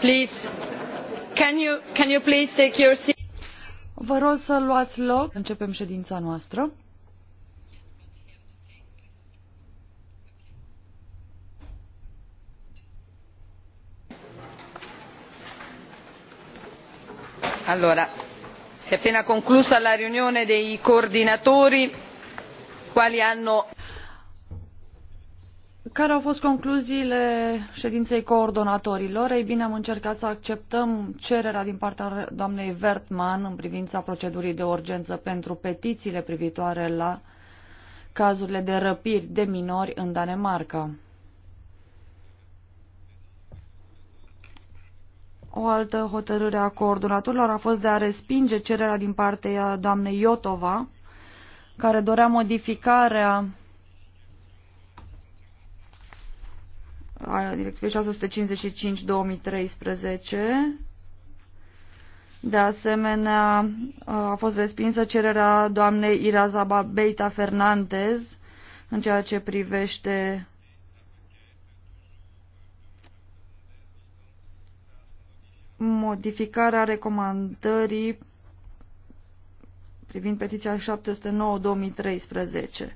Please, can you, can you please take your seat? Vă rog să luați loc. Începem ședința noastră. Allora, si è appena conclusa la riunione dei coordinatori, quali hanno care au fost concluziile ședinței coordonatorilor? Ei bine, am încercat să acceptăm cererea din partea doamnei Vertman în privința procedurii de urgență pentru petițiile privitoare la cazurile de răpiri de minori în Danemarca. O altă hotărâre a coordonatorilor a fost de a respinge cererea din partea doamnei Iotova, care dorea modificarea Directivă directivei 655-2013. De asemenea, a fost respinsă cererea doamnei Irazaba Beita Fernandez în ceea ce privește modificarea recomandării privind petiția 709-2013.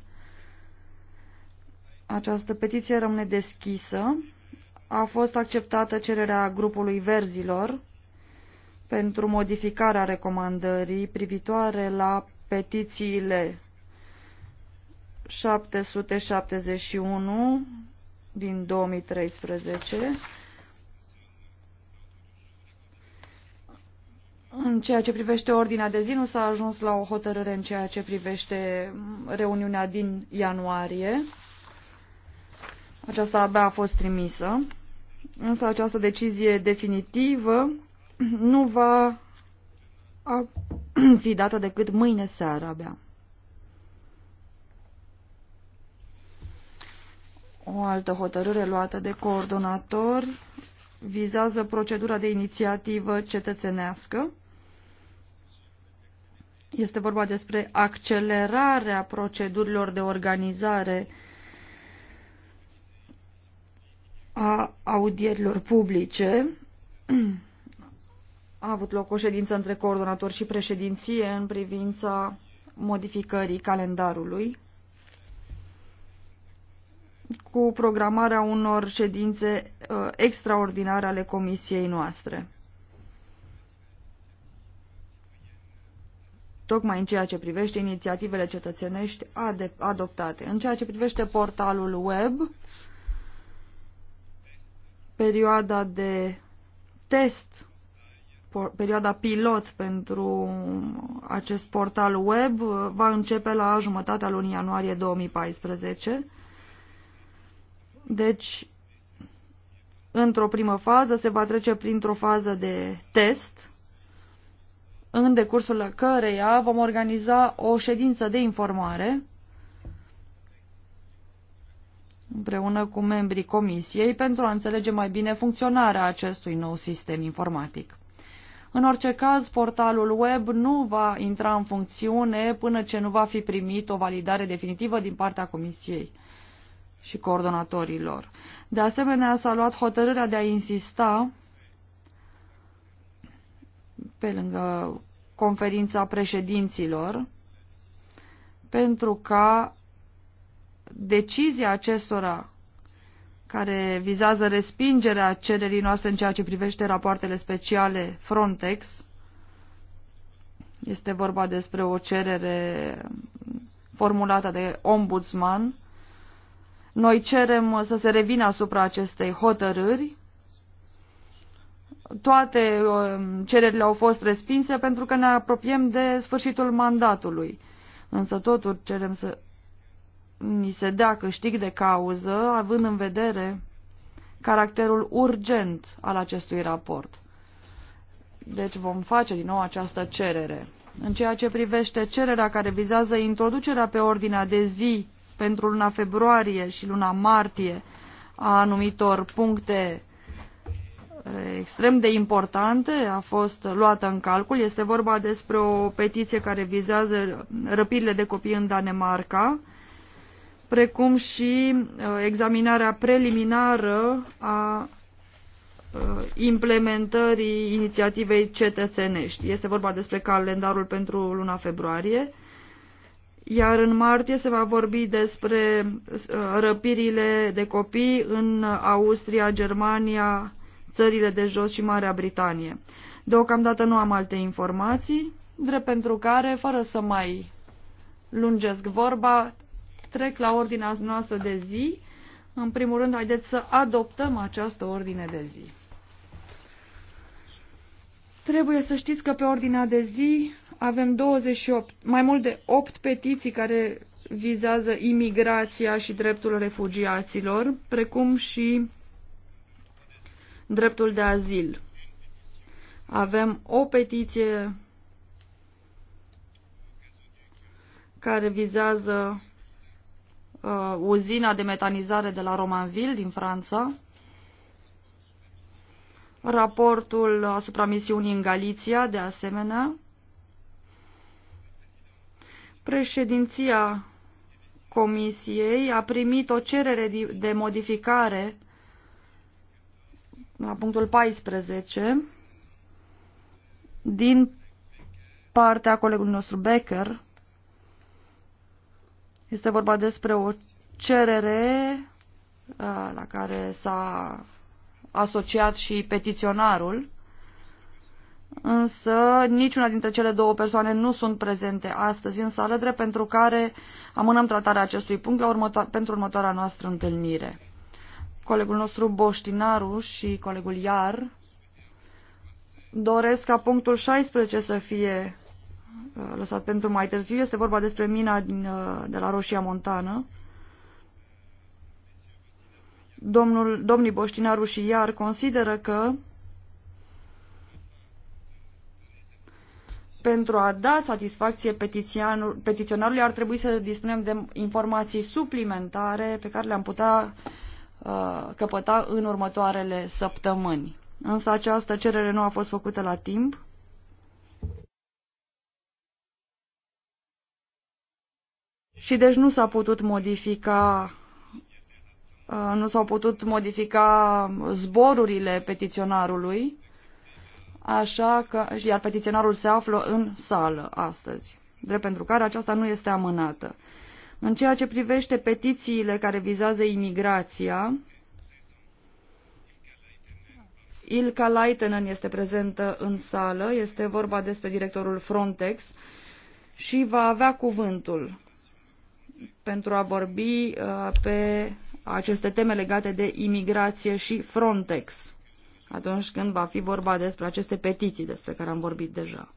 Această petiție rămâne deschisă. A fost acceptată cererea grupului verzilor pentru modificarea recomandării privitoare la petițiile 771 din 2013 În ceea ce privește ordinea de zi, nu s-a ajuns la o hotărâre în ceea ce privește reuniunea din ianuarie. Aceasta abia a fost trimisă, însă această decizie definitivă nu va fi dată decât mâine seară abia. O altă hotărâre luată de coordonator vizează procedura de inițiativă cetățenească. Este vorba despre accelerarea procedurilor de organizare a audierilor publice. A avut loc o ședință între coordonator și președinție în privința modificării calendarului cu programarea unor ședințe uh, extraordinare ale comisiei noastre. tocmai în ceea ce privește inițiativele cetățenești adoptate. În ceea ce privește portalul web, perioada de test, perioada pilot pentru acest portal web uh, va începe la jumătatea lunii ianuarie 2014. Deci, într-o primă fază, se va trece printr-o fază de test, în decursul căreia vom organiza o ședință de informare împreună cu membrii Comisiei pentru a înțelege mai bine funcționarea acestui nou sistem informatic. În orice caz, portalul web nu va intra în funcțiune până ce nu va fi primit o validare definitivă din partea Comisiei și coordonatorilor. De asemenea, s-a luat hotărârea de a insista pe lângă conferința președinților pentru ca decizia acestora care vizează respingerea cererii noastre în ceea ce privește rapoartele speciale Frontex, este vorba despre o cerere formulată de ombudsman, noi cerem să se revină asupra acestei hotărâri. Toate um, cererile au fost respinse pentru că ne apropiem de sfârșitul mandatului. Însă totul cerem să mi se dea câștig de cauză, având în vedere caracterul urgent al acestui raport. Deci vom face din nou această cerere. În ceea ce privește cererea care vizează introducerea pe ordinea de zi pentru luna februarie și luna martie a anumitor puncte eh, extrem de importante, a fost luată în calcul. Este vorba despre o petiție care vizează răpirile de copii în Danemarca, precum și uh, examinarea preliminară a uh, implementării inițiativei cetățenești. Este vorba despre calendarul pentru luna februarie, iar în martie se va vorbi despre uh, răpirile de copii în Austria, Germania, țările de jos și Marea Britanie. Deocamdată nu am alte informații, drept pentru care, fără să mai lungesc vorba, trec la ordinea noastră de zi. În primul rând, haideți să adoptăm această ordine de zi. Trebuie să știți că pe ordinea de zi avem 28, mai mult de 8 petiții care vizează imigrația și dreptul refugiaților, precum și dreptul de azil. Avem o petiție care vizează uh, uzina de metanizare de la Romanville din Franța, raportul asupra misiunii în Galiția, de asemenea, președinția Comisiei a primit o cerere de modificare la punctul 14 din partea colegului nostru Becker este vorba despre o cerere uh, la care s-a asociat și petiționarul, însă niciuna dintre cele două persoane nu sunt prezente astăzi în sală, drept pentru care amânăm tratarea acestui punct la următo- pentru următoarea noastră întâlnire. Colegul nostru Boștinaru și colegul Iar doresc ca punctul 16 să fie Uh, lăsat pentru mai târziu. Este vorba despre mina din, uh, de la Roșia Montană. Domnul, domnii Boștinaru și Iar consideră că pentru a da satisfacție petiționarului ar trebui să dispunem de informații suplimentare pe care le-am putea uh, căpăta în următoarele săptămâni. Însă această cerere nu a fost făcută la timp Și deci nu s-a putut modifica uh, nu s-au putut modifica zborurile petiționarului, așa că, iar petiționarul se află în sală astăzi, drept pentru care aceasta nu este amânată. În ceea ce privește petițiile care vizează imigrația, Ilka Leitenen este prezentă în sală, este vorba despre directorul Frontex și va avea cuvântul pentru a vorbi uh, pe aceste teme legate de imigrație și Frontex atunci când va fi vorba despre aceste petiții despre care am vorbit deja.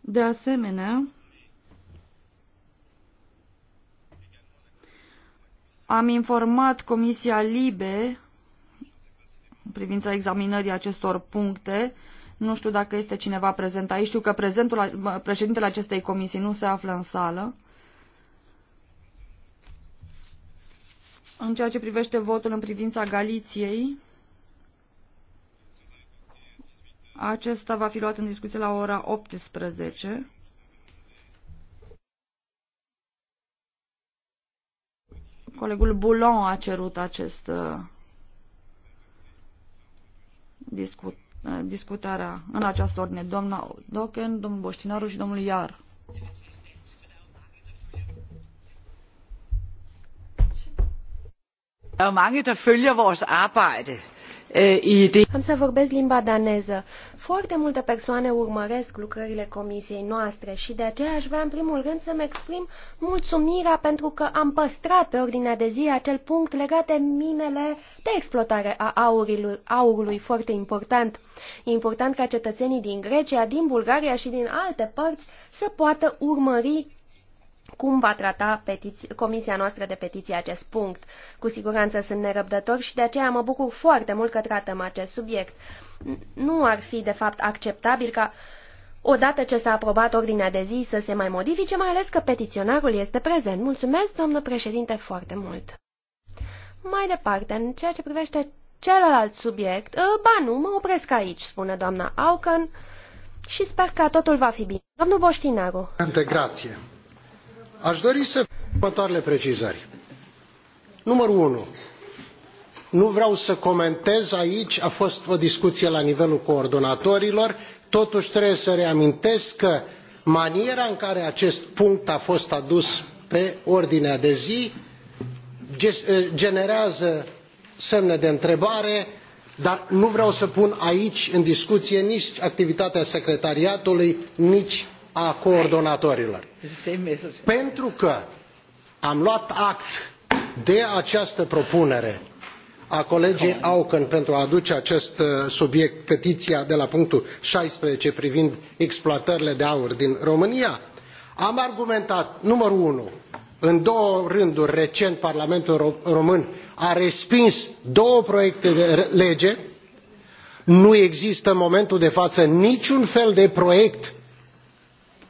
De asemenea, am informat Comisia Libe în privința examinării acestor puncte nu știu dacă este cineva prezent aici. Știu că prezentul, președintele acestei comisii nu se află în sală. În ceea ce privește votul în privința Galiției, acesta va fi luat în discuție la ora 18. Colegul Boulon a cerut acest uh, discut, Uh, discutarea în această ordine. Doamna Doken, domnul Boștinaru și domnul Iar. Der er mange, der følger vores arbejde. Am să vorbesc limba daneză. Foarte multe persoane urmăresc lucrările comisiei noastre și de aceea aș vrea în primul rând să-mi exprim mulțumirea pentru că am păstrat pe ordinea de zi acel punct legat de minele de exploatare a aurilui, aurului, foarte important. E important ca cetățenii din Grecia, din Bulgaria și din alte părți să poată urmări cum va trata petiți, comisia noastră de petiții acest punct. Cu siguranță sunt nerăbdător și de aceea mă bucur foarte mult că tratăm acest subiect. Nu ar fi, de fapt, acceptabil ca, odată ce s-a aprobat ordinea de zi, să se mai modifice, mai ales că petiționarul este prezent. Mulțumesc, domnul președinte, foarte mult. Mai departe, în ceea ce privește celălalt subiect, ă, ba nu, mă opresc aici, spune doamna Aucan și sper că totul va fi bine. Domnul Boștinaru. Integrație aș dori să fac următoarele precizări numărul unu nu vreau să comentez aici a fost o discuție la nivelul coordonatorilor totuși trebuie să reamintesc că maniera în care acest punct a fost adus pe ordinea de zi eh, generează semne de întrebare dar nu vreau să pun aici în discuție nici activitatea secretariatului nici a coordonatorilor. Pentru că am luat act de această propunere a colegei auken pentru a aduce acest uh, subiect petiția de la punctul șaisprezece privind exploatările de aur din românia am argumentat numărul unu în două rânduri recent parlamentul român a respins două proiecte de lege nu există în momentul de față niciun fel de proiect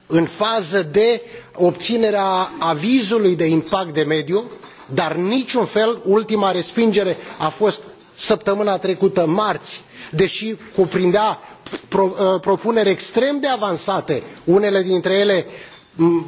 în fază de obținerea avizului de impact de mediu dar în niciun fel ultima respingere a fost săptămâna trecută marți deși cuprindea uh, propuneri extrem de avansate unele dintre ele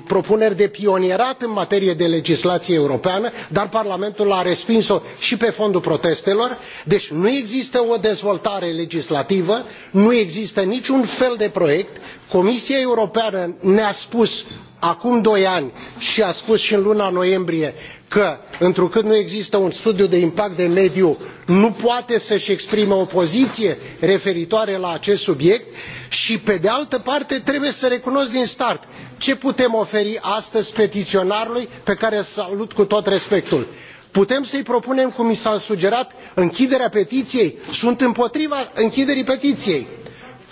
propuneri de pionierat în materie de legislație europeană dar parlamentul a respins o și pe fondul protestelor deci nu există o dezvoltare legislativă nu există niciun fel de proiect comisia europeană ne a spus acum doi ani și a spus și în luna noiembrie că întrucât nu există un studiu de impact de mediu nu poate să și exprime o poziție referitoare la acest subiect și pe de altă parte trebuie să recunosc din start ce putem oferi astăzi petiționarului pe care îl salut cu tot respectul? putem să i propunem cum mi s a sugerat închiderea petiției? sunt împotriva închiderii petiției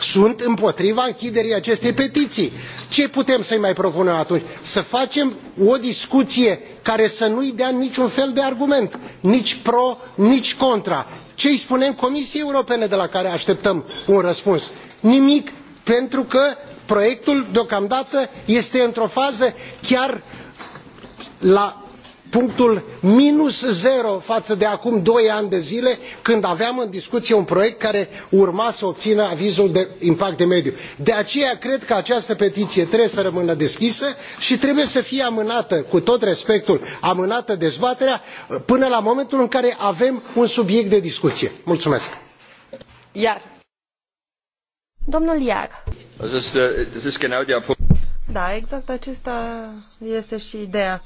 sunt împotriva închiderii acestei petiții. ce putem să i mai propunem atunci? să facem o discuție care să nu i dea niciun fel de argument nici pro nici contra. ce îi spunem comisiei europene de la care așteptăm un răspuns? nimic pentru că proiectul deocamdată este într o fază chiar la punctul minus zero față de acum doi ani de zile când aveam în discuție un proiect care urma să obțină avizul de impact de mediu. de aceea cred că această petiție trebuie să rămână deschisă și trebuie să fie amânată cu tot respectul amânată dezbaterea până la momentul în care avem un subiect de discuție. mulțumesc. Iar. Domnul Iar. Da, exact acesta este și ideea.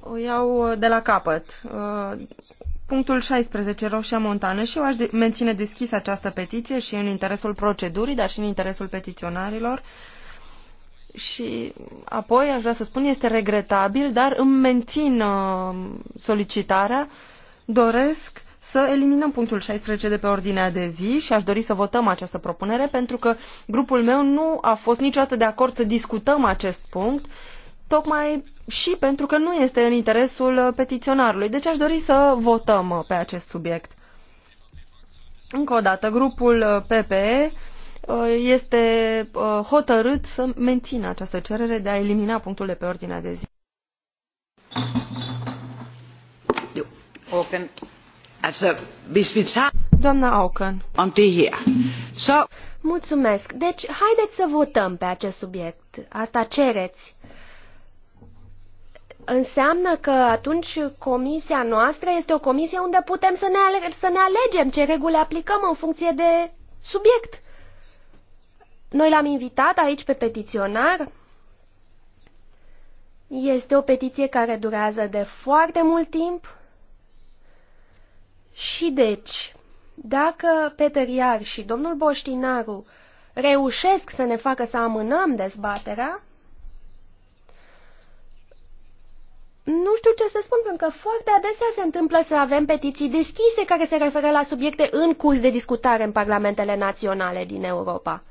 O iau de la capăt. Punctul 16, Roșia Montană, și eu aș menține deschis această petiție și în interesul procedurii, dar și în interesul petiționarilor. Și apoi, aș vrea să spun, este regretabil, dar îmi mențin solicitarea. Doresc să eliminăm punctul 16 de pe ordinea de zi și aș dori să votăm această propunere pentru că grupul meu nu a fost niciodată de acord să discutăm acest punct, tocmai și pentru că nu este în interesul uh, petiționarului. Deci aș dori să votăm uh, pe acest subiect. Încă o dată, grupul uh, PPE este hotărât să mențină această cerere de a elimina punctul de pe ordinea de zi. Open. Altså, Auken. Mulțumesc. Deci, haideți să votăm pe acest subiect. Asta cereți. Înseamnă că atunci comisia noastră este o comisie unde putem să ne, ale- să ne alegem ce reguli aplicăm în funcție de subiect. Noi l-am invitat aici pe petiționar. Este o petiție care durează de foarte mult timp. Și deci, dacă Peter Iar și domnul Boștinaru reușesc să ne facă să amânăm dezbaterea, Nu știu ce să spun, pentru că foarte adesea se întâmplă să avem petiții deschise care se referă la subiecte în curs de discutare în parlamentele naționale din Europa.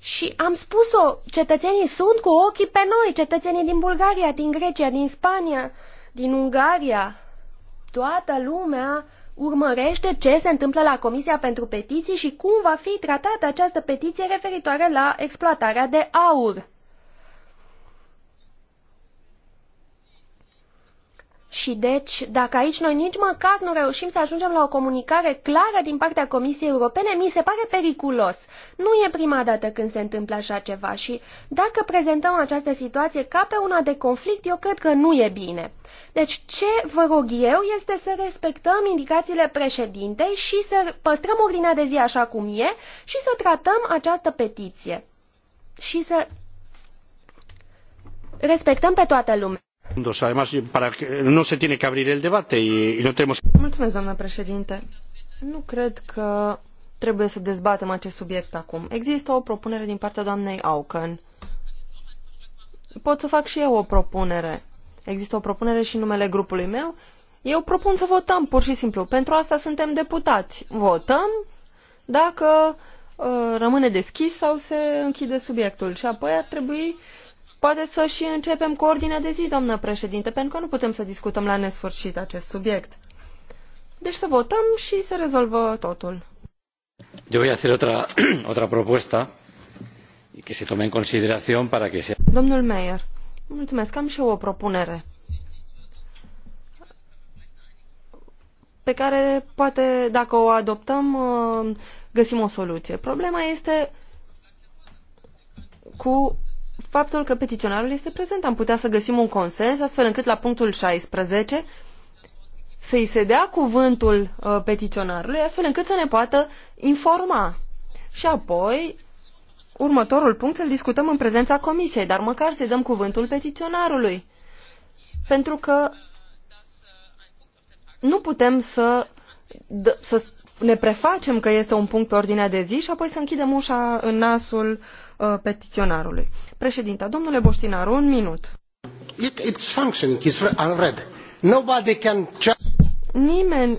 Și am spus-o, cetățenii sunt cu ochii pe noi, cetățenii din Bulgaria, din Grecia, din Spania, din Ungaria. Toată lumea urmărește ce se întâmplă la Comisia pentru Petiții și cum va fi tratată această petiție referitoare la exploatarea de aur. Și deci, dacă aici noi nici măcar nu reușim să ajungem la o comunicare clară din partea Comisiei Europene, mi se pare periculos. Nu e prima dată când se întâmplă așa ceva și dacă prezentăm această situație ca pe una de conflict, eu cred că nu e bine. Deci, ce vă rog eu este să respectăm indicațiile președintei și să păstrăm ordinea de zi așa cum e și să tratăm această petiție. Și să respectăm pe toată lumea. Mulțumesc, doamnă președinte. Nu cred că trebuie să dezbatem acest subiect acum. Există o propunere din partea doamnei Auken. Pot să fac și eu o propunere. Există o propunere și numele grupului meu. Eu propun să votăm, pur și simplu. Pentru asta suntem deputați. Votăm dacă uh, rămâne deschis sau se închide subiectul. Și apoi ar trebui Poate să și începem cu ordinea de zi, doamnă președinte, pentru că nu putem să discutăm la nesfârșit acest subiect. Deci să votăm și să rezolvă totul. Eu voi face hacer otra, otra propuesta y que se tome en consideración para que sea... Domnul Meyer, mulțumesc, am și eu o propunere. pe care poate, dacă o adoptăm, ă, găsim o soluție. Problema este cu faptul că petiționarul este prezent. Am putea să găsim un consens astfel încât la punctul 16 să-i se dea cuvântul uh, petiționarului astfel încât să ne poată informa. Și apoi următorul punct îl discutăm în prezența comisiei, dar măcar să-i dăm cuvântul petiționarului. Pentru că nu putem să, să ne prefacem că este un punct pe ordinea de zi și apoi să închidem ușa în nasul uh, Uh, petiționarului. Președinte, domnule Boștinaru, un minut. It, it's functioning, it's unread. Nobody can... Nimeni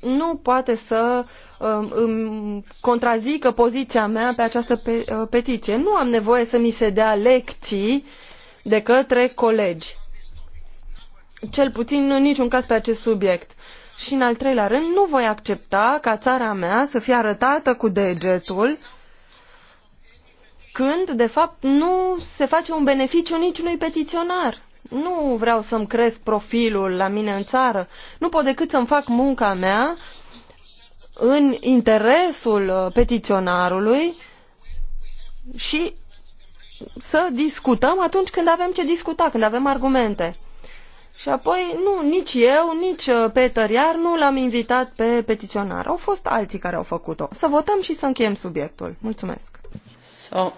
nu poate să um, îmi contrazică poziția mea pe această pe, uh, petiție. Nu am nevoie să mi se dea lecții de către colegi. Cel puțin în niciun caz pe acest subiect. Și în al treilea rând, nu voi accepta ca țara mea să fie arătată cu degetul când, de fapt, nu se face un beneficiu niciunui petiționar. Nu vreau să-mi cresc profilul la mine în țară. Nu pot decât să-mi fac munca mea în interesul uh, petiționarului și să discutăm atunci când avem ce discuta, când avem argumente. Și apoi, nu, nici eu, nici uh, Peter Iar nu l-am invitat pe petiționar. Au fost alții care au făcut-o. Să votăm și să încheiem subiectul. Mulțumesc. So,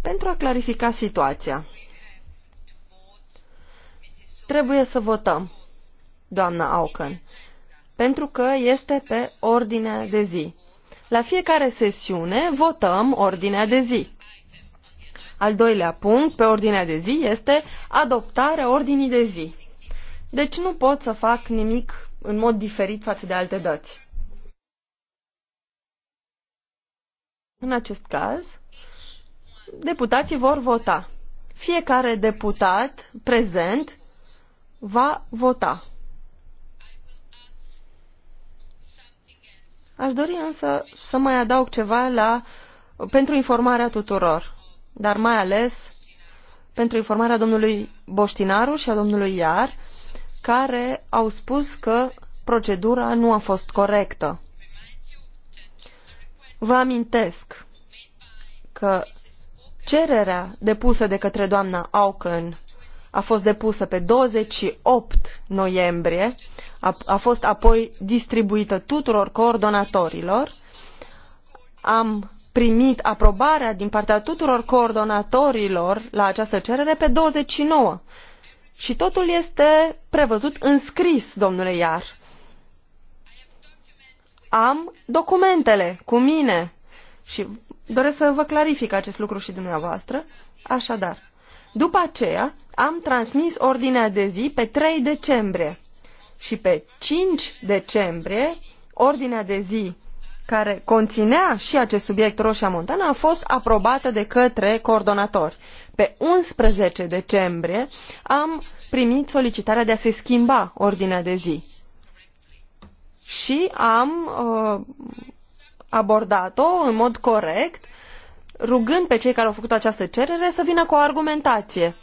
pentru a clarifica situația, trebuie să votăm, doamna Auken, pentru că este pe ordinea de zi. La fiecare sesiune votăm ordinea de zi. Al doilea punct pe ordinea de zi este adoptarea ordinii de zi. Deci nu pot să fac nimic în mod diferit față de alte dăți. În acest caz, deputații vor vota. Fiecare deputat prezent va vota. Aș dori însă să mai adaug ceva la, pentru informarea tuturor, dar mai ales pentru informarea domnului Boștinaru și a domnului Iar, care au spus că procedura nu a fost corectă. Vă amintesc că cererea depusă de către doamna Auken a fost depusă pe 28 noiembrie, a, a fost apoi distribuită tuturor coordonatorilor. Am primit aprobarea din partea tuturor coordonatorilor la această cerere pe 29. Și totul este prevăzut în scris, domnule Iar am documentele cu mine și doresc să vă clarific acest lucru și dumneavoastră. Așadar, după aceea am transmis ordinea de zi pe 3 decembrie și pe 5 decembrie ordinea de zi care conținea și acest subiect Roșia Montană a fost aprobată de către coordonatori. Pe 11 decembrie am primit solicitarea de a se schimba ordinea de zi și am uh, abordat-o în mod corect, rugând pe cei care au făcut această cerere să vină cu o argumentație.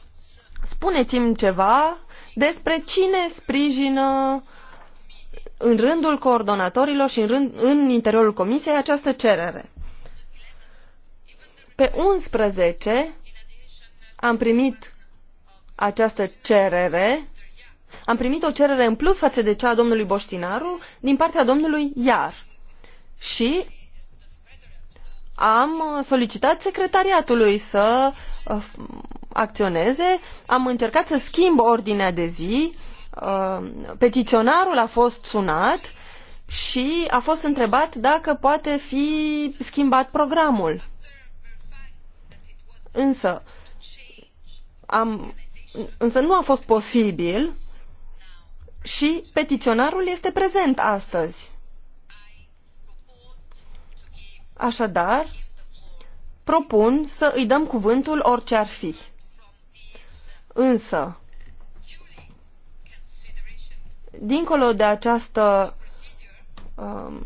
Spuneți-mi ceva despre cine sprijină în rândul coordonatorilor și în, rând, în interiorul comisiei această cerere. Pe 11 am primit această cerere am primit o cerere în plus față de cea a domnului Boștinaru din partea domnului Iar. Și am solicitat secretariatului să uh, acționeze, am încercat să schimb ordinea de zi, uh, petiționarul a fost sunat și a fost întrebat dacă poate fi schimbat programul. Însă, am, însă nu a fost posibil și petiționarul este prezent astăzi. Așadar, propun să îi dăm cuvântul orice ar fi. Însă, dincolo de această um,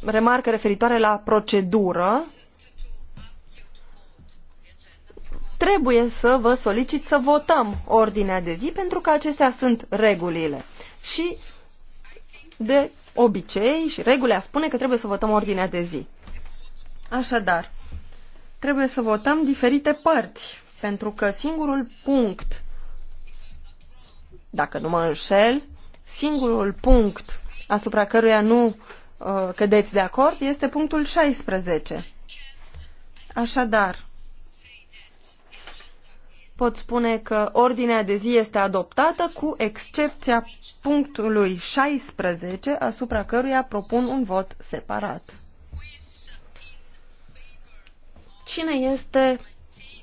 remarcă referitoare la procedură, trebuie să vă solicit să votăm ordinea de zi, pentru că acestea sunt regulile. Și de obicei și regulea spune că trebuie să votăm ordinea de zi. Așadar, trebuie să votăm diferite părți, pentru că singurul punct, dacă nu mă înșel, singurul punct asupra căruia nu uh, cădeți de acord este punctul 16. Așadar, pot spune că ordinea de zi este adoptată cu excepția punctului 16, asupra căruia propun un vot separat. Cine este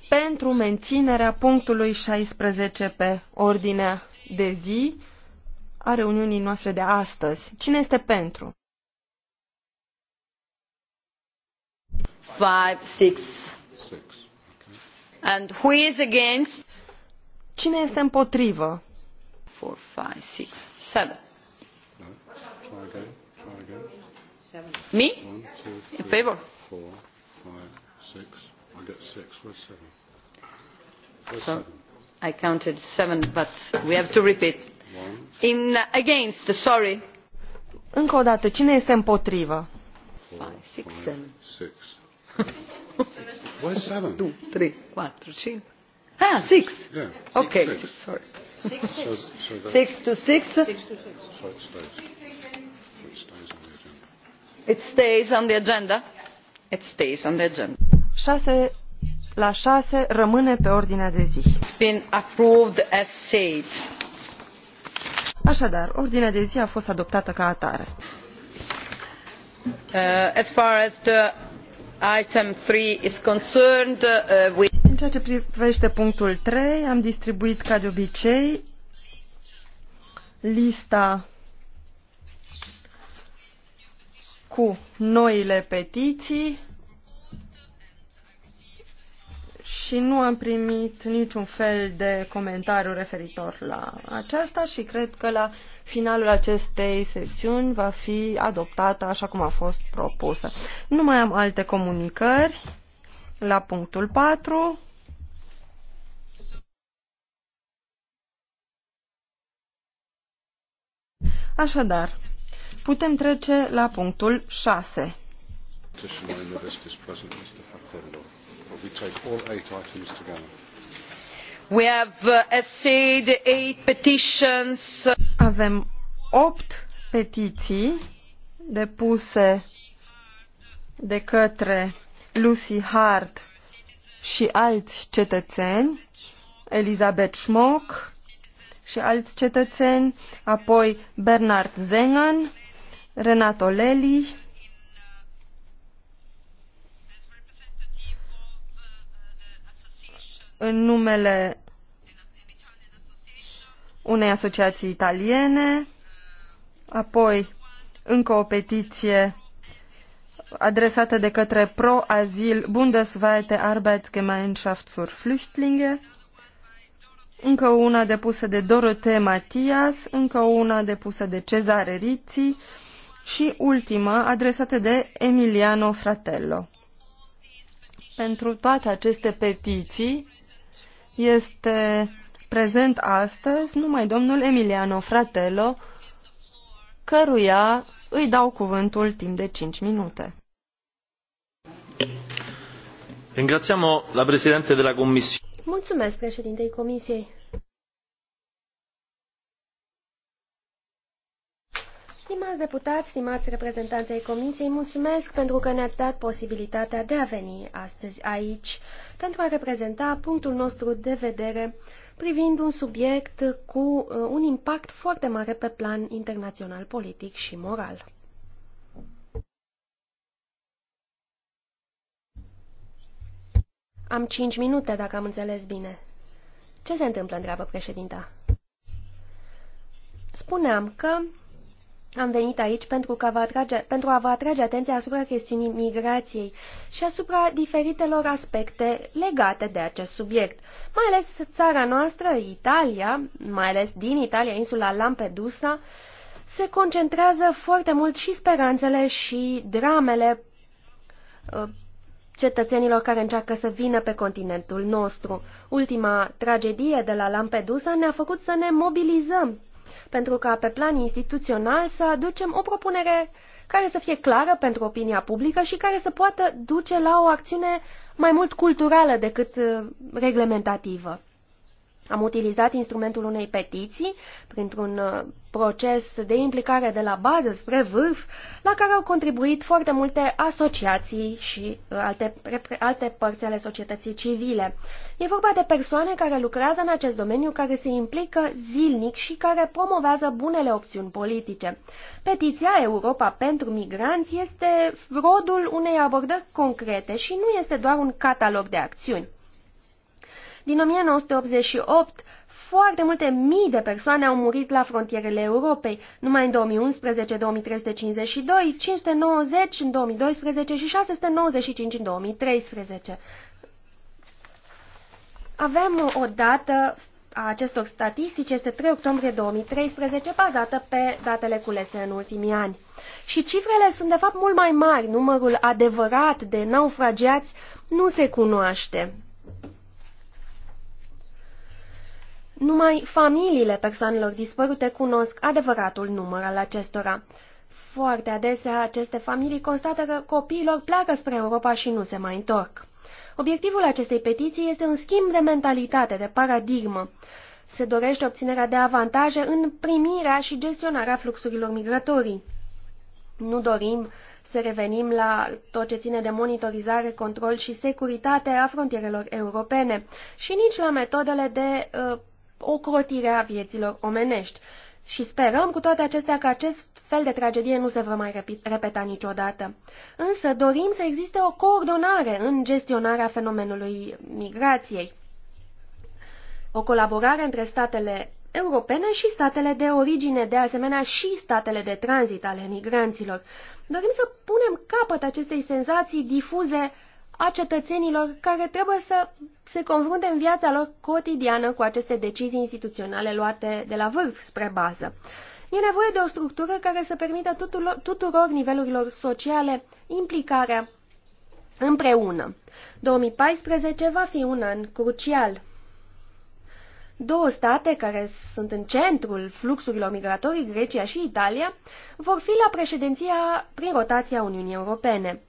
pentru menținerea punctului 16 pe ordinea de zi a reuniunii noastre de astăzi? Cine este pentru? 5, 6, And who is against? Cine este împotrivă? Four, five, six, seven. Me? One, two, three, In favor? Four, five, six. I got six. Where's seven? Where's so, seven? I counted seven, but we have to repeat. One. In uh, against, sorry. Încă o dată, cine este împotrivă? Four, five, six, five, seven. Six. Where's seven? Two, three, four, five. Ah, six. Yeah, okay, six. six sorry. Six, six. So, so six to six. Six to six. So it stays. It stays on the agenda. It stays on the agenda. It stays on the agenda. Șase la șase rămâne pe ordinea de zi. It's been approved as said. Așadar, ordinea de zi a fost adoptată ca atare. Uh, as far as the Item 3 uh, În ceea ce privește punctul 3, am distribuit ca de obicei lista cu noile petiții și nu am primit niciun fel de comentariu referitor la aceasta și cred că la finalul acestei sesiuni va fi adoptată așa cum a fost propusă. Nu mai am alte comunicări la punctul 4. Așadar, putem trece la punctul 6. Petitioner in the list is present, Mr. Facundo. we take all eight items together. Uh, Avem opt petiții depuse de către Lucy Hart și alți cetățeni, Elizabeth Schmock și alți cetățeni, apoi Bernard Zengen, Renato Lely, în numele unei asociații italiene, apoi încă o petiție adresată de către pro Asil Bundesweite Arbeitsgemeinschaft für Flüchtlinge, încă una depusă de Dorothee Matias, încă una depusă de Cezare Rizzi și ultima adresată de Emiliano Fratello. Pentru toate aceste petiții este prezent astăzi numai domnul Emiliano Fratello, căruia îi dau cuvântul timp de 5 minute. Ringrațiamo la președinte de la Comisie. Mulțumesc președintei Comisiei. Stimați deputați, stimați reprezentanți ai Comisiei, mulțumesc pentru că ne-ați dat posibilitatea de a veni astăzi aici pentru a reprezenta punctul nostru de vedere privind un subiect cu uh, un impact foarte mare pe plan internațional politic și moral. Am cinci minute, dacă am înțeles bine. Ce se întâmplă, întreabă președinta? Spuneam că am venit aici pentru, că vă atrage, pentru a vă atrage atenția asupra chestiunii migrației și asupra diferitelor aspecte legate de acest subiect. Mai ales țara noastră, Italia, mai ales din Italia, insula Lampedusa, se concentrează foarte mult și speranțele și dramele uh, cetățenilor care încearcă să vină pe continentul nostru. Ultima tragedie de la Lampedusa ne-a făcut să ne mobilizăm pentru ca pe plan instituțional să aducem o propunere care să fie clară pentru opinia publică și care să poată duce la o acțiune mai mult culturală decât uh, reglementativă. Am utilizat instrumentul unei petiții printr-un uh, proces de implicare de la bază spre vârf, la care au contribuit foarte multe asociații și uh, alte, alte părți ale societății civile. E vorba de persoane care lucrează în acest domeniu, care se implică zilnic și care promovează bunele opțiuni politice. Petiția Europa pentru migranți este rodul unei abordări concrete și nu este doar un catalog de acțiuni. Din 1988, foarte multe mii de persoane au murit la frontierele Europei, numai în 2011 2352, 590 în 2012 și 695 în 2013. Avem o dată a acestor statistici este 3 octombrie 2013, bazată pe datele culese în ultimii ani. Și cifrele sunt de fapt mult mai mari, numărul adevărat de naufragiați nu se cunoaște. Numai familiile persoanelor dispărute cunosc adevăratul număr al acestora. Foarte adesea, aceste familii constată că copiilor pleacă spre Europa și nu se mai întorc. Obiectivul acestei petiții este un schimb de mentalitate, de paradigmă. Se dorește obținerea de avantaje în primirea și gestionarea fluxurilor migratorii. Nu dorim să revenim la tot ce ține de monitorizare, control și securitate a frontierelor europene și nici la metodele de uh, ocrotire a vieților omenești. Și sperăm cu toate acestea că acest fel de tragedie nu se va mai repeta niciodată. Însă dorim să existe o coordonare în gestionarea fenomenului migrației, o colaborare între statele europene și statele de origine, de asemenea și statele de tranzit ale migranților. Dorim să punem capăt acestei senzații difuze a cetățenilor care trebuie să se confrunte în viața lor cotidiană cu aceste decizii instituționale luate de la vârf spre bază. E nevoie de o structură care să permită tuturor, tuturor nivelurilor sociale implicarea împreună. 2014 va fi un an crucial. Două state care sunt în centrul fluxurilor migratorii, Grecia și Italia, vor fi la președinția prin rotația Uniunii Europene.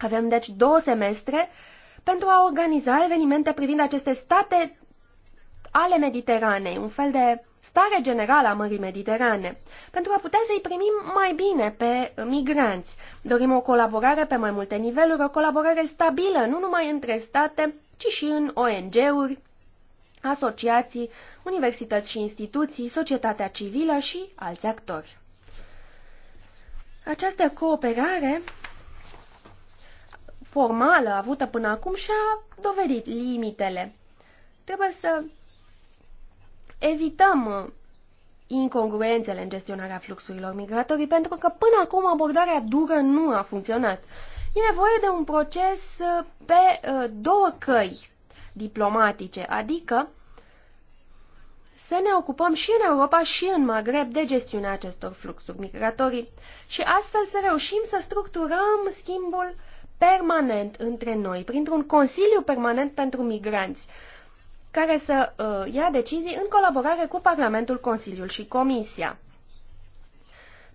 Avem deci două semestre pentru a organiza evenimente privind aceste state ale Mediteranei, un fel de stare generală a Mării Mediterane, pentru a putea să-i primim mai bine pe migranți. Dorim o colaborare pe mai multe niveluri, o colaborare stabilă, nu numai între state, ci și în ONG-uri, asociații, universități și instituții, societatea civilă și alți actori. Această cooperare formală avută până acum și-a dovedit limitele. Trebuie să evităm uh, incongruențele în gestionarea fluxurilor migratorii, pentru că până acum abordarea dură nu a funcționat. E nevoie de un proces uh, pe uh, două căi diplomatice, adică să ne ocupăm și în Europa și în Maghreb de gestiunea acestor fluxuri migratorii și astfel să reușim să structurăm schimbul permanent între noi, printr-un Consiliu Permanent pentru Migranți, care să uh, ia decizii în colaborare cu Parlamentul, Consiliul și Comisia.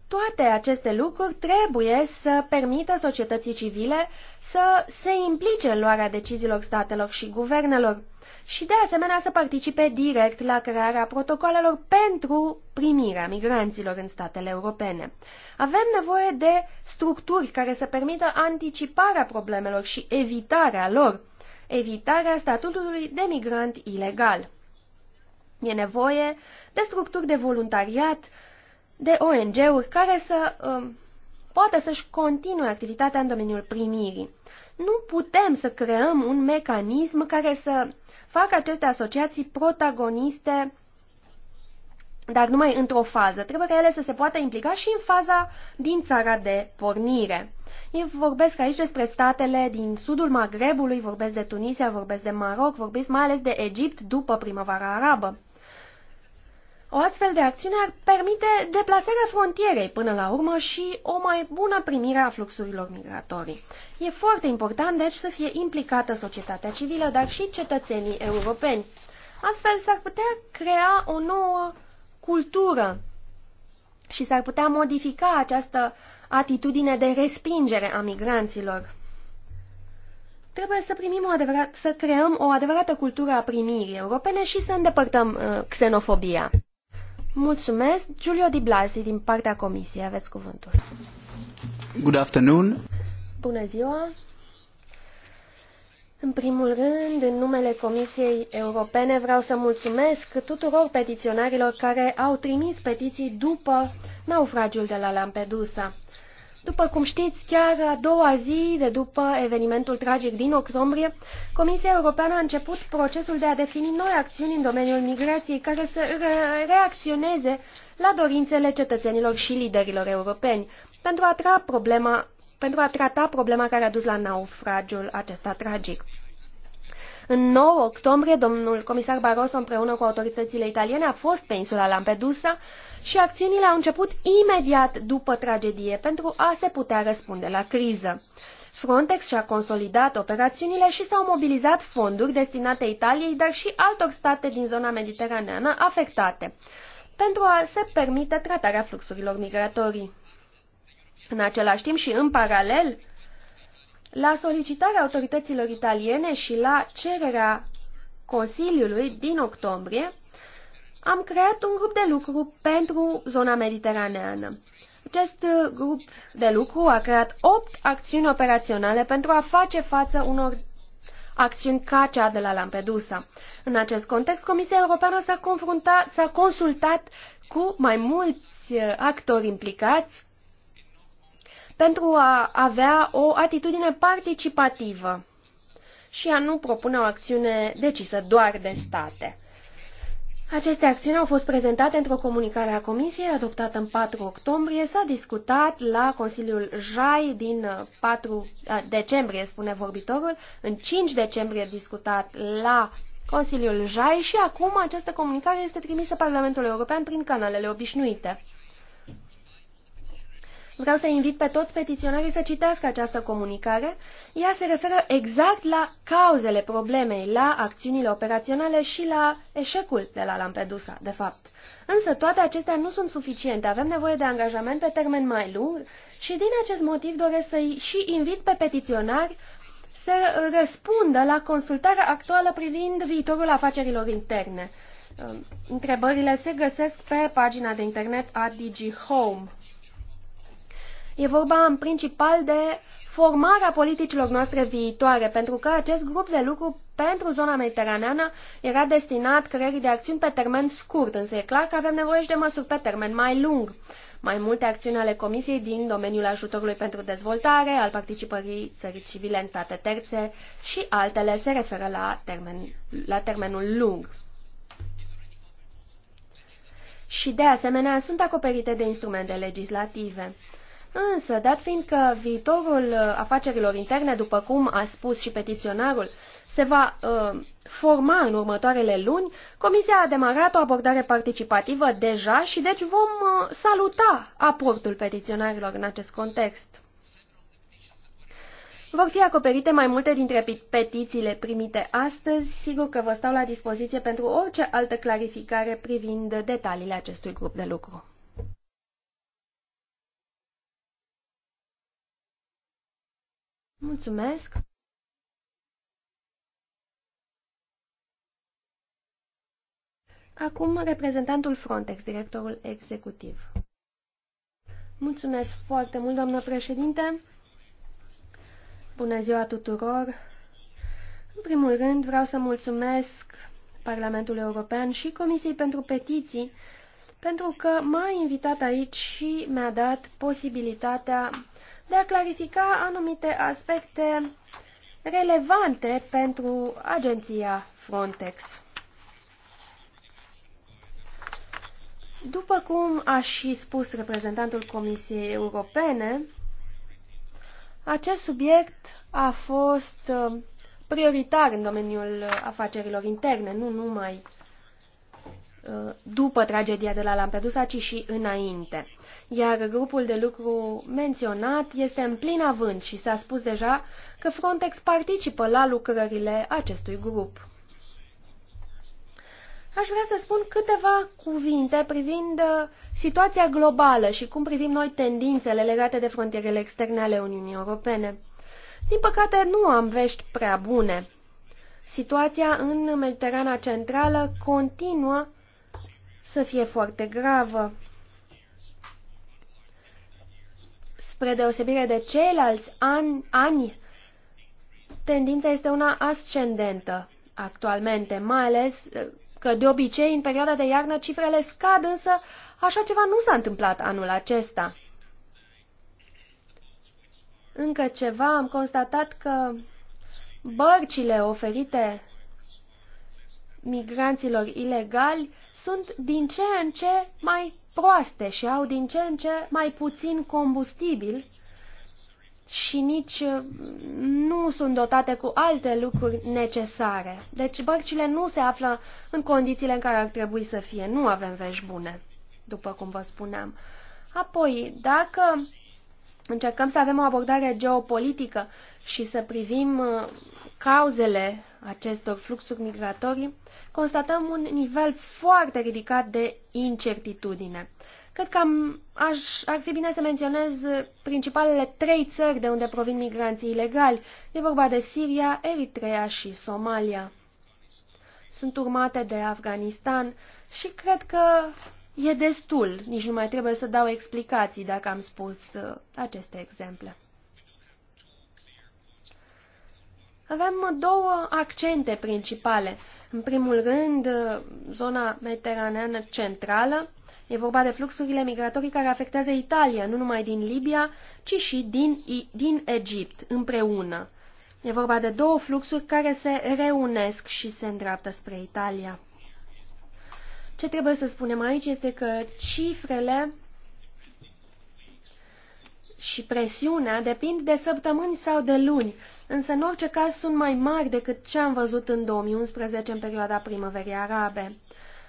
Toate aceste lucruri trebuie să permită societății civile să se implice în luarea deciziilor statelor și guvernelor și de asemenea să participe direct la crearea protocolelor pentru primirea migranților în statele europene. Avem nevoie de structuri care să permită anticiparea problemelor și evitarea lor, evitarea statutului de migrant ilegal. E nevoie de structuri de voluntariat, de ONG-uri care să poate um, poată să-și continue activitatea în domeniul primirii. Nu putem să creăm un mecanism care să fac aceste asociații protagoniste dar numai într-o fază. Trebuie ca ele să se poată implica și în faza din țara de pornire. Eu vorbesc aici despre statele din sudul Magrebului, vorbesc de Tunisia, vorbesc de Maroc, vorbesc mai ales de Egipt după primăvara arabă. O astfel de acțiune ar permite deplasarea frontierei până la urmă și o mai bună primire a fluxurilor migratorii. E foarte important, deci, să fie implicată societatea civilă, dar și cetățenii europeni. Astfel s-ar putea crea o nouă cultură și s-ar putea modifica această atitudine de respingere a migranților. Trebuie să primim o adevărat, să creăm o adevărată cultură a primirii europene și să îndepărtăm uh, xenofobia. Mulțumesc. Giulio Di Blasi, din partea Comisiei, aveți cuvântul. Good afternoon. Bună ziua. În primul rând, în numele Comisiei Europene, vreau să mulțumesc tuturor petiționarilor care au trimis petiții după naufragiul de la Lampedusa. După cum știți, chiar a doua zi de după evenimentul tragic din octombrie, Comisia Europeană a început procesul de a defini noi acțiuni în domeniul migrației care să re reacționeze la dorințele cetățenilor și liderilor europeni pentru a, tra problema, pentru a trata problema care a dus la naufragiul acesta tragic. În 9 octombrie, domnul comisar Barroso împreună cu autoritățile italiene a fost pe insula Lampedusa și acțiunile au început imediat după tragedie pentru a se putea răspunde la criză. Frontex și-a consolidat operațiunile și s-au mobilizat fonduri destinate Italiei, dar și altor state din zona mediteraneană afectate, pentru a se permite tratarea fluxurilor migratorii. În același timp și în paralel, la solicitarea autorităților italiene și la cererea Consiliului din octombrie, am creat un grup de lucru pentru zona mediteraneană. Acest uh, grup de lucru a creat 8 acțiuni operaționale pentru a face față unor acțiuni ca cea de la Lampedusa. În acest context, Comisia Europeană s-a, confruntat, s-a consultat cu mai mulți uh, actori implicați pentru a avea o atitudine participativă și a nu propune o acțiune decisă doar de state. Aceste acțiuni au fost prezentate într-o comunicare a Comisiei adoptată în 4 octombrie. S-a discutat la Consiliul JAI din 4 uh, uh, decembrie, spune vorbitorul, în 5 decembrie discutat la Consiliul JAI și acum această comunicare este trimisă Parlamentului European prin canalele obișnuite. Vreau să invit pe toți petiționarii să citească această comunicare. Ea se referă exact la cauzele problemei, la acțiunile operaționale și la eșecul de la Lampedusa, de fapt. Însă toate acestea nu sunt suficiente, avem nevoie de angajament pe termen mai lung și din acest motiv doresc să-i și invit pe petiționari să răspundă la consultarea actuală privind viitorul afacerilor interne. Întrebările se găsesc pe pagina de internet a DG Home. E vorba în principal de formarea politicilor noastre viitoare, pentru că acest grup de lucru pentru zona mediteraneană era destinat creării de acțiuni pe termen scurt, însă e clar că avem nevoie și de măsuri pe termen mai lung. Mai multe acțiuni ale Comisiei din domeniul ajutorului pentru dezvoltare, al participării țării civile în state terțe și altele se referă la, termen, la termenul lung. Și de asemenea sunt acoperite de instrumente legislative. Însă, dat fiind că viitorul uh, afacerilor interne, după cum a spus și petiționarul, se va uh, forma în următoarele luni, Comisia a demarat o abordare participativă deja și deci vom uh, saluta aportul petiționarilor în acest context. Vor fi acoperite mai multe dintre petițiile primite astăzi. Sigur că vă stau la dispoziție pentru orice altă clarificare privind detaliile acestui grup de lucru. Mulțumesc! Acum, reprezentantul Frontex, directorul executiv. Mulțumesc foarte mult, doamnă președinte! Bună ziua tuturor! În primul rând, vreau să mulțumesc Parlamentul European și Comisiei pentru Petiții pentru că m-a invitat aici și mi-a dat posibilitatea de a clarifica anumite aspecte relevante pentru agenția Frontex. După cum a și spus reprezentantul Comisiei Europene, acest subiect a fost uh, prioritar în domeniul afacerilor interne, nu numai Uh, după tragedia de la Lampedusa, ci și înainte. Iar grupul de lucru menționat este în plin avânt și s-a spus deja că Frontex participă la lucrările acestui grup. Aș vrea să spun câteva cuvinte privind uh, situația globală și cum privim noi tendințele legate de frontierele externe ale Uniunii Europene. Din păcate, nu am vești prea bune. Situația în Mediterana Centrală continuă să fie foarte gravă. Spre deosebire de ceilalți ani, ani tendința este una ascendentă actualmente, mai ales că de obicei în perioada de iarnă cifrele scad, însă așa ceva nu s-a întâmplat anul acesta. Încă ceva, am constatat că bărcile oferite migranților ilegali sunt din ce în ce mai proaste și au din ce în ce mai puțin combustibil și nici uh, nu sunt dotate cu alte lucruri necesare. Deci bărcile nu se află în condițiile în care ar trebui să fie. Nu avem vești bune, după cum vă spuneam. Apoi, dacă încercăm să avem o abordare geopolitică și să privim uh, cauzele acestor fluxuri migratorii, constatăm un nivel foarte ridicat de incertitudine. Cred că am, aș, ar fi bine să menționez principalele trei țări de unde provin migranții ilegali. E vorba de Siria, Eritrea și Somalia. Sunt urmate de Afganistan și cred că e destul, nici nu mai trebuie să dau explicații dacă am spus uh, aceste exemple. Avem două accente principale. În primul rând, zona mediteraneană centrală. E vorba de fluxurile migratorii care afectează Italia, nu numai din Libia, ci și din, din Egipt, împreună. E vorba de două fluxuri care se reunesc și se îndreaptă spre Italia. Ce trebuie să spunem aici este că cifrele și presiunea depind de săptămâni sau de luni, însă în orice caz sunt mai mari decât ce am văzut în 2011 în perioada primăverii arabe.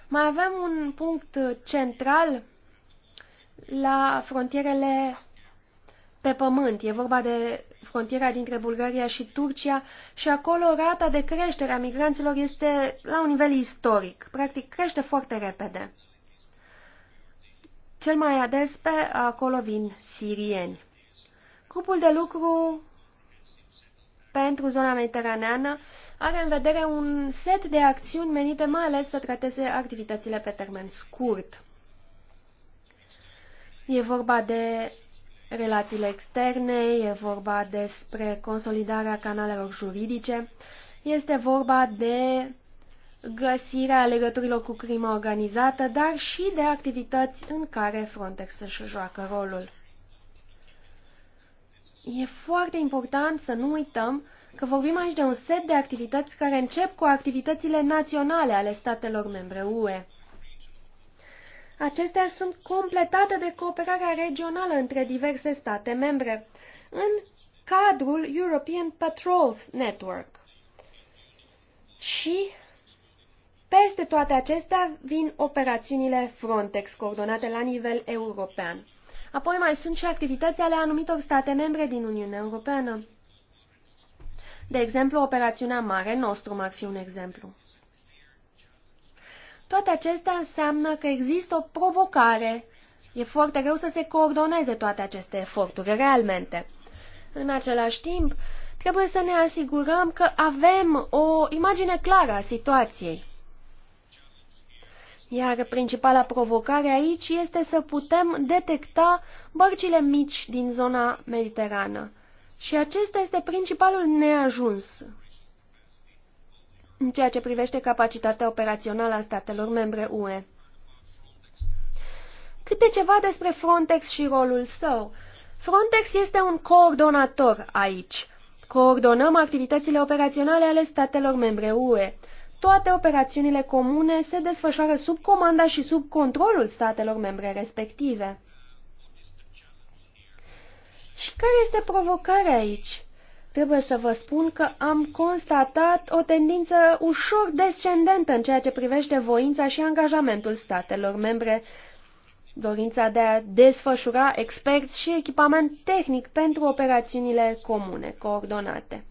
Mai avem un punct central la frontierele pe pământ. E vorba de frontiera dintre Bulgaria și Turcia și acolo rata de creștere a migranților este la un nivel istoric. Practic crește foarte repede. Cel mai ades pe acolo vin sirieni. Grupul de lucru pentru zona mediteraneană are în vedere un set de acțiuni menite mai ales să trateze activitățile pe termen scurt. E vorba de relațiile externe, e vorba despre consolidarea canalelor juridice, este vorba de găsirea legăturilor cu crima organizată, dar și de activități în care Frontex își joacă rolul. E foarte important să nu uităm că vorbim aici de un set de activități care încep cu activitățile naționale ale statelor membre UE. Acestea sunt completate de cooperarea regională între diverse state membre, în cadrul European Patrols Network. Și peste toate acestea vin operațiunile Frontex, coordonate la nivel european. Apoi mai sunt și activități ale anumitor state membre din Uniunea Europeană. De exemplu, operațiunea Mare Nostrum ar fi un exemplu. Toate acestea înseamnă că există o provocare. E foarte greu să se coordoneze toate aceste eforturi realmente. În același timp, trebuie să ne asigurăm că avem o imagine clară a situației. Iar principala provocare aici este să putem detecta bărcile mici din zona mediterană. Și acesta este principalul neajuns în ceea ce privește capacitatea operațională a statelor membre UE. Câte ceva despre Frontex și rolul său. Frontex este un coordonator aici. Coordonăm activitățile operaționale ale statelor membre UE toate operațiunile comune se desfășoară sub comanda și sub controlul statelor membre respective. Și care este provocarea aici? Trebuie să vă spun că am constatat o tendință ușor descendentă în ceea ce privește voința și angajamentul statelor membre, dorința de a desfășura experți și echipament tehnic pentru operațiunile comune coordonate.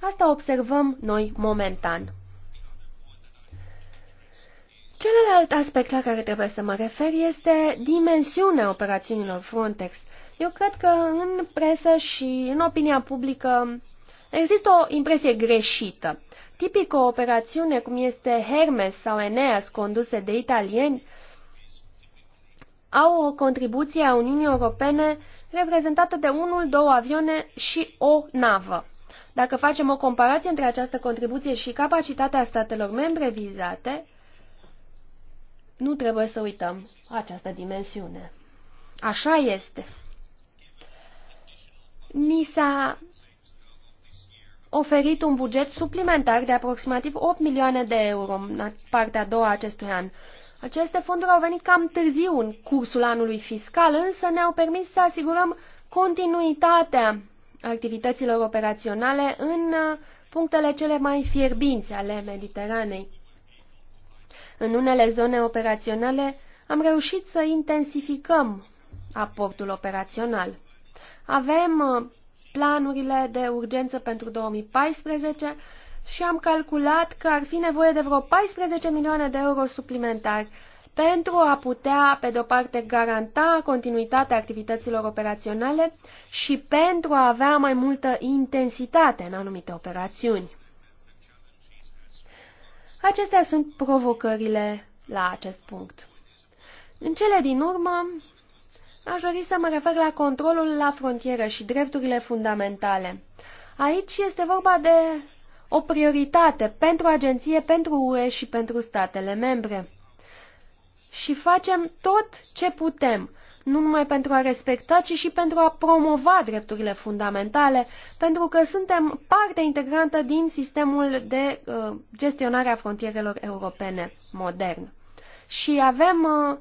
Asta observăm noi momentan. Celălalt aspect la care trebuie să mă refer este dimensiunea operațiunilor Frontex. Eu cred că în presă și în opinia publică există o impresie greșită. Tipic o operațiune cum este Hermes sau Eneas conduse de italieni au o contribuție a Uniunii Europene reprezentată de unul, două avioane și o navă. Dacă facem o comparație între această contribuție și capacitatea statelor membre vizate, nu trebuie să uităm această dimensiune. Așa este. Mi s-a oferit un buget suplimentar de aproximativ 8 milioane de euro în partea a doua acestui an. Aceste fonduri au venit cam târziu în cursul anului fiscal, însă ne-au permis să asigurăm continuitatea activităților operaționale în punctele cele mai fierbinți ale Mediteranei. În unele zone operaționale am reușit să intensificăm aportul operațional. Avem uh, planurile de urgență pentru 2014 și am calculat că ar fi nevoie de vreo 14 milioane de euro suplimentari pentru a putea, pe de-o parte, garanta continuitatea activităților operaționale și pentru a avea mai multă intensitate în anumite operațiuni. Acestea sunt provocările la acest punct. În cele din urmă, aș dori să mă refer la controlul la frontieră și drepturile fundamentale. Aici este vorba de o prioritate pentru agenție, pentru UE și pentru statele membre. Și facem tot ce putem nu numai pentru a respecta, ci și pentru a promova drepturile fundamentale, pentru că suntem parte integrantă din sistemul de uh, gestionare a frontierelor europene modern. Și avem uh,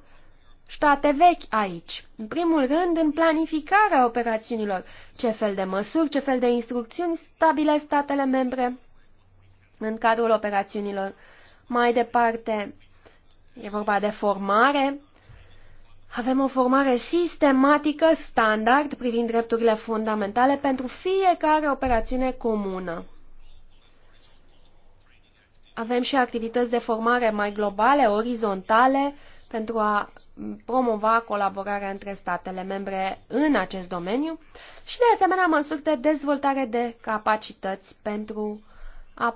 state vechi aici. În primul rând, în planificarea operațiunilor, ce fel de măsuri, ce fel de instrucțiuni stabile statele membre în cadrul operațiunilor. Mai departe, e vorba de formare, avem o formare sistematică, standard, privind drepturile fundamentale pentru fiecare operațiune comună. Avem și activități de formare mai globale, orizontale, pentru a promova colaborarea între statele membre în acest domeniu și, de asemenea, măsuri de dezvoltare de capacități pentru a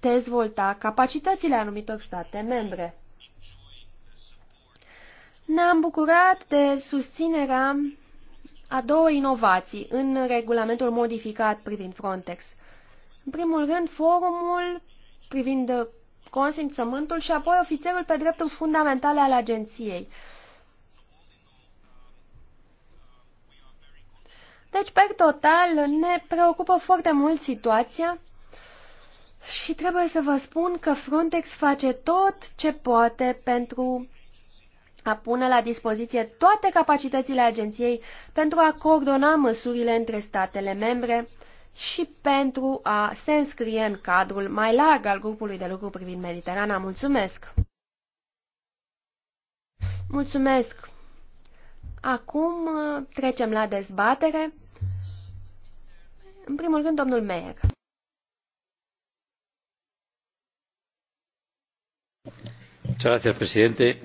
dezvolta capacitățile anumitor state membre. Ne-am bucurat de susținerea a două inovații în regulamentul modificat privind Frontex. În primul rând, forumul privind consimțământul și apoi ofițerul pe drepturi fundamentale al agenției. Deci, per total, ne preocupă foarte mult situația și trebuie să vă spun că Frontex face tot ce poate pentru a pune la dispoziție toate capacitățile agenției pentru a coordona măsurile între statele membre și pentru a se înscrie în cadrul mai larg al grupului de lucru privind Mediterana. Mulțumesc! Mulțumesc! Acum uh, trecem la dezbatere. În primul rând, domnul Meier. Mulțumesc, președinte.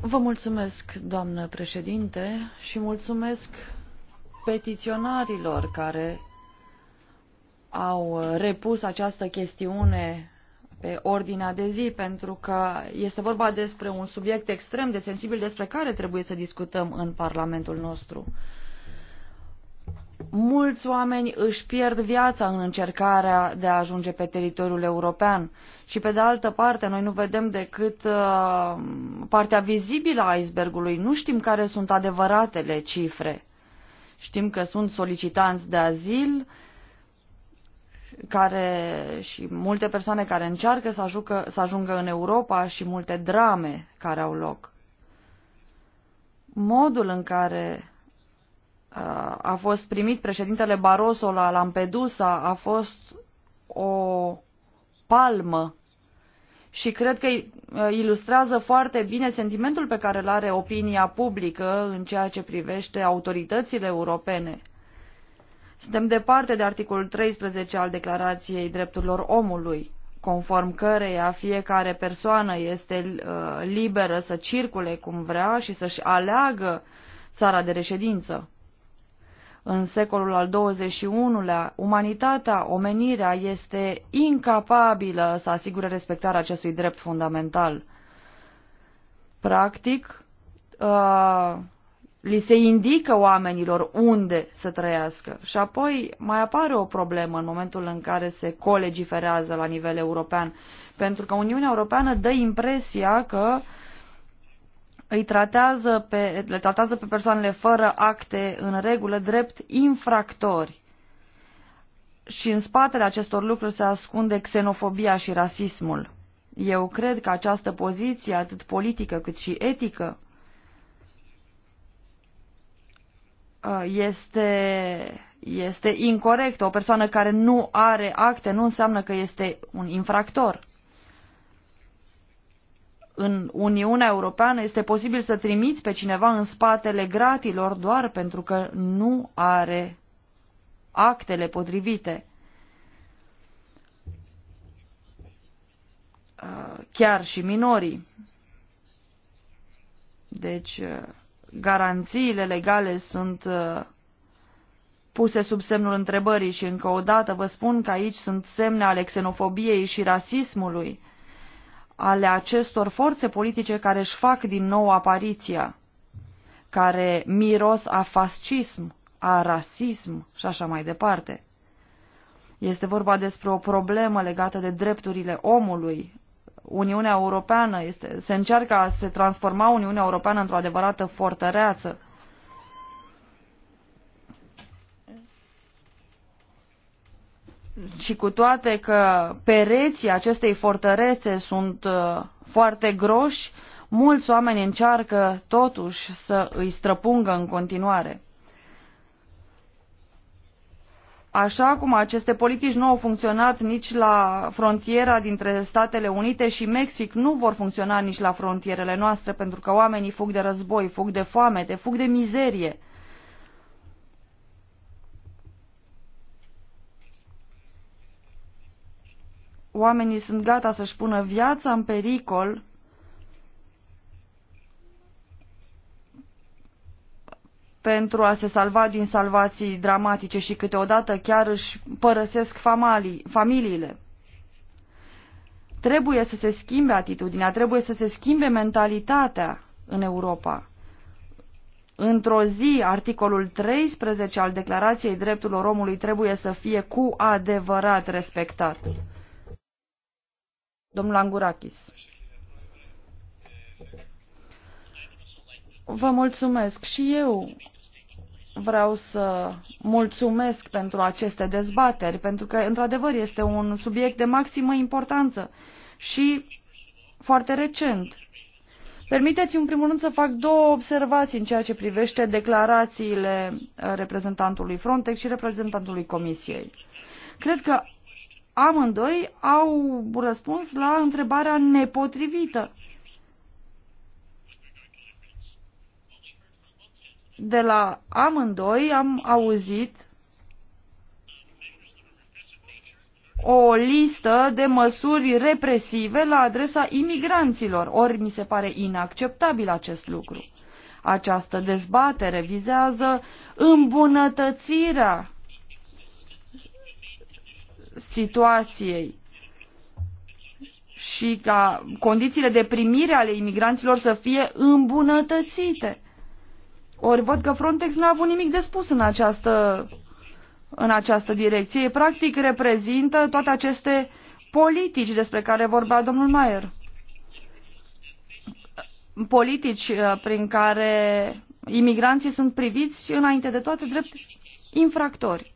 Vă mulțumesc, doamnă președinte, și mulțumesc petiționarilor care au repus această chestiune pe ordinea de zi, pentru că este vorba despre un subiect extrem de sensibil despre care trebuie să discutăm în Parlamentul nostru. Mulți oameni își pierd viața în încercarea de a ajunge pe teritoriul european și pe de altă parte noi nu vedem decât uh, partea vizibilă a icebergului, nu știm care sunt adevăratele cifre. Știm că sunt solicitanți de azil care, și multe persoane care încearcă să, ajucă, să ajungă în Europa și multe drame care au loc. Modul în care a fost primit președintele Barroso la Lampedusa a fost o palmă și cred că uh, ilustrează foarte bine sentimentul pe care îl are opinia publică în ceea ce privește autoritățile europene. Suntem departe de articolul 13 al Declarației Drepturilor Omului, conform căreia fiecare persoană este uh, liberă să circule cum vrea și să-și aleagă țara de reședință. În secolul al XXI-lea, umanitatea, omenirea este incapabilă să asigure respectarea acestui drept fundamental. Practic, uh, li se indică oamenilor unde să trăiască. Și apoi mai apare o problemă în momentul în care se colegiferează la nivel european, pentru că Uniunea Europeană dă impresia că uh, îi tratează pe, le tratează pe persoanele fără acte în regulă drept infractori. Și în spatele acestor lucruri se ascunde xenofobia și rasismul. Eu cred că această poziție, atât politică cât și etică, este, este incorrectă. O persoană care nu are acte nu înseamnă că este un infractor în Uniunea Europeană este posibil să trimiți pe cineva în spatele gratilor doar pentru că nu are actele potrivite. Uh, chiar și minorii. Deci, uh, garanțiile legale sunt uh, puse sub semnul întrebării și încă o dată vă spun că aici sunt semne ale xenofobiei și rasismului ale acestor forțe politice care își fac din nou apariția, care miros a fascism, a rasism și așa mai departe. Este vorba despre o problemă legată de drepturile omului. Uniunea Europeană este, se încearcă a se transforma Uniunea Europeană într-o adevărată fortăreață și cu toate că pereții acestei fortărețe sunt uh, foarte groși, mulți oameni încearcă totuși să îi străpungă în continuare. Așa cum aceste politici nu au funcționat nici la frontiera dintre Statele Unite și Mexic, nu vor funcționa nici la frontierele noastre, pentru că oamenii fug de război, fug de foamete, fug de mizerie. oamenii sunt gata să-și pună viața în pericol pentru a se salva din salvații dramatice și câteodată chiar își părăsesc famalii, familiile. Trebuie să se schimbe atitudinea, trebuie să se schimbe mentalitatea în Europa. Într-o zi, articolul 13 al Declarației Drepturilor Omului trebuie să fie cu adevărat respectat. Domnul Angurakis. Vă mulțumesc și eu vreau să mulțumesc pentru aceste dezbateri, pentru că, într-adevăr, este un subiect de maximă importanță și foarte recent. Permiteți-mi, în primul rând, să fac două observații în ceea ce privește declarațiile reprezentantului Frontex și reprezentantului Comisiei. Cred că amândoi au răspuns la întrebarea nepotrivită. De la amândoi am auzit o listă de măsuri represive la adresa imigranților, ori mi se pare inacceptabil acest lucru. Această dezbatere vizează îmbunătățirea situației și ca condițiile de primire ale imigranților să fie îmbunătățite. Ori văd că Frontex n-a avut nimic de spus în această, în această direcție. Ei, practic, reprezintă toate aceste politici despre care vorbea domnul Maier. Politici uh, prin care imigranții sunt priviți înainte de toate drept infractori.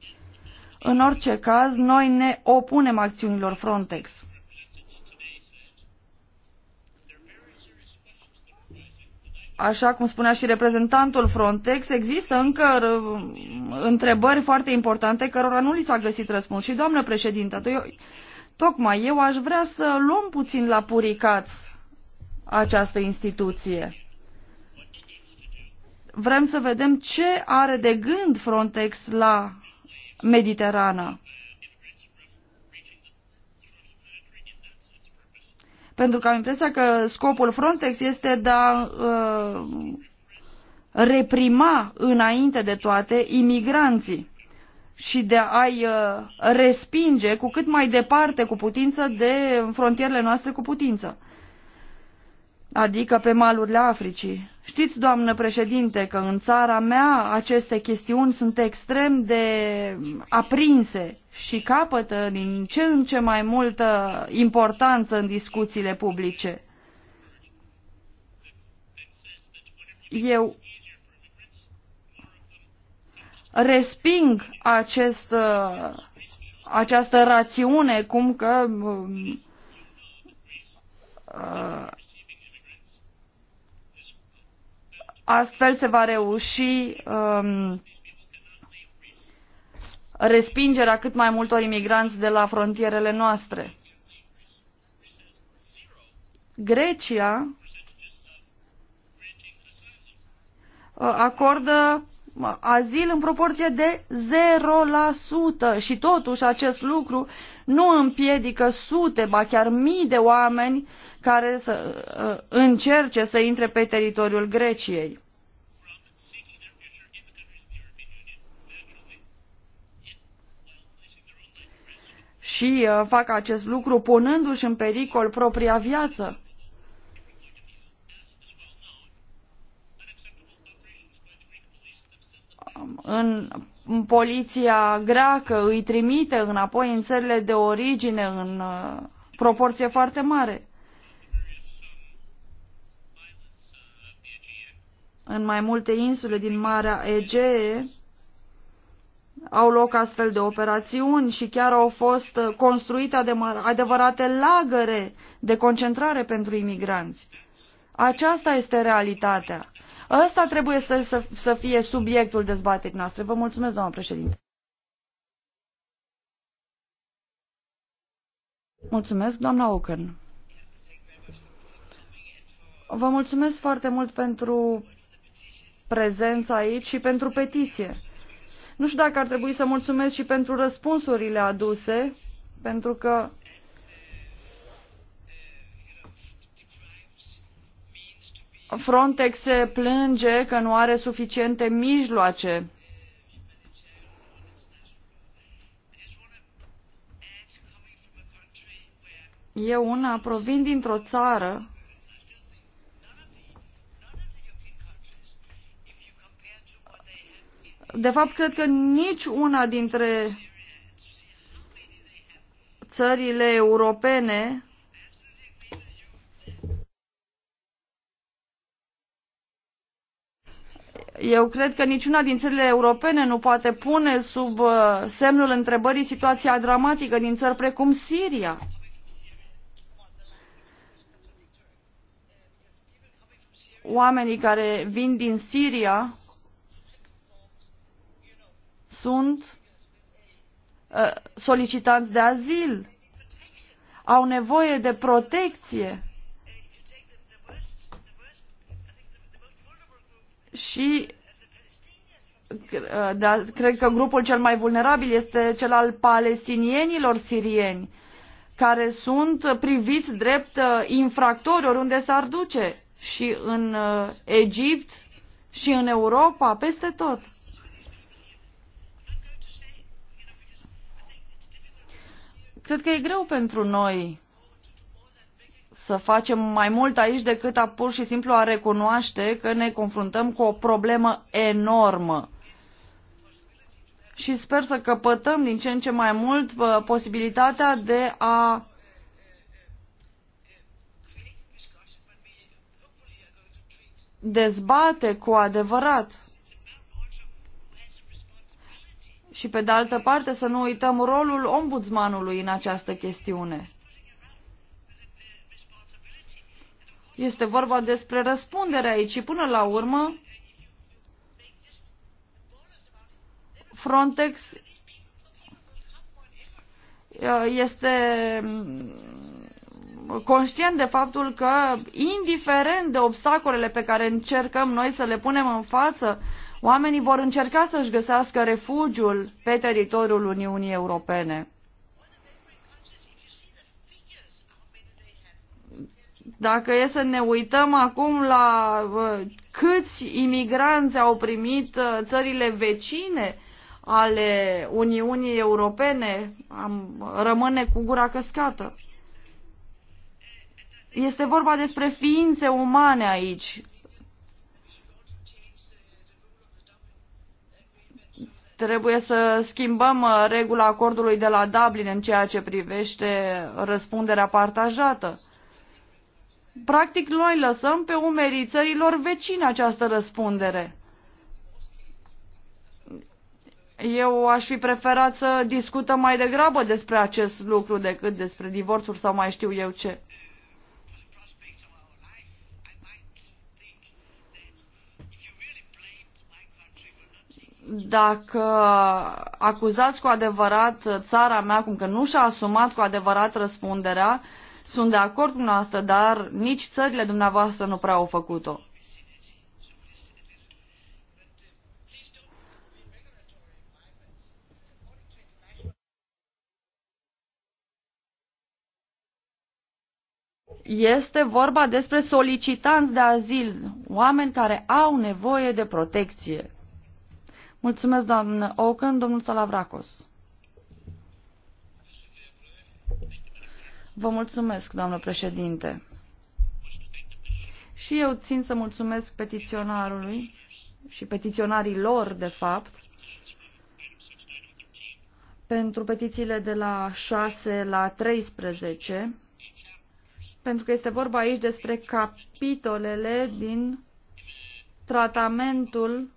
În orice caz, noi ne opunem acțiunilor Frontex. Așa cum spunea și reprezentantul Frontex, există încă uh, întrebări foarte importante cărora nu li s-a găsit răspuns. Și, doamnă președintă, eu, tocmai eu aș vrea să luăm puțin la puricați această instituție vrem să vedem ce are de gând Frontex la Mediterana. Pentru că am impresia că scopul Frontex este de a uh, reprima înainte de toate imigranții și de a-i uh, respinge cu cât mai departe cu putință de frontierele noastre cu putință adică pe malurile Africii. Știți, doamnă președinte, că în țara mea aceste chestiuni sunt extrem de aprinse și capătă din ce în ce mai multă importanță în discuțiile publice. Eu resping acest, această rațiune cum că um, uh, Astfel se va reuși um, respingerea cât mai multor imigranți de la frontierele noastre. Grecia uh, acordă azil în proporție de 0% și totuși acest lucru nu împiedică sute, ba chiar mii de oameni care să uh, încerce să intre pe teritoriul Greciei. Și uh, fac acest lucru punându-și în pericol propria viață. în poliția greacă îi trimite înapoi în țările de origine în uh, proporție foarte mare. În mai multe insule din Marea Egee au loc astfel de operațiuni și chiar au fost uh, construite adevărate lagăre de concentrare pentru imigranți. Aceasta este realitatea. Ăsta trebuie să, să, să fie subiectul dezbaterii noastre. Vă mulțumesc, doamnă președinte. Mulțumesc, doamna Ocăn. Vă mulțumesc foarte mult pentru prezența aici și pentru petiție. Nu știu dacă ar trebui să mulțumesc și pentru răspunsurile aduse, pentru că Frontex se plânge că nu are suficiente mijloace Eu una provin dintr-o țară De fapt, cred că nici una dintre țările europene Eu cred că niciuna din țările europene nu poate pune sub uh, semnul întrebării situația dramatică din țări precum Siria. Oamenii care vin din Siria sunt uh, solicitanți de azil, au nevoie de protecție Și uh, da, cred că grupul cel mai vulnerabil este cel al palestinienilor sirieni, care sunt priviți drept uh, infractori oriunde s-ar duce, și în uh, Egipt, și în Europa, peste tot. Cred că e greu pentru noi să facem mai mult aici decât a pur și simplu a recunoaște că ne confruntăm cu o problemă enormă. Și sper să căpătăm din ce în ce mai mult uh, posibilitatea de a dezbate cu adevărat. Și pe de altă parte să nu uităm rolul ombudsmanului în această chestiune. Este vorba despre răspundere aici și până la urmă Frontex uh, este mm, conștient de faptul că, indiferent de obstacolele pe care încercăm noi să le punem în față, oamenii vor încerca să-și găsească refugiul pe teritoriul Uniunii Europene. Dacă e să ne uităm acum la câți imigranți au primit uh, țările vecine ale Uniunii Europene, am, rămâne cu gura căscată. Este vorba despre ființe umane aici. Trebuie să schimbăm uh, regula acordului de la Dublin în ceea ce privește răspunderea partajată Practic, noi lăsăm pe umerii țărilor vecine această răspundere. Eu aș fi preferat să discutăm mai degrabă despre acest lucru decât despre divorțuri sau mai știu eu ce. dacă acuzați cu adevărat țara mea, cum că nu și-a asumat cu adevărat răspunderea, sunt de acord cu noastră, dar nici țările dumneavoastră nu prea au făcut-o. Este vorba despre solicitanți de azil, oameni care au nevoie de protecție. Mulțumesc, doamnă Ocan, domnul Salavracos. Vă mulțumesc, doamnă președinte. Și eu țin să mulțumesc petiționarului și petiționarii lor, de fapt, pentru petițiile de la 6 la 13, pentru că este vorba aici despre capitolele din tratamentul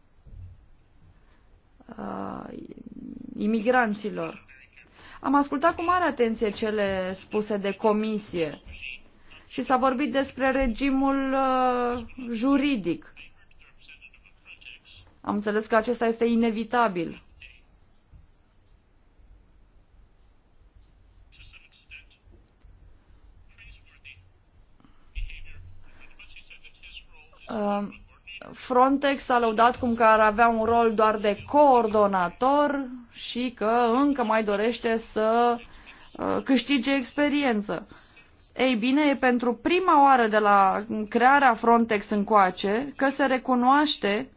uh, imigranților. Am ascultat cu mare atenție cele spuse de comisie și s-a vorbit despre regimul uh, juridic. Am înțeles că acesta este inevitabil. Uh, Frontex a lăudat cum că ar avea un rol doar de coordonator și că încă mai dorește să uh, câștige experiență. Ei bine, e pentru prima oară de la crearea Frontex încoace că se recunoaște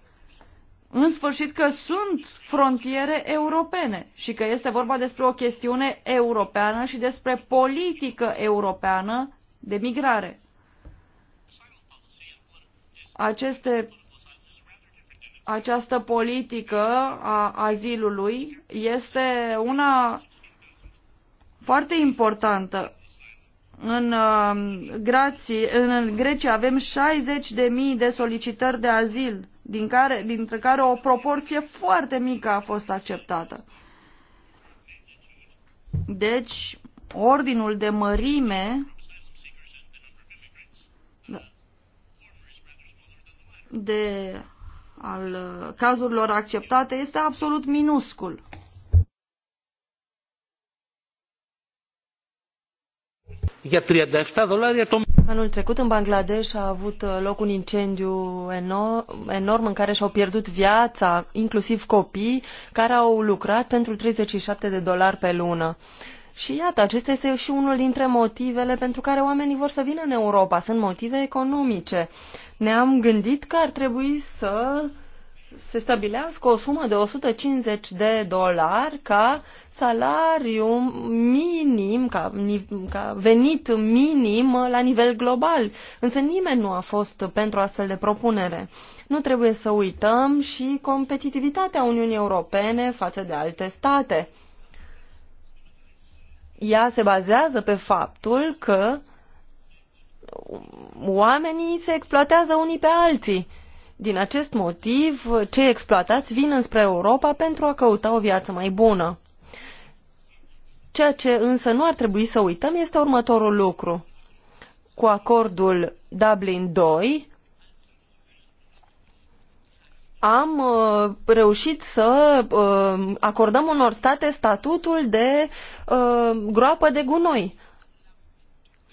în sfârșit că sunt frontiere europene și că este vorba despre o chestiune europeană și despre politică europeană de migrare. Aceste, această politică a azilului este una foarte importantă. În, uh, grație, în Grecia avem 60.000 de solicitări de azil, din care, dintre care o proporție foarte mică a fost acceptată. Deci, ordinul de mărime de al cazurilor acceptate este absolut minuscul. Anul trecut în Bangladesh a avut loc un incendiu enorm în care și-au pierdut viața, inclusiv copii care au lucrat pentru 37 de dolari pe lună. Și iată, acesta este și unul dintre motivele pentru care oamenii vor să vină în Europa. Sunt motive economice. Uh, ne-am gândit că ar trebui să se stabilească o sumă de 150 de dolari ca salariu minim, ca, ca venit minim la nivel global. Însă nimeni nu a fost pentru astfel de propunere. Nu trebuie să uităm și competitivitatea Uniunii Europene față de alte state. Ea se bazează pe faptul că oamenii se exploatează unii pe alții. Din acest motiv, cei exploatați vin înspre Europa pentru a căuta o viață mai bună. Ceea ce însă nu ar trebui să uităm este următorul lucru. Cu acordul Dublin 2 am uh, reușit să uh, acordăm unor state statutul de uh, groapă de gunoi.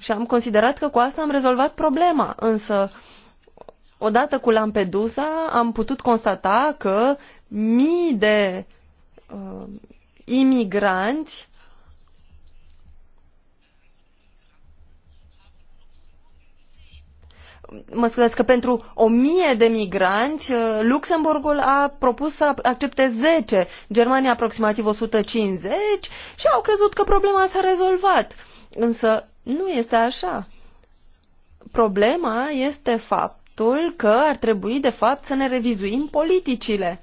Și am considerat că cu asta am rezolvat problema, însă odată cu Lampedusa am putut constata că mii de uh, imigranți mă scuzați că pentru o mie de migranți, uh, Luxemburgul a propus să accepte 10, Germania aproximativ 150 și au crezut că problema s-a rezolvat. Însă nu este așa. Problema este faptul că ar trebui, de fapt, să ne revizuim politicile.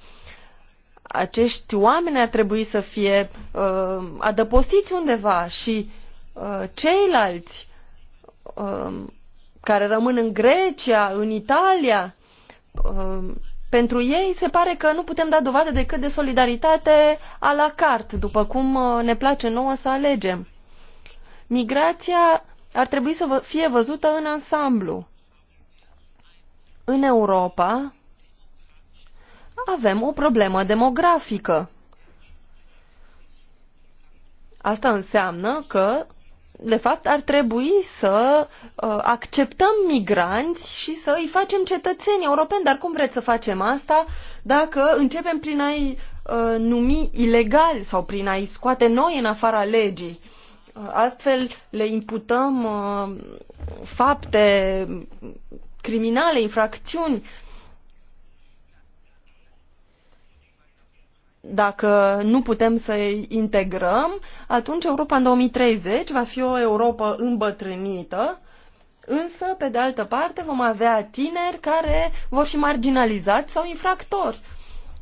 Acești oameni ar trebui să fie uh, adăpostiți undeva și uh, ceilalți uh, care rămân în Grecia, în Italia, uh, pentru ei se pare că nu putem da dovadă decât de solidaritate a la carte, după cum uh, ne place nouă să alegem. Migrația ar trebui să fie văzută în ansamblu. În Europa avem o problemă demografică. Asta înseamnă că, de fapt, ar trebui să uh, acceptăm migranți și să îi facem cetățeni europeni. Dar cum vreți să facem asta dacă începem prin a-i uh, numi ilegal sau prin a-i scoate noi în afara legii? Uh, Astfel le imputăm uh, fapte criminale, infracțiuni. Dacă nu putem să i integrăm, atunci Europa în 2030 va fi o Europa îmbătrânită, însă, pe de altă parte, vom avea tineri care vor fi marginalizați sau infractori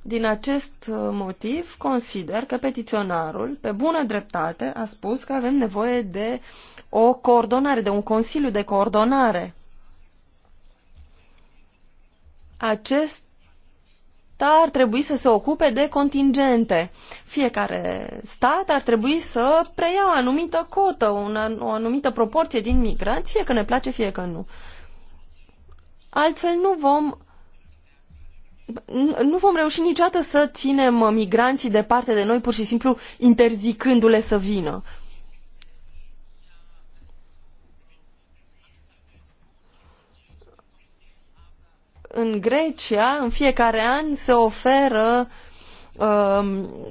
din acest uh, motiv, consider că petiționarul, pe bună dreptate, a spus că avem nevoie de o coordonare, de un consiliu de coordonare. Acest stat ar trebui să se ocupe de contingente. Fiecare stat ar trebui să preia o anumită cotă, una, o anumită proporție din migranți, fie că ne place, fie că nu. Altfel nu vom nu vom reuși niciodată să ținem uh, migranții departe de noi, pur și simplu interzicându-le să vină. În Grecia, în fiecare an, se oferă uh,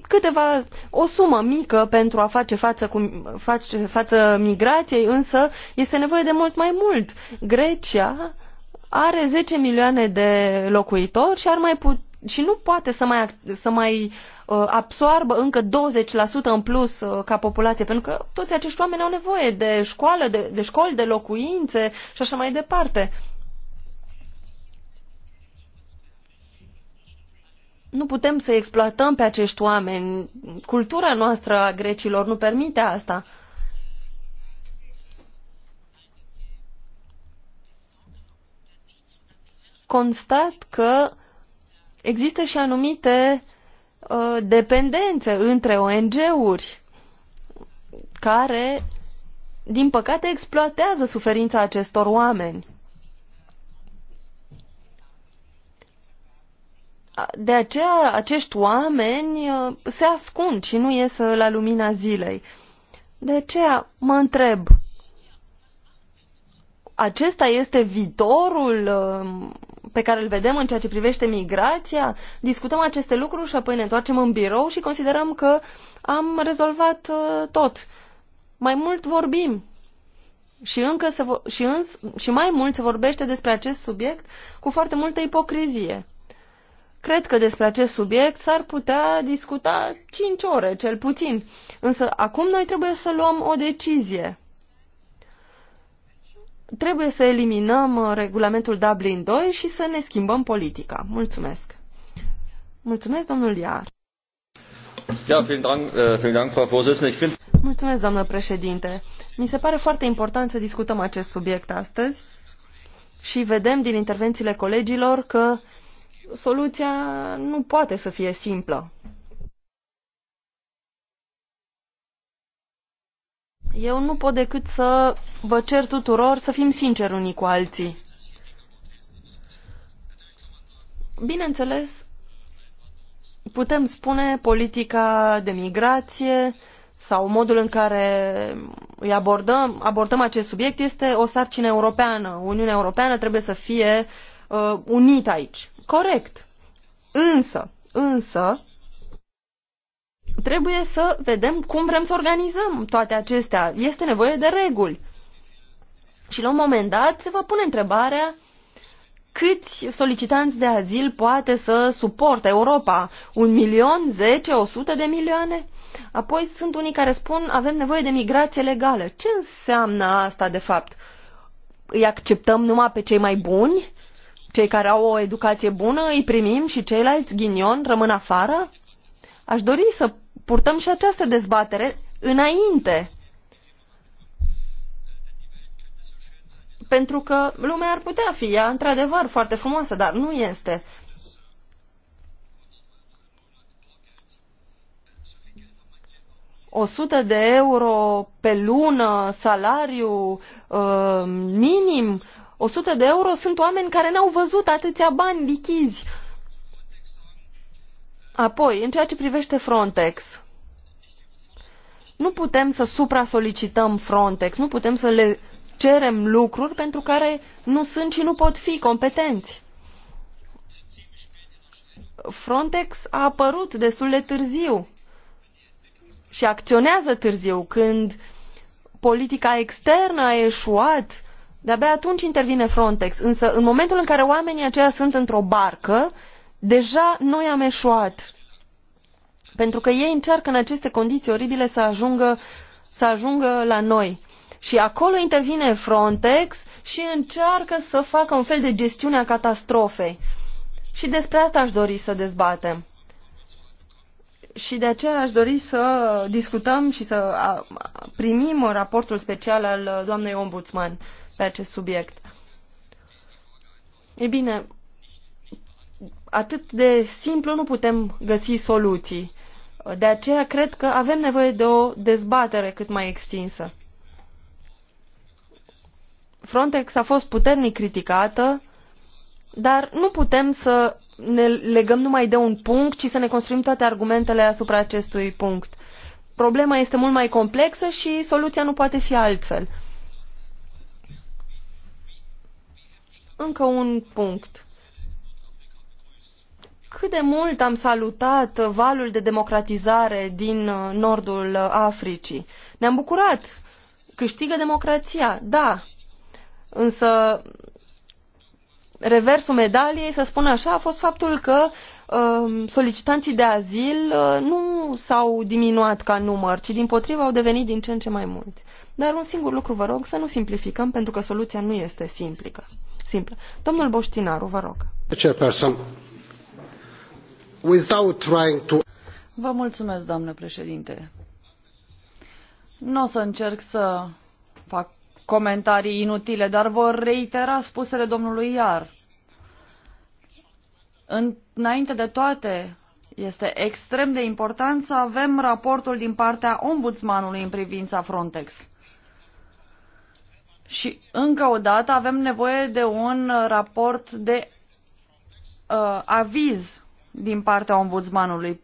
câteva, o sumă mică pentru a face față, cu, face față migrației, însă este nevoie de mult mai mult. Grecia are 10 milioane de locuitori și, ar mai put- și nu poate să mai, să mai uh, absoarbă încă 20% în plus uh, ca populație, pentru că toți acești oameni au nevoie de școală, de, de școli, de locuințe și așa mai departe. nu putem să exploatăm pe acești oameni. Cultura noastră a grecilor nu permite asta. constat că există și anumite uh, dependențe între ONG-uri care, din păcate, exploatează suferința acestor oameni. De aceea, acești oameni uh, se ascund și nu ies la lumina zilei. De aceea mă întreb, acesta este viitorul um, pe care îl vedem în ceea ce privește migrația, discutăm aceste lucruri și apoi ne întoarcem în birou și considerăm că am rezolvat uh, tot. Mai mult vorbim, și, încă se vo- și, îns- și mai mult se vorbește despre acest subiect cu foarte multă ipocrizie. Cred că despre acest subiect s-ar putea discuta 5 ore, cel puțin. Însă acum noi trebuie să luăm o decizie. Trebuie să eliminăm uh, regulamentul Dublin 2 și să ne schimbăm politica. Mulțumesc. Mulțumesc, domnul Iar. Ja, vielen Dank, äh, vielen Dank, Frau Vorsitzende. Ich find's... Mulțumesc, doamnă președinte. Mi se pare foarte important să discutăm acest subiect astăzi și vedem din intervențiile colegilor că soluția nu poate să fie simplă. Eu nu pot decât să vă cer tuturor să fim sinceri unii cu alții. Bineînțeles, putem spune politica de migrație sau modul în care îi abordăm, abordăm acest subiect este o sarcină europeană. Uniunea Europeană trebuie să fie uh, unită aici. Corect. Însă, însă, trebuie să vedem cum vrem să organizăm toate acestea. Este nevoie de reguli. Și la un moment dat se va pune întrebarea câți solicitanți de azil poate să suporte Europa? Un milion, zece, o sută de milioane? Apoi sunt unii care spun avem nevoie de migrație legală. Ce înseamnă asta de fapt? Îi acceptăm numai pe cei mai buni? Cei care au o educație bună îi primim și ceilalți ghinion rămân afară? Aș dori să purtăm și această dezbatere înainte. Pentru că lumea ar putea fi ea, într-adevăr, foarte frumoasă, dar nu este. O sută de euro pe lună, salariu uh, minim, sută de euro sunt oameni care n-au văzut atâția bani lichizi. Uh, Apoi, în ceea ce privește Frontex, nu putem să supra-solicităm Frontex, nu putem să le cerem lucruri pentru care nu sunt și nu pot fi competenți. Frontex a apărut destul de târziu și acționează târziu când politica externă a eșuat, de-abia atunci intervine Frontex. Însă în momentul în care oamenii aceia sunt într-o barcă, Deja noi am eșuat, pentru că ei încearcă în aceste condiții oribile să ajungă, să ajungă la noi. Și acolo intervine Frontex și încearcă să facă un fel de gestiune a catastrofei. Și despre asta aș dori să dezbatem. Și de aceea aș dori să discutăm și să primim raportul special al doamnei ombudsman pe acest subiect. E bine, atât de simplu nu putem găsi soluții. De aceea cred că avem nevoie de o dezbatere cât mai extinsă. Frontex a fost puternic criticată, dar nu putem să ne legăm numai de un punct, ci să ne construim toate argumentele asupra acestui punct. Problema este mult mai complexă și soluția nu poate fi altfel. Încă un punct cât de mult am salutat valul de democratizare din uh, nordul uh, Africii. Ne-am bucurat. Câștigă democrația, da. Însă reversul medaliei, să spun așa, a fost faptul că um, solicitanții de azil uh, nu s-au diminuat ca număr, ci din potrivă au devenit din ce în ce mai mulți. Dar un singur lucru vă rog, să nu simplificăm, pentru că soluția nu este simplică. simplă. Domnul Boștinaru, vă rog. Ce persoană? Vă mulțumesc, doamnă președinte. Nu o să încerc să fac comentarii inutile, dar vor reitera spusele domnului Iar. Înainte de toate, este extrem de important să avem raportul din partea ombudsmanului în privința Frontex. Și încă o dată avem nevoie de un raport de uh, aviz din partea ombudsmanului.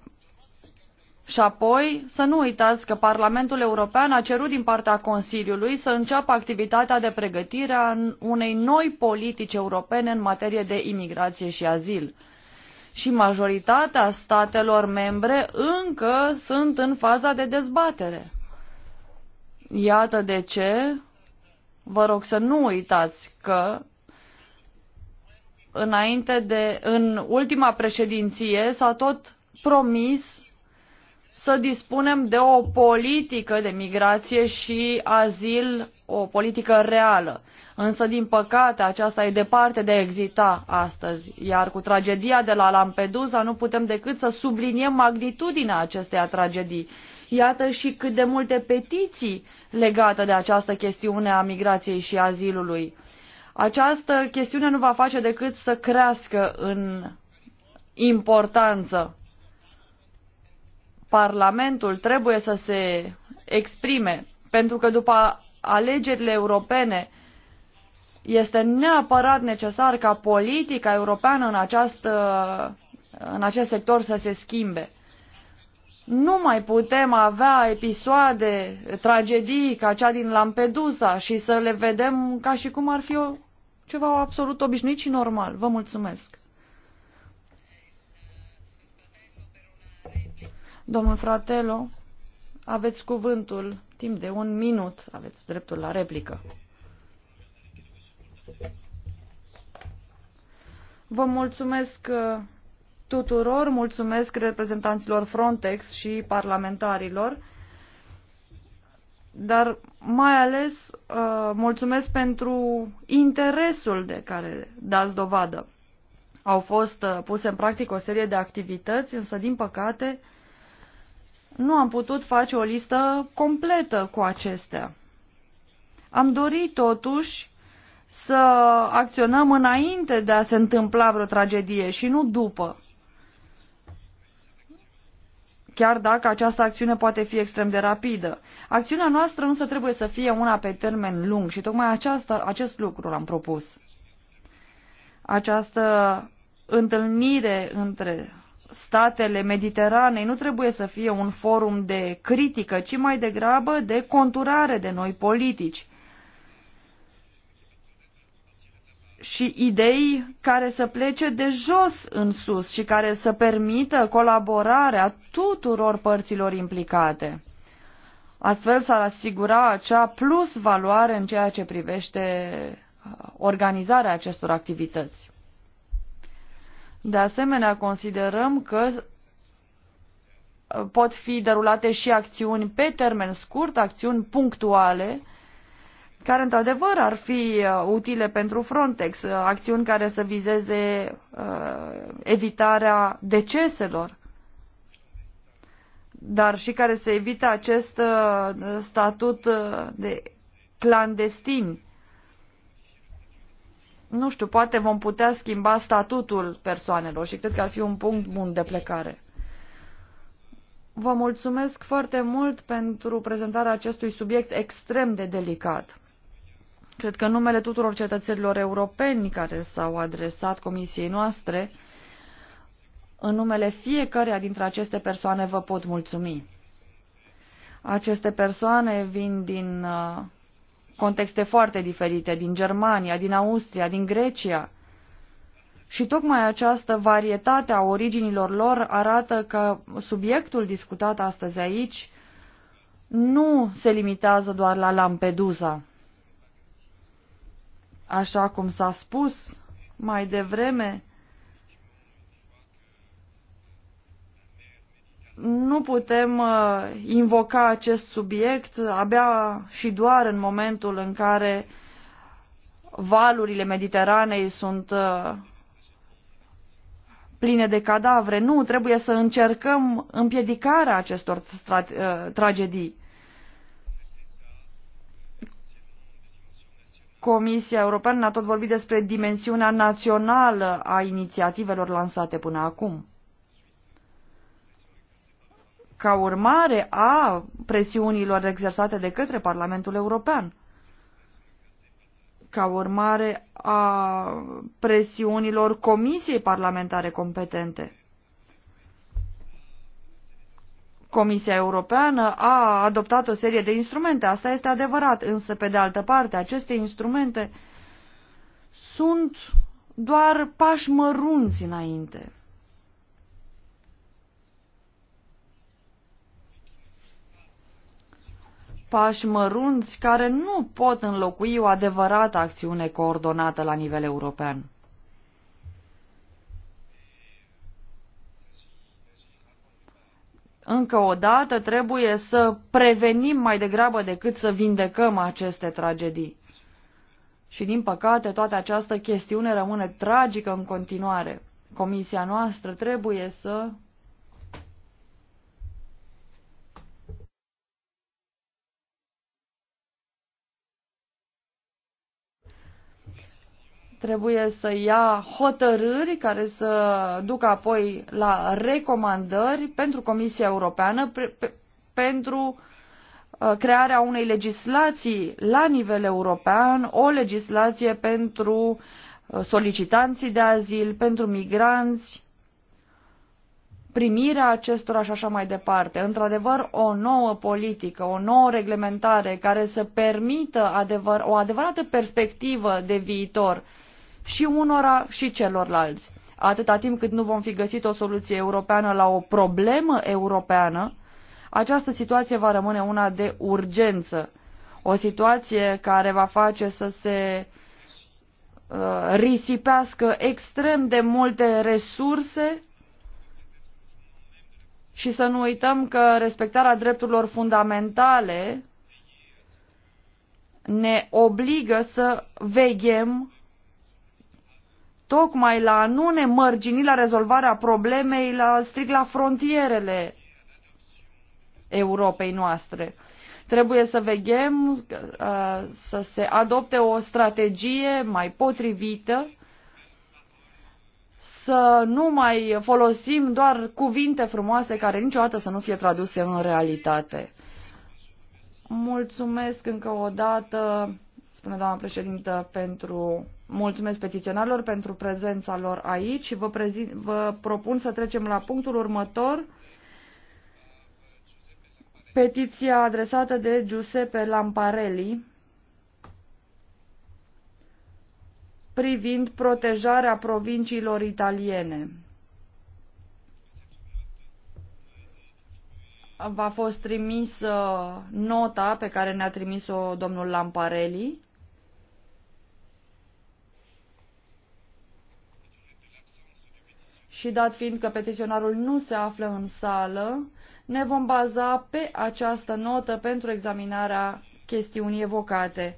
Și apoi să nu uitați că Parlamentul European a cerut din partea Consiliului să înceapă activitatea de pregătire a unei noi politici europene în materie de imigrație și azil. Și majoritatea statelor membre încă sunt în faza de dezbatere. Iată de ce vă rog să nu uitați că înainte de, în ultima președinție s-a tot promis să dispunem de o politică de migrație și azil, o politică reală. Însă, din păcate, aceasta e departe de a exista astăzi, iar cu tragedia de la Lampedusa nu putem decât să subliniem magnitudinea acesteia tragedii. Iată și cât de multe petiții legate de această chestiune a migrației și azilului. Această chestiune nu va face decât să crească în importanță. Parlamentul trebuie să se exprime, pentru că după alegerile europene este neapărat necesar ca politica europeană în, această, în acest sector să se schimbe. Nu mai putem avea episoade, tragedii ca cea din Lampedusa și să le vedem ca și cum ar fi o, ceva absolut obișnuit și normal. Vă mulțumesc. Domnul Fratelo, aveți cuvântul. Timp de un minut aveți dreptul la replică. Vă mulțumesc uh, tuturor, mulțumesc reprezentanților Frontex și parlamentarilor, dar mai ales uh, mulțumesc pentru interesul de care dați dovadă. Au fost uh, puse în practic o serie de activități, însă, din păcate, nu am putut face o listă completă cu acestea. Am dorit, totuși, să acționăm înainte de a se întâmpla vreo tragedie și nu după chiar dacă această acțiune poate fi extrem de rapidă. Acțiunea noastră însă trebuie să fie una pe termen lung și tocmai aceasta, acest lucru l-am propus. Această întâlnire între statele Mediteranei nu trebuie să fie un forum de critică, ci mai degrabă de conturare de noi politici. și idei care să plece de jos în sus și care să permită colaborarea tuturor părților implicate. Astfel s-ar asigura acea plus valoare în ceea ce privește uh, organizarea acestor activități. De asemenea, considerăm că uh, pot fi derulate și acțiuni pe termen scurt, acțiuni punctuale, care într-adevăr ar fi uh, utile pentru Frontex, uh, acțiuni care să vizeze uh, evitarea deceselor, dar și care să evite acest uh, statut uh, de clandestin. Nu știu, poate vom putea schimba statutul persoanelor și cred că ar fi un punct bun de plecare. Vă mulțumesc foarte mult pentru prezentarea acestui subiect extrem de delicat. Cred că în numele tuturor cetățenilor europeni care s-au adresat comisiei noastre, în numele fiecăreia dintre aceste persoane vă pot mulțumi. Aceste persoane vin din uh, contexte foarte diferite, din Germania, din Austria, din Grecia. Și tocmai această varietate a originilor lor arată că subiectul discutat astăzi aici nu se limitează doar la Lampedusa. Așa cum s-a spus mai devreme, nu putem uh, invoca acest subiect abia și doar în momentul în care valurile Mediteranei sunt uh, pline de cadavre. Nu, trebuie să încercăm împiedicarea acestor tra uh, tragedii. Comisia Europeană a tot vorbit despre dimensiunea națională a inițiativelor lansate până acum. Ca urmare a presiunilor exersate de către Parlamentul European, ca urmare a presiunilor Comisiei Parlamentare competente. Comisia Europeană a adoptat o serie de instrumente, asta este adevărat, însă pe de altă parte aceste instrumente sunt doar pași mărunți înainte. Pași mărunți care nu pot înlocui o adevărată acțiune coordonată la nivel european. Încă o dată trebuie să prevenim mai degrabă decât să vindecăm aceste tragedii. Și din păcate toată această chestiune rămâne tragică în continuare. Comisia noastră trebuie să trebuie să ia hotărâri care să ducă apoi la recomandări pentru Comisia Europeană pe, pe, pentru uh, crearea unei legislații la nivel european, o legislație pentru uh, solicitanții de azil, pentru migranți, primirea acestora și așa mai departe. Într-adevăr, o nouă politică, o nouă reglementare care să permită adevăr, o adevărată perspectivă de viitor – și unora și celorlalți. Atâta timp cât nu vom fi găsit o soluție europeană la o problemă europeană, această situație va rămâne una de urgență. O situație care va face să se uh, risipească extrem de multe resurse și să nu uităm că respectarea drepturilor fundamentale ne obligă să veghem tocmai la a nu ne mărgini la rezolvarea problemei, la strig la frontierele Europei noastre. Trebuie să veghem uh, să se adopte o strategie mai potrivită, să nu mai folosim doar cuvinte frumoase care niciodată să nu fie traduse în realitate. Mulțumesc încă o dată, spune doamna președintă, pentru Mulțumesc petiționarilor pentru prezența lor aici și vă, prezint, vă propun să trecem la punctul următor. Petiția adresată de Giuseppe Lamparelli privind protejarea provinciilor italiene. V-a fost trimisă nota pe care ne-a trimis-o domnul Lamparelli Și dat fiind că petiționarul nu se află în sală, ne vom baza pe această notă pentru examinarea chestiunii evocate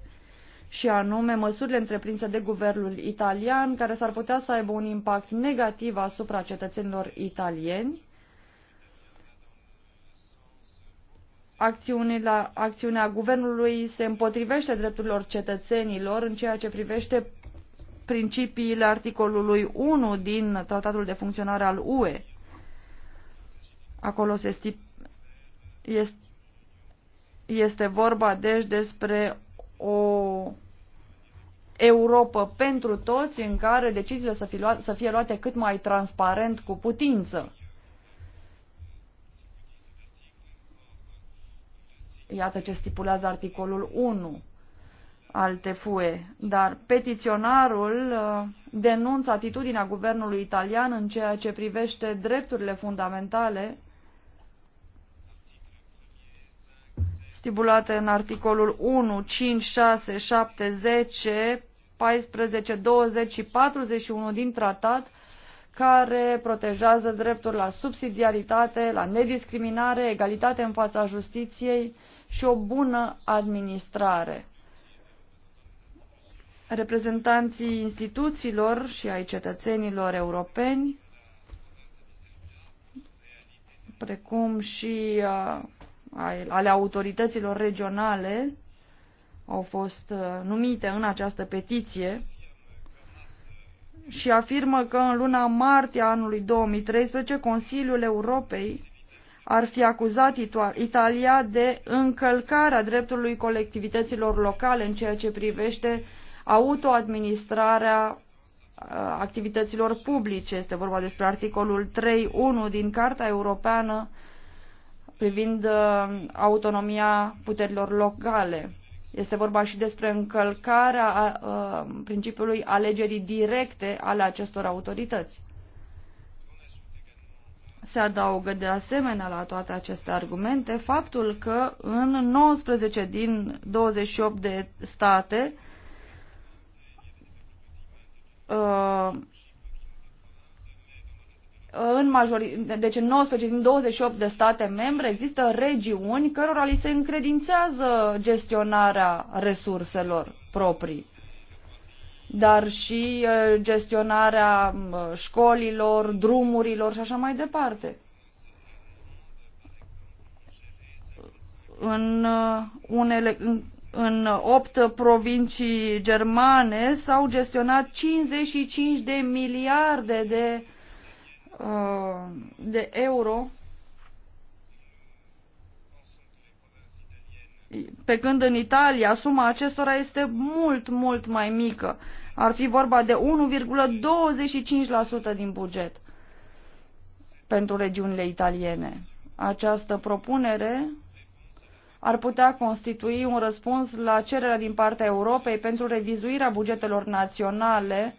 și anume măsurile întreprinse de guvernul italian care s-ar putea să aibă un impact negativ asupra cetățenilor italieni. Acțiunea, guvernului se împotrivește drepturilor cetățenilor în ceea ce privește principiile articolului 1 din Tratatul de Funcționare al UE. Acolo se stip... este... este vorba deci despre o Europa pentru toți în care deciziile să fie, luate, să fie luate cât mai transparent cu putință. Iată ce stipulează articolul 1 alte fue, dar petiționarul uh, denunță atitudinea guvernului italian în ceea ce privește drepturile fundamentale stipulate în articolul 1, 5, 6, 7, 10, 14, 20 și 41 din tratat, care protejează dreptul la subsidiaritate, la nediscriminare, egalitate în fața justiției și o bună administrare reprezentanții instituțiilor și ai cetățenilor europeni, precum și uh, ale autorităților regionale, au fost uh, numite în această petiție și afirmă că în luna martie anului 2013 Consiliul Europei ar fi acuzat Italia de încălcarea dreptului colectivităților locale în ceea ce privește autoadministrarea uh, activităților publice. Este vorba despre articolul 3.1 din Carta Europeană privind uh, autonomia puterilor locale. Este vorba și despre încălcarea uh, principiului alegerii directe ale acestor autorități. Se adaugă de asemenea la toate aceste argumente faptul că în 19 din 28 de state Uh, în majori... deci în 19 din 28 de state membre există regiuni cărora li se încredințează gestionarea resurselor proprii dar și uh, gestionarea uh, școlilor, drumurilor și așa mai departe. În unele în în opt provincii germane s-au gestionat 55 de miliarde de, uh, de euro, pe când în Italia suma acestora este mult, mult mai mică. Ar fi vorba de 1,25% din buget pentru regiunile italiene. Această propunere ar putea constitui un răspuns la cererea din partea Europei pentru revizuirea bugetelor naționale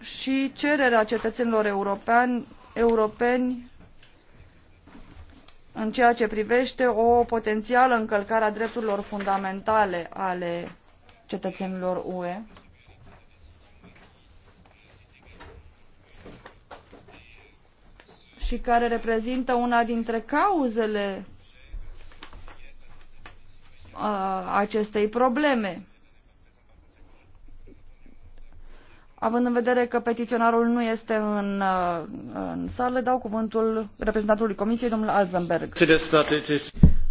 și cererea cetățenilor europeani, europeni în ceea ce privește o potențială încălcare a drepturilor fundamentale ale cetățenilor UE. și care reprezintă una dintre cauzele uh, acestei probleme. Având în vedere că petiționarul nu este în, uh, în sală, dau cuvântul reprezentantului Comisiei, domnul Alzenberg.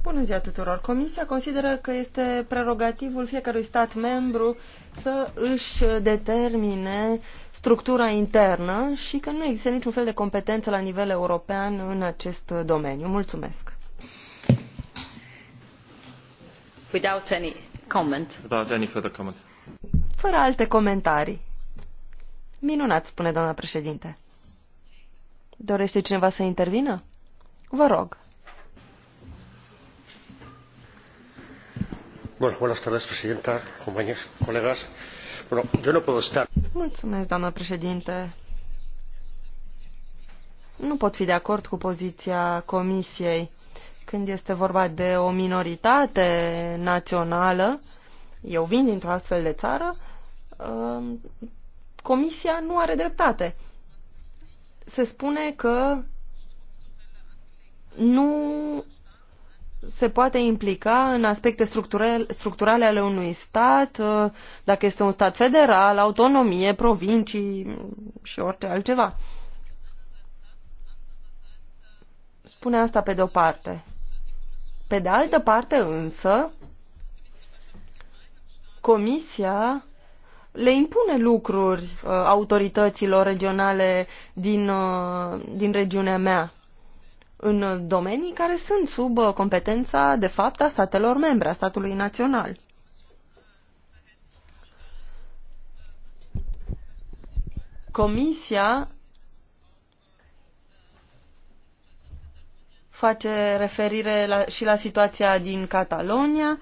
Bună ziua tuturor! Comisia consideră că este prerogativul fiecărui stat membru să își determine structura internă și că nu există niciun fel de competență la nivel european în acest domeniu. Mulțumesc! Without any comment. Without any further comment. Fără alte comentarii. Minunat, spune doamna președinte. Dorește cineva să intervină? Vă rog. Bueno, buenas tardes, presidenta, compañeros, colegas. Bueno, yo no puedo estar. Mulțumesc, doamnă președinte. Nu pot fi de acord cu poziția Comisiei când este vorba de o minoritate națională, eu vin dintr-o astfel de țară, uh, Comisia nu are dreptate. Se spune că nu se poate implica în aspecte structurale, structurale ale unui stat, uh, dacă este un stat federal, autonomie, provincii și orice altceva. Spune asta pe de-o parte. Pe de altă parte însă, Comisia le impune lucruri uh, autorităților regionale din, uh, din regiunea mea în domenii care sunt sub uh, competența, de fapt, a statelor membre, a statului național. Comisia face referire la, și la situația din Catalonia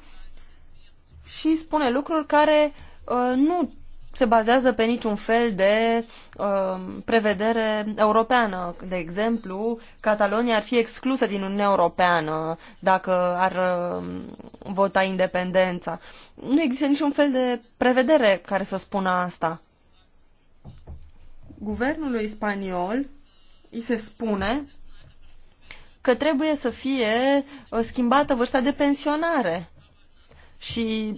și spune lucruri care uh, nu se bazează pe niciun fel de uh, prevedere europeană. De exemplu, Catalonia ar fi exclusă din Uniunea Europeană dacă ar uh, vota independența. Nu există niciun fel de prevedere care să spună asta. Guvernului spaniol îi se spune că trebuie să fie uh, schimbată vârsta de pensionare și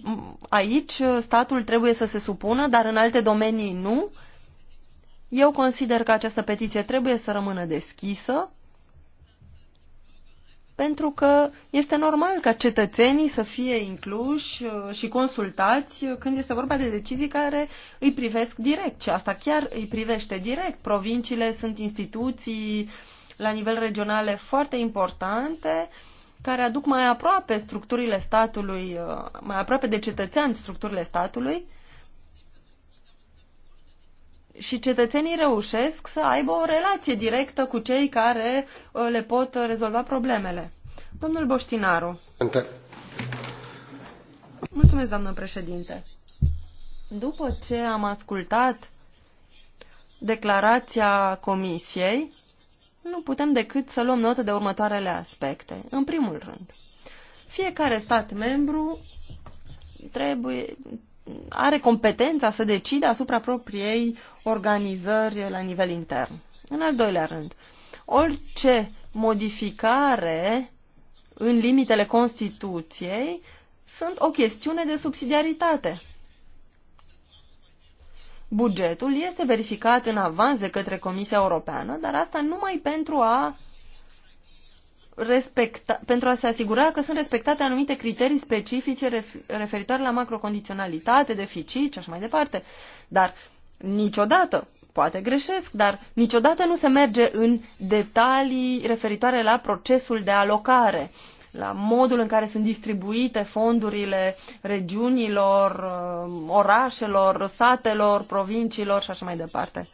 aici statul trebuie să se supună, dar în alte domenii nu. Eu consider că această petiție trebuie să rămână deschisă, pentru că este normal ca cetățenii să fie incluși uh, și consultați uh, când este vorba de decizii care îi privesc direct și asta chiar îi privește direct. Provinciile sunt instituții la nivel regionale foarte importante care aduc mai aproape structurile statului, uh, mai aproape de cetățean structurile statului și cetățenii reușesc să aibă o relație directă cu cei care uh, le pot uh, rezolva problemele. Domnul Boștinaru. Mulțumesc, doamnă președinte. După ce am ascultat declarația Comisiei, nu putem decât să luăm notă de următoarele aspecte. În primul rând, fiecare stat membru trebuie, are competența să decide asupra propriei organizări la nivel intern. În al doilea rând, orice modificare în limitele Constituției sunt o chestiune de subsidiaritate. Bugetul este verificat în avans de către Comisia Europeană, dar asta numai pentru a respecta, pentru a se asigura că sunt respectate anumite criterii specifice referitoare la macrocondiționalitate, deficit și așa mai departe. Dar niciodată, poate greșesc, dar niciodată nu se merge în detalii referitoare la procesul de alocare la modul în care sunt distribuite fondurile regiunilor, uh, orașelor, satelor, provinciilor și așa mai departe.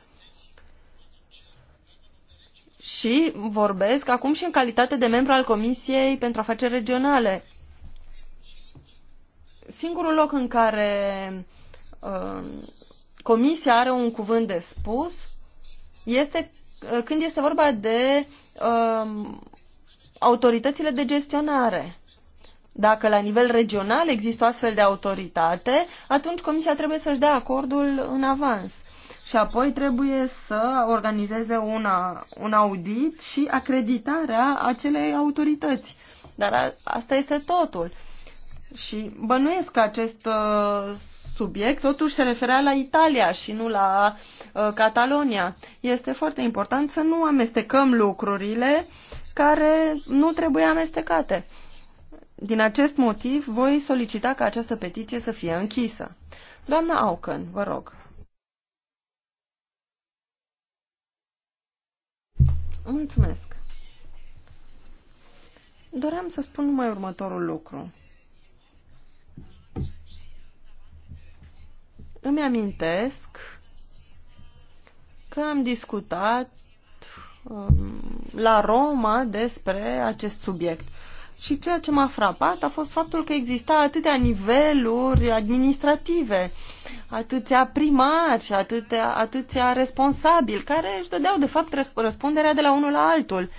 Și vorbesc acum și în calitate de membru al Comisiei pentru Afaceri Regionale. Singurul loc în care uh, Comisia are un cuvânt de spus este uh, când este vorba de uh, autoritățile de gestionare. Dacă la nivel regional există o astfel de autoritate, atunci Comisia trebuie să-și dea acordul în avans. Și apoi trebuie să organizeze una, un audit și acreditarea acelei autorități. Dar a, asta este totul. Și bănuiesc că acest uh, subiect totuși se referea la Italia și nu la uh, Catalonia. Este foarte important să nu amestecăm lucrurile care nu trebuie amestecate. Din acest motiv, voi solicita ca această petiție să fie închisă. Doamna Auken, vă rog. Mulțumesc. Doream să spun numai următorul lucru. Îmi amintesc că am discutat Um, la Roma despre acest subiect. Și ceea ce m-a frapat a fost faptul că exista atâtea niveluri administrative, atâția primari, atâtea, atâția responsabili, care își dădeau, de fapt, răspunderea de la unul la altul.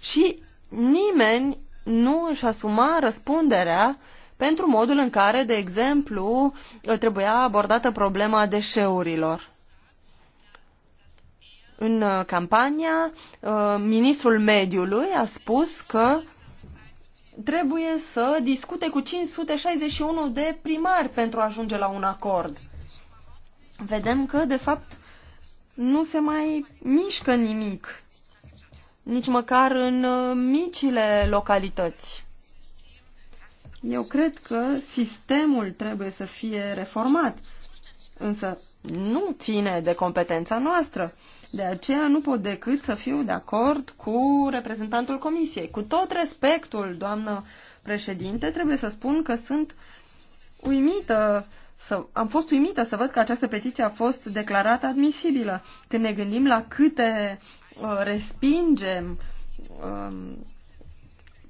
Și nimeni nu își asuma răspunderea pentru modul în care, de exemplu, trebuia abordată problema deșeurilor. În uh, campania, uh, ministrul mediului a spus că trebuie să discute cu 561 de primari pentru a ajunge la un acord. Vedem că, de fapt, nu se mai mișcă nimic, nici măcar în uh, micile localități. Eu cred că sistemul trebuie să fie reformat, însă nu ține de competența noastră. De aceea nu pot decât să fiu de acord cu reprezentantul Comisiei. Cu tot respectul, doamnă președinte, trebuie să spun că sunt uimită să, am fost uimită să văd că această petiție a fost declarată admisibilă. Când ne gândim la câte uh, respingem uh,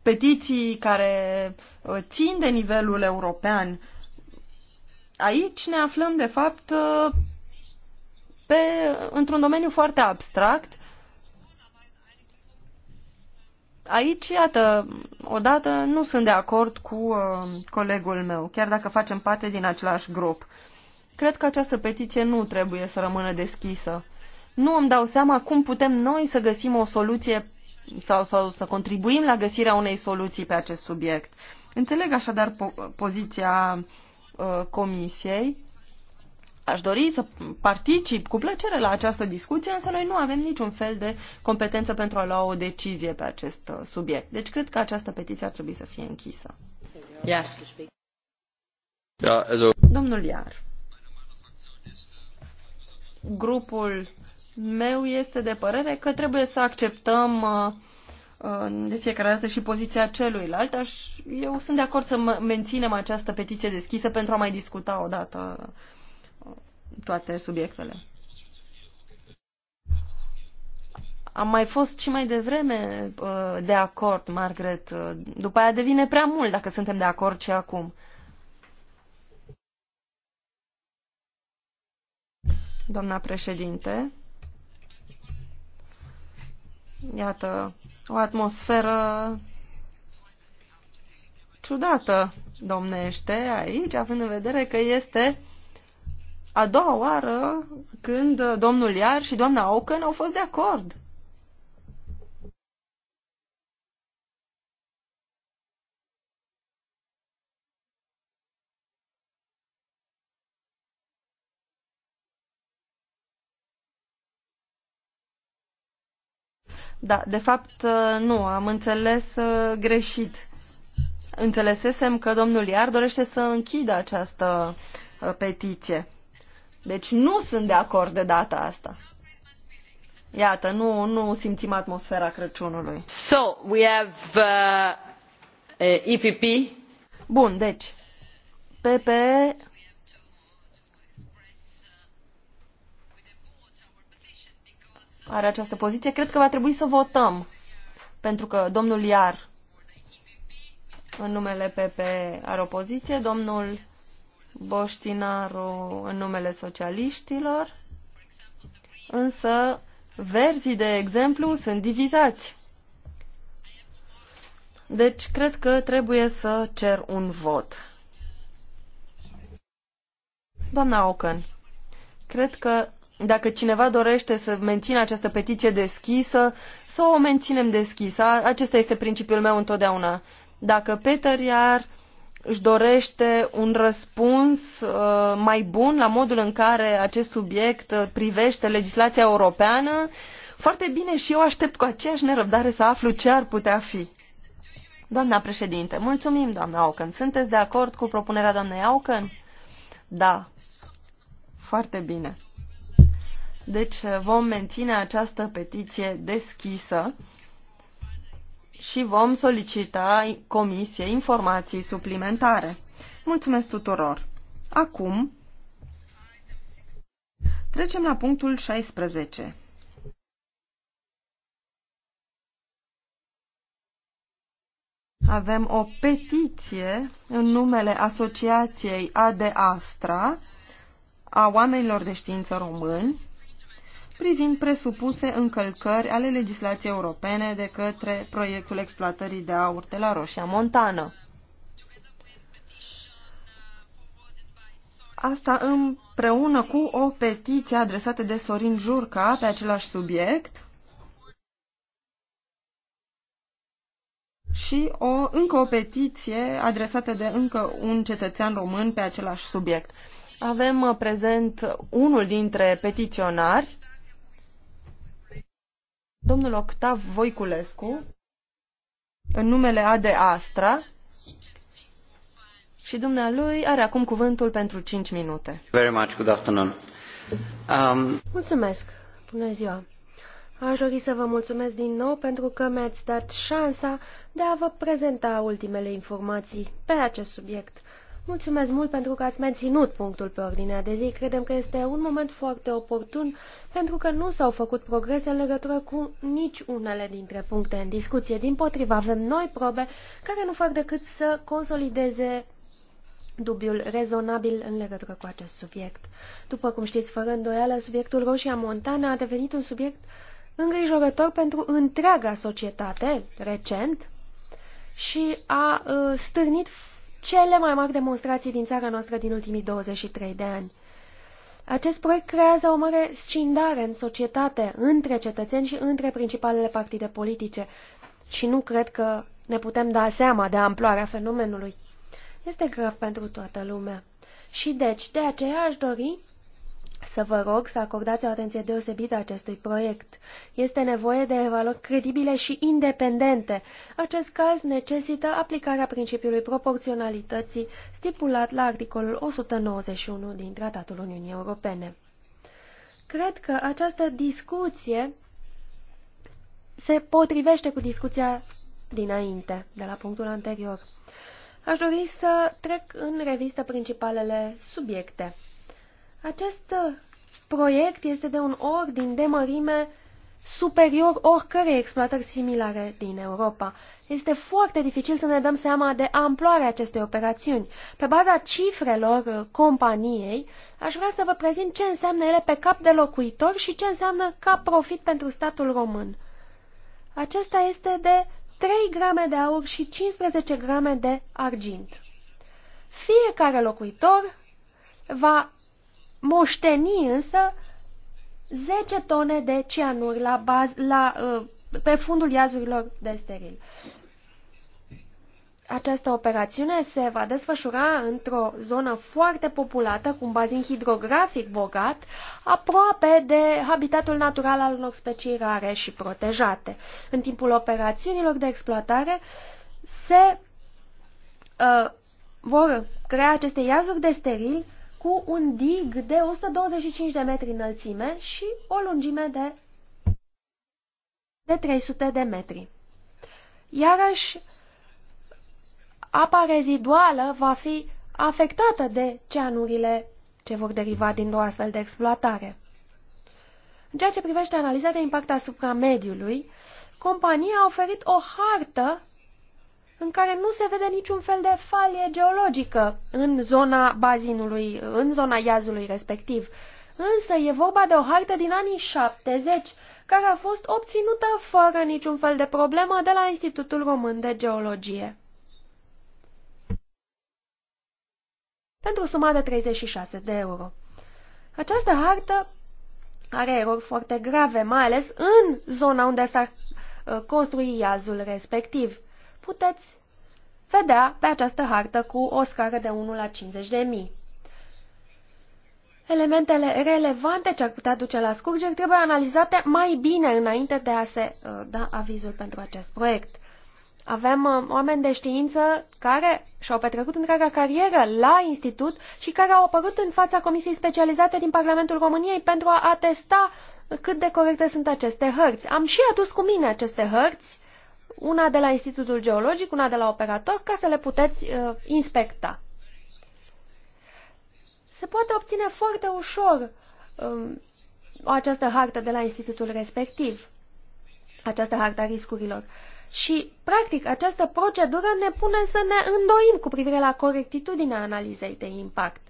petiții care uh, țin de nivelul european, aici ne aflăm, de fapt, uh, pe, într-un domeniu foarte abstract. Aici, iată, odată nu sunt de acord cu uh, colegul meu, chiar dacă facem parte din același grup. Cred că această petiție nu trebuie să rămână deschisă. Nu îmi dau seama cum putem noi să găsim o soluție sau, sau să contribuim la găsirea unei soluții pe acest subiect. Înțeleg așadar po poziția uh, comisiei Aș dori să particip cu plăcere la această discuție, însă noi nu avem niciun fel de competență pentru a lua o decizie pe acest uh, subiect. Deci cred că această petiție ar trebui să fie închisă. Iar. Da, Domnul Iar. Grupul meu este de părere că trebuie să acceptăm uh, uh, de fiecare dată și poziția celuilalt. Aș, eu sunt de acord să menținem această petiție deschisă pentru a mai discuta o dată toate subiectele. Am mai fost și mai devreme uh, de acord, Margaret. Uh, după aia devine prea mult dacă suntem de acord și acum. Doamna președinte, iată, o atmosferă ciudată domnește aici, având în vedere că este a doua oară când domnul Iar și doamna Auken au fost de acord. Da, de fapt, uh, nu, am înțeles uh, greșit. Înțelesesem că domnul Iar dorește să închidă această uh, petiție. Deci nu sunt de acord de data asta. Iată, nu, nu simțim atmosfera Crăciunului. So, we have uh, uh EPP. Bun, deci, PP are această poziție. Cred că va trebui să votăm, pentru că domnul Iar în numele PP are o poziție, domnul Boștinaru în numele socialiștilor, însă verzii, de exemplu, sunt divizați. Deci, cred că trebuie să cer un vot. Doamna Ocan, cred că dacă cineva dorește să mențină această petiție deschisă, să o menținem deschisă. Acesta este principiul meu întotdeauna. Dacă Peter iar își dorește un răspuns uh, mai bun la modul în care acest subiect uh, privește legislația europeană. Foarte bine și eu aștept cu aceeași nerăbdare să aflu ce ar putea fi. Doamna președinte, mulțumim, doamna Auken. Sunteți de acord cu propunerea doamnei Auken? Da. Foarte bine. Deci uh, vom menține această petiție deschisă și vom solicita comisiei informații suplimentare. Mulțumesc tuturor! Acum trecem la punctul 16. Avem o petiție în numele Asociației ADE Astra a oamenilor de știință români privind presupuse încălcări ale legislației europene de către proiectul exploatării de aur de la Roșia Montană. Asta împreună cu o petiție adresată de Sorin Jurca pe același subiect și o, încă o petiție adresată de încă un cetățean român pe același subiect. Avem uh, prezent unul dintre petiționari Domnul Octav Voiculescu, în numele de Astra, și dumnealui are acum cuvântul pentru 5 minute. Very much. Good afternoon. Um... Mulțumesc. Bună ziua. Aș dori să vă mulțumesc din nou pentru că mi-ați dat șansa de a vă prezenta ultimele informații pe acest subiect Mulțumesc mult pentru că ați menținut punctul pe ordinea de zi. Credem că este un moment foarte oportun pentru că nu s-au făcut progrese în legătură cu nici unele dintre puncte în discuție. Din potriva, avem noi probe care nu fac decât să consolideze dubiul rezonabil în legătură cu acest subiect. După cum știți, fără îndoială, subiectul Roșia Montana a devenit un subiect îngrijorător pentru întreaga societate recent și a uh, stârnit cele mai mari demonstrații din țara noastră din ultimii 23 de ani. Acest proiect creează o mare scindare în societate, între cetățeni și între principalele partide politice. Și nu cred că ne putem da seama de amploarea fenomenului. Este grav pentru toată lumea. Și deci, de aceea aș dori să vă rog să acordați o atenție deosebită acestui proiect. Este nevoie de evaluări credibile și independente. Acest caz necesită aplicarea principiului proporționalității stipulat la articolul 191 din Tratatul Uniunii Europene. Cred că această discuție se potrivește cu discuția dinainte, de la punctul anterior. Aș dori să trec în revistă principalele subiecte. Acest uh, proiect este de un ordin de mărime superior oricărei exploatări similare din Europa. Este foarte dificil să ne dăm seama de amploarea acestei operațiuni. Pe baza cifrelor uh, companiei, aș vrea să vă prezint ce înseamnă ele pe cap de locuitor și ce înseamnă ca profit pentru statul român. Acesta este de 3 grame de aur și 15 grame de argint. Fiecare locuitor va moșteni însă 10 tone de cianuri la baz, la, uh, pe fundul iazurilor de steril. Această operațiune se va desfășura într-o zonă foarte populată, cu un bazin hidrografic bogat, aproape de habitatul natural al unor specii rare și protejate. În timpul operațiunilor de exploatare se uh, vor crea aceste iazuri de steril cu un dig de 125 de metri înălțime și o lungime de, de 300 de metri. Iarăși, apa reziduală va fi afectată de ceanurile ce vor deriva din o astfel de exploatare. În ceea ce privește analiza de impact asupra mediului, compania a oferit o hartă în care nu se vede niciun fel de falie geologică în zona bazinului, în zona iazului respectiv. Însă e vorba de o hartă din anii 70, care a fost obținută fără niciun fel de problemă de la Institutul Român de Geologie. Pentru suma de 36 de euro. Această hartă are erori foarte grave, mai ales în zona unde s-ar uh, construi iazul respectiv puteți vedea pe această hartă cu o scară de 1 la 50 de mii. Elementele relevante ce ar putea duce la scurgeri trebuie analizate mai bine înainte de a se uh, da avizul pentru acest proiect. Avem uh, oameni de știință care și-au petrecut întreaga carieră la institut și care au apărut în fața Comisiei Specializate din Parlamentul României pentru a atesta cât de corecte sunt aceste hărți. Am și adus cu mine aceste hărți una de la Institutul Geologic, una de la operator, ca să le puteți uh, inspecta. Se poate obține foarte ușor uh, această hartă de la institutul respectiv, această a riscurilor. Și, practic, această procedură ne pune să ne îndoim cu privire la corectitudinea analizei de impact.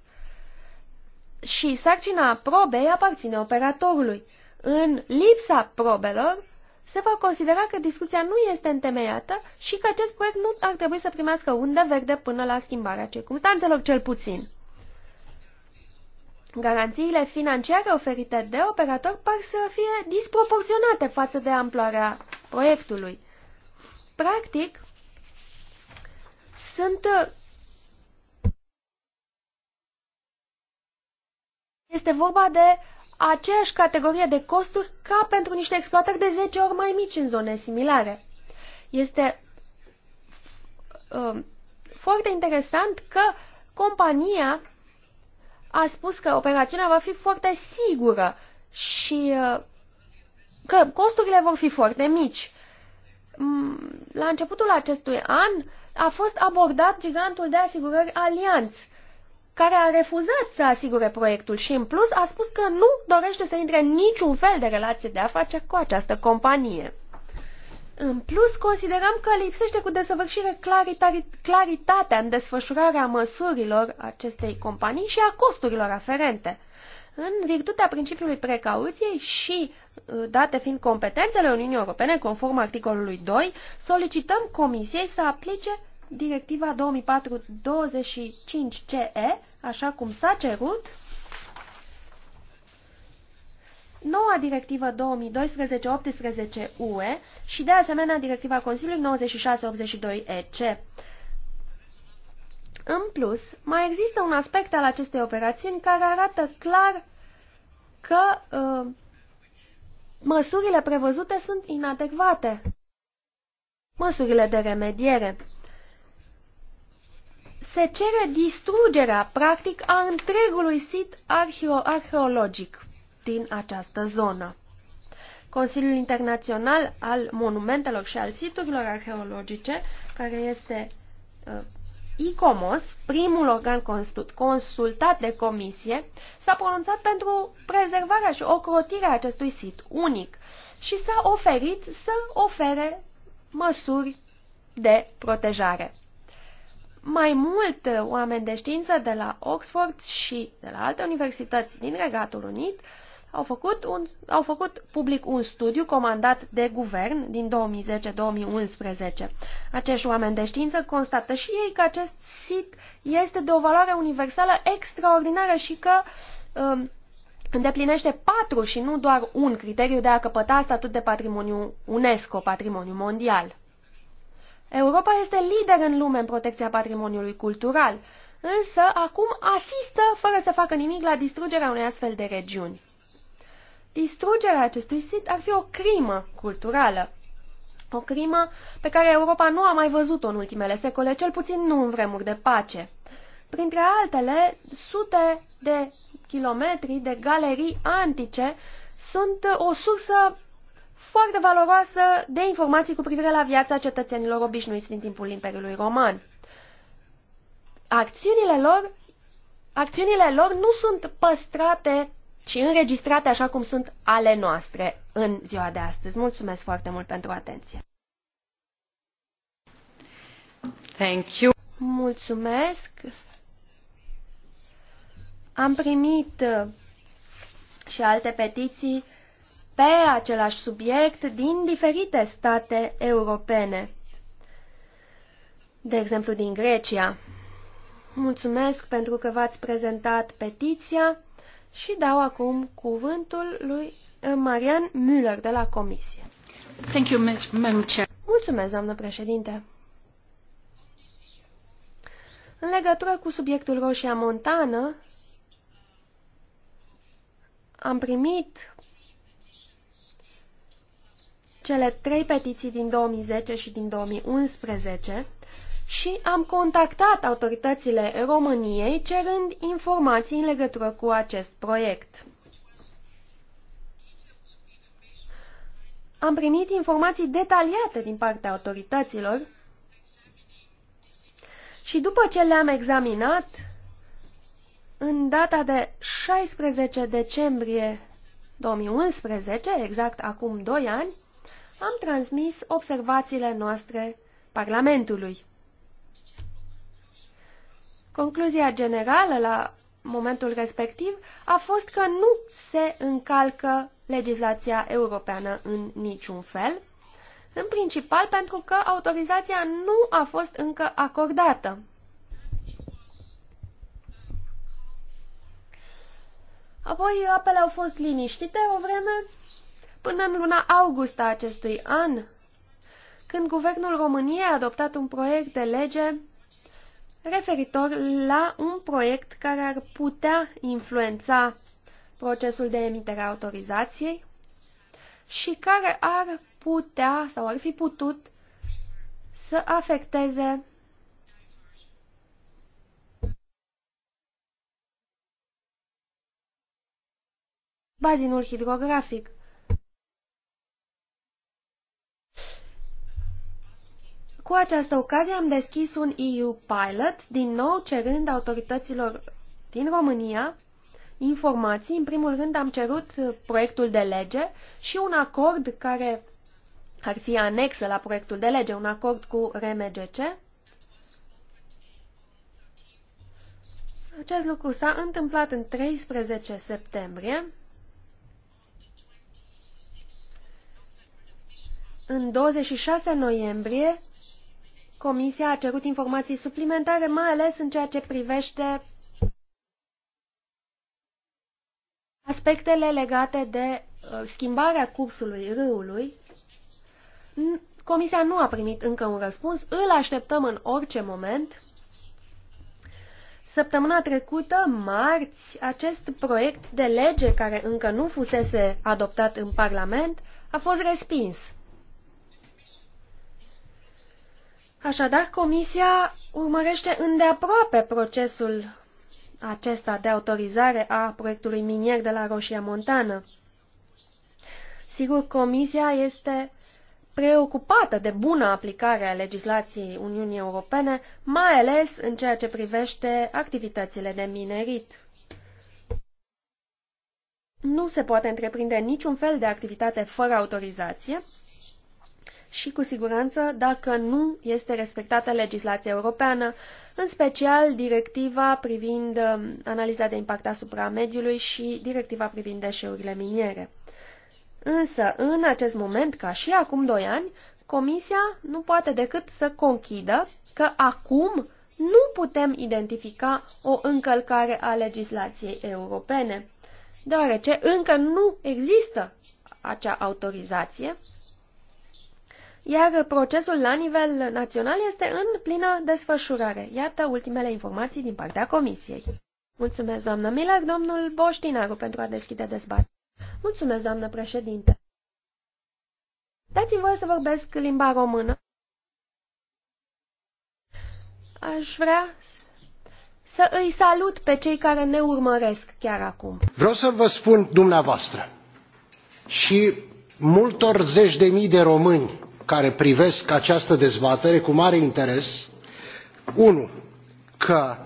Și sarcina probei aparține operatorului. În lipsa probelor, se va considera că discuția nu este întemeiată și că acest proiect nu ar trebui să primească undă verde până la schimbarea circunstanțelor, cel puțin. Garanțiile financiare oferite de operator par să fie disproporționate față de amploarea proiectului. Practic, sunt... Este vorba de aceeași categorie de costuri ca pentru niște exploatări de 10 ori mai mici în zone similare. Este uh, foarte interesant că compania a spus că operațiunea va fi foarte sigură și uh, că costurile vor fi foarte mici. Mm, la începutul acestui an a fost abordat gigantul de asigurări Allianz care a refuzat să asigure proiectul și, în plus, a spus că nu dorește să intre în niciun fel de relație de afaceri cu această companie. În plus, considerăm că lipsește cu desăvârșire claritatea în desfășurarea măsurilor acestei companii și a costurilor aferente. În virtutea principiului precauției și uh, date fiind competențele Uniunii Europene conform articolului 2, solicităm Comisiei să aplice directiva 2004-25-CE, așa cum s-a cerut, noua directivă 2012-18-UE și de asemenea directiva Consiliului 96-82-EC. În plus, mai există un aspect al acestei operațiuni care arată clar că uh, măsurile prevăzute sunt inadecvate. Măsurile de remediere se cere distrugerea, practic, a întregului sit arheo arheologic din această zonă. Consiliul Internațional al Monumentelor și al Siturilor Arheologice, care este uh, ICOMOS, primul organ consultat de comisie, s-a pronunțat pentru prezervarea și ocrotirea acestui sit unic și s-a oferit să ofere măsuri de protejare mai mult oameni de știință de la Oxford și de la alte universități din Regatul Unit au făcut, un, au făcut public un studiu comandat de guvern din 2010-2011. Acești oameni de știință constată și ei că acest sit este de o valoare universală extraordinară și că um, îndeplinește patru și nu doar un criteriu de a căpăta statut de patrimoniu UNESCO, patrimoniu mondial. Europa este lider în lume în protecția patrimoniului cultural, însă acum asistă, fără să facă nimic, la distrugerea unei astfel de regiuni. Distrugerea acestui sit ar fi o crimă culturală, o crimă pe care Europa nu a mai văzut-o în ultimele secole, cel puțin nu în vremuri de pace. Printre altele, sute de kilometri de galerii antice sunt o sursă foarte valoroasă de informații cu privire la viața cetățenilor obișnuiți din timpul Imperiului Roman. Acțiunile lor, acțiunile lor nu sunt păstrate și înregistrate așa cum sunt ale noastre în ziua de astăzi. Mulțumesc foarte mult pentru atenție. Thank you. Mulțumesc. Am primit și alte petiții pe același subiect din diferite state europene, de exemplu din Grecia. Mulțumesc pentru că v-ați prezentat petiția și dau acum cuvântul lui Marian Müller de la Comisie. Thank you, Madam Chair. Mulțumesc, doamnă președinte. În legătură cu subiectul Roșia Montană, am primit cele trei petiții din 2010 și din 2011 și am contactat autoritățile României cerând informații în legătură cu acest proiect. Am primit informații detaliate din partea autorităților și după ce le-am examinat, în data de 16 decembrie 2011, exact acum 2 ani, am transmis observațiile noastre Parlamentului. Concluzia generală la momentul respectiv a fost că nu se încalcă legislația europeană în niciun fel, în principal pentru că autorizația nu a fost încă acordată. Apoi apele au fost liniștite o vreme până în luna august a acestui an, când guvernul României a adoptat un proiect de lege referitor la un proiect care ar putea influența procesul de emitere a autorizației și care ar putea sau ar fi putut să afecteze bazinul hidrografic. Cu această ocazie am deschis un EU Pilot, din nou cerând autorităților din România informații. În primul rând am cerut proiectul de lege și un acord care ar fi anexă la proiectul de lege, un acord cu RMGC. Acest lucru s-a întâmplat în 13 septembrie. În 26 noiembrie, Comisia a cerut informații suplimentare, mai ales în ceea ce privește aspectele legate de uh, schimbarea cursului râului. Comisia nu a primit încă un răspuns, îl așteptăm în orice moment. Săptămâna trecută, marți, acest proiect de lege care încă nu fusese adoptat în Parlament a fost respins. Așadar, Comisia urmărește îndeaproape procesul acesta de autorizare a proiectului minier de la Roșia Montană. Sigur, Comisia este preocupată de bună aplicare a legislației Uniunii Europene, mai ales în ceea ce privește activitățile de minerit. Nu se poate întreprinde niciun fel de activitate fără autorizație și, cu siguranță, dacă nu este respectată legislația europeană, în special directiva privind um, analiza de impact asupra mediului și directiva privind deșeurile miniere. Însă, în acest moment, ca și acum doi ani, Comisia nu poate decât să conchidă că acum nu putem identifica o încălcare a legislației europene, deoarece încă nu există acea autorizație iar procesul la nivel național este în plină desfășurare. Iată ultimele informații din partea Comisiei. Mulțumesc, doamnă Miller, domnul Boștinaru, pentru a deschide dezbaterea. Mulțumesc, doamnă președinte. Dați-mi voie să vorbesc limba română. Aș vrea să îi salut pe cei care ne urmăresc chiar acum. Vreau să vă spun dumneavoastră și multor zeci de mii de români care privesc această dezbatere cu mare interes unu că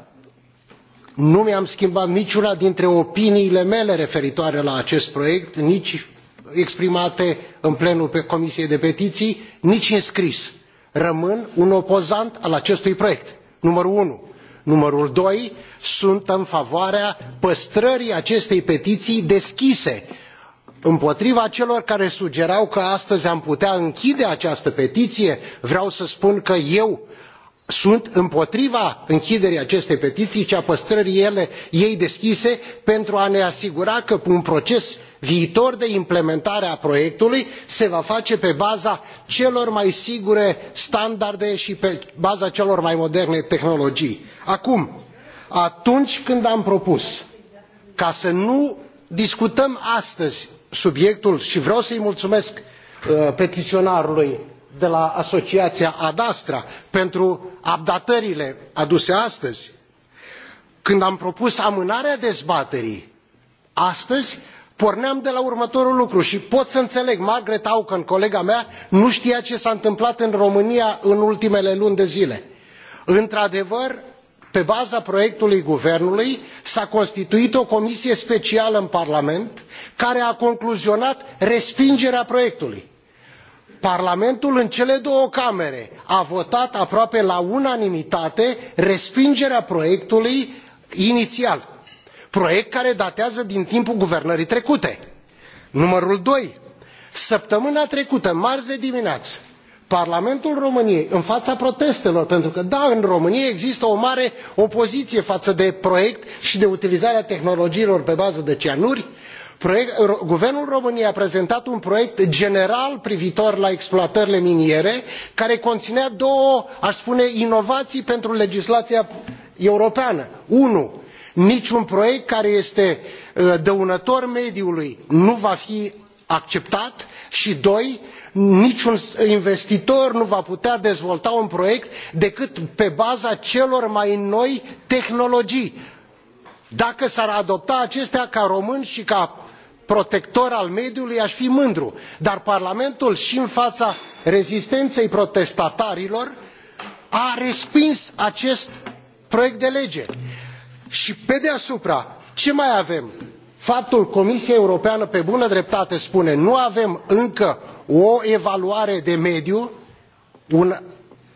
nu mi am schimbat niciuna dintre opiniile mele referitoare la acest proiect nici exprimate în plenul comisiei pentru petiii nici în scris rămân un opozant al acestui proiect numărul unu. numărul doi sunt în favoarea păstrării acestei petiii deschise împotriva celor care sugerau că astăzi am putea închide această petiție vreau să spun că eu sunt împotriva închiderii acestei petiții i a păstrării ei deschise pentru a ne asigura că un proces viitor de implementare a proiectului se va face pe baza celor mai sigure standarde și pe baza celor mai moderne tehnologii. acum atunci când am propus ca să nu discutăm astăzi subiectul și vreau să îi mulțumesc uh, petiționarului de la asociația ad astra pentru updatările aduse astăzi când am propus amânarea dezbaterii astăzi porneam de la următorul lucru și pot să înțeleg margaret auken colega mea nu știa ce s a întâmplat în românia în ultimele luni de zile. într adevăr pe baza proiectului guvernului s a constituit o comisie specială în parlament care a concluzionat respingerea proiectului. parlamentul în cele două camere a votat aproape la unanimitate respingerea proiectului inițial proiect care datează din timpul guvernării trecute. doi săptămâna trecută marți de dimineață parlamentul româniei în fața protestelor pentru că da în românia există o mare opoziție față de proiect și de utilizarea tehnologiilor pe bază de cianuri guvernul româniei a prezentat un proiect general privitor la exploatările miniere care conținea două aș spune inovații pentru legislația europeană unu niciun proiect care este uh, dăunător mediului nu va fi acceptat și doi niciun investitor nu va putea dezvolta un proiect decât pe baza celor mai noi tehnologii. dacă s ar adopta acestea ca român și ca protector al mediului aș fi mândru dar parlamentul și în fața rezistenței protestatarilor a respins acest proiect de lege. și pe deasupra ce mai avem? faptul comisia europeană pe bună dreptate spune nu avem încă o evaluare de mediu un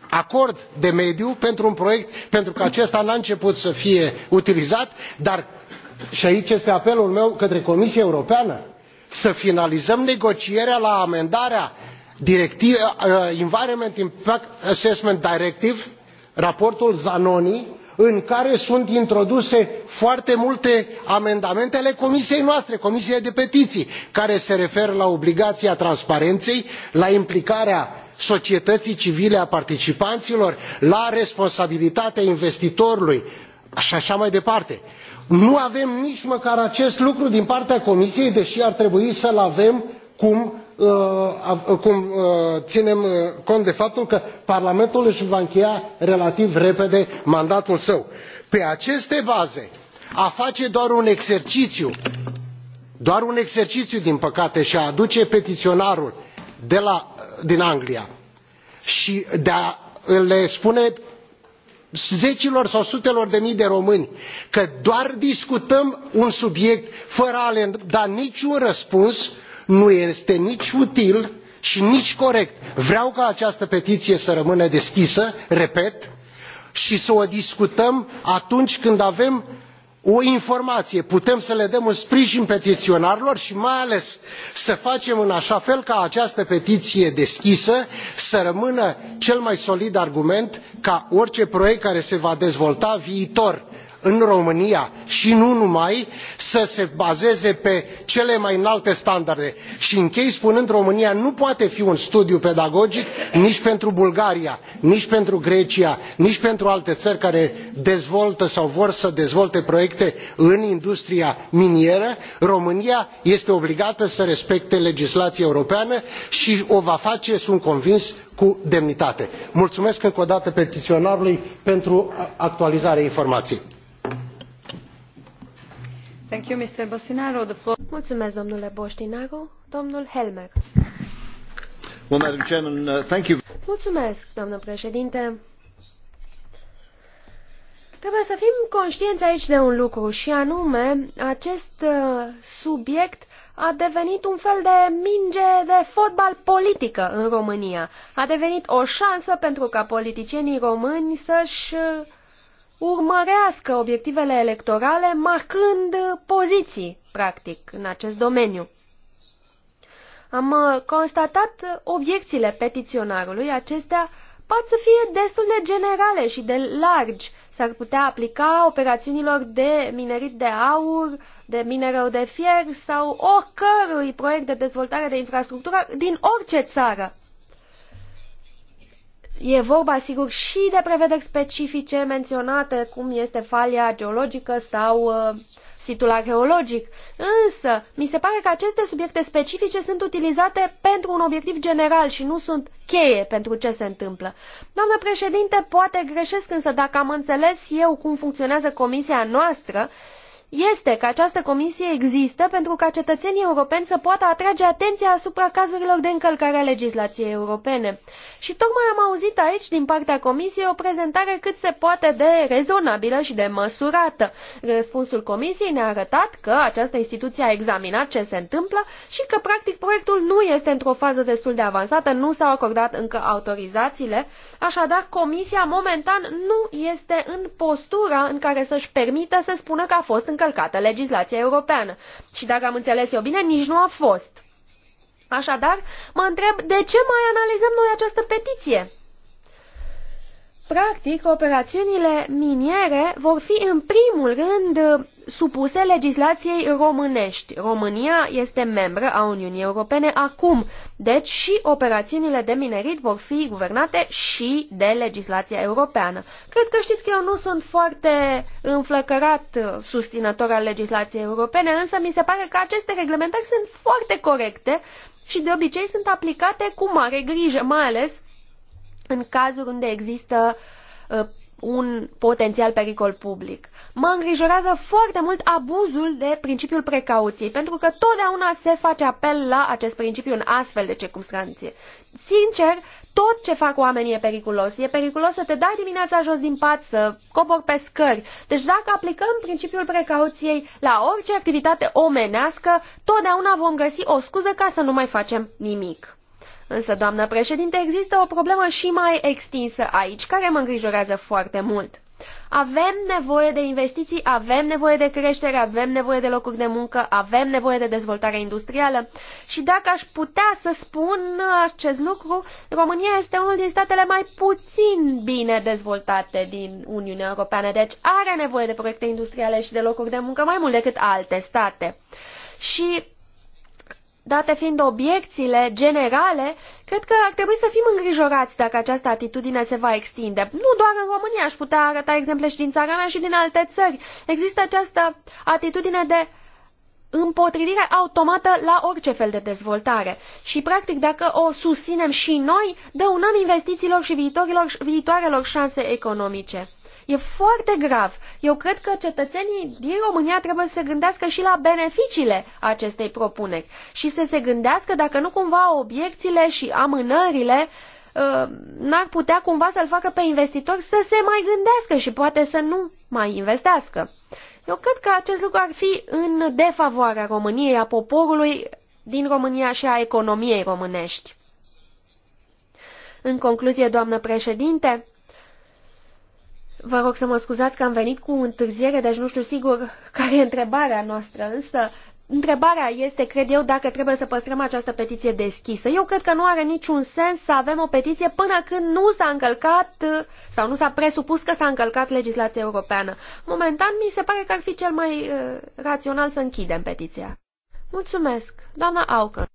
acord de mediu pentru un proiect pentru că acesta nu a început să fie utilizat dar și aici este apelul meu către comisia europeană să finalizăm negocierea la amendarea uh, environment impact assessment directive raportul zanoni în care sunt introduse foarte multe amendamente ale comisiei noastre comisiei pentru petiții care se referă la obligația transparenței la implicarea societății civile a participanților la responsabilitatea investitorului i așa mai departe. nu avem nici măcar acest lucru din partea comisiei deși ar trebui să l avem cum Uh, cum uh, ținem uh, cont de faptul că parlamentul își va încheia relativ repede mandatul său. pe aceste baze a face doar un exercițiu doar un exercițiu din păcate și a aduce petiționarul de la, din anglia și de a le spune zecilor sau sutelor de mii de români că doar discutăm un subiect fără a le da niciun răspuns nu este nici util și nici corect. vreau ca această petiție să rămână deschisă repet și să o discutăm atunci când avem o informație putem să le dăm un sprijin petiționarilor și mai ales să facem în așa fel ca această petiție deschisă să rămână cel mai solid argument ca orice proiect care se va dezvolta viitor în românia și nu numai să se bazeze pe cele mai înalte standarde și închei spunând românia nu poate fi un studiu pedagogic nici pentru bulgaria nici pentru grecia nici pentru alte țări care dezvoltă sau vor să dezvolte proiecte în industria minieră românia este obligată să respecte legislația europeană și o va face sunt convins cu demnitate. mulțumesc încă o dată petiționarului pentru actualizarea informației. Mulțumesc, domnule Domnul uh, Mulțumesc, președinte. Trebuie să fim conștienți aici de un lucru și anume, acest uh, subiect a devenit un fel de minge de fotbal politică în România. A devenit o șansă pentru ca politicienii români să-și uh, urmărească obiectivele electorale marcând poziții, practic, în acest domeniu. Am uh, constatat obiecțiile petiționarului, acestea pot să fie destul de generale și de largi. S-ar putea aplica operațiunilor de minerit de aur, de minerău de fier sau oricărui proiect de dezvoltare de infrastructură din orice țară. E vorba, sigur, și de prevederi specifice menționate, cum este falia geologică sau uh, situl arheologic. Însă, mi se pare că aceste subiecte specifice sunt utilizate pentru un obiectiv general și nu sunt cheie pentru ce se întâmplă. Doamnă președinte, poate greșesc, însă dacă am înțeles eu cum funcționează comisia noastră, este că această comisie există pentru ca cetățenii europeni să poată atrage atenția asupra cazurilor de încălcare a legislației europene. Și tocmai am auzit aici din partea comisiei o prezentare cât se poate de rezonabilă și de măsurată. Răspunsul comisiei ne-a arătat că această instituție a examinat ce se întâmplă și că practic proiectul nu este într-o fază destul de avansată, nu s-au acordat încă autorizațiile Așadar, Comisia momentan nu este în postura în care să-și permită să spună că a fost încălcată legislația europeană. Și dacă am înțeles eu bine, nici nu a fost. Așadar, mă întreb de ce mai analizăm noi această petiție? Practic, operațiunile miniere vor fi în primul rând uh, supuse legislației românești. România este membră a Uniunii Europene acum, deci și operațiunile de minerit vor fi guvernate și de legislația europeană. Cred că știți că eu nu sunt foarte înflăcărat uh, susținător al legislației europene, însă mi se pare că aceste reglementări sunt foarte corecte și de obicei sunt aplicate cu mare grijă, mai ales în cazuri unde există uh, un potențial pericol public. Mă îngrijorează foarte mult abuzul de principiul precauției, pentru că totdeauna se face apel la acest principiu în astfel de circunstanțe. Sincer, tot ce fac oamenii e periculos. E periculos să te dai dimineața jos din pat, să cobori pe scări. Deci dacă aplicăm principiul precauției la orice activitate omenească, totdeauna vom găsi o scuză ca să nu mai facem nimic. Însă, doamnă președinte, există o problemă și mai extinsă aici, care mă îngrijorează foarte mult. Avem nevoie de investiții, avem nevoie de creștere, avem nevoie de locuri de muncă, avem nevoie de dezvoltare industrială și dacă aș putea să spun acest lucru, România este unul din statele mai puțin bine dezvoltate din Uniunea Europeană, deci are nevoie de proiecte industriale și de locuri de muncă mai mult decât alte state. Și Date fiind obiecțiile generale, cred că ar trebui să fim îngrijorați dacă această atitudine se va extinde. Nu doar în România, aș putea arăta exemple și din țara mea și din alte țări. Există această atitudine de împotrivire automată la orice fel de dezvoltare. Și, practic, dacă o susținem și noi, dăunăm investițiilor și viitorilor, viitoarelor șanse economice. E foarte grav. Eu cred că cetățenii din România trebuie să se gândească și la beneficiile acestei propuneri și să se gândească dacă nu cumva obiecțiile și amânările uh, n-ar putea cumva să-l facă pe investitor să se mai gândească și poate să nu mai investească. Eu cred că acest lucru ar fi în defavoarea României, a poporului din România și a economiei românești. În concluzie, doamnă președinte, Vă rog să mă scuzați că am venit cu întârziere, deci nu știu sigur care e întrebarea noastră, însă întrebarea este, cred eu, dacă trebuie să păstrăm această petiție deschisă. Eu cred că nu are niciun sens să avem o petiție până când nu s-a încălcat sau nu s-a presupus că s-a încălcat legislația europeană. Momentan mi se pare că ar fi cel mai uh, rațional să închidem petiția. Mulțumesc, doamna Aucă.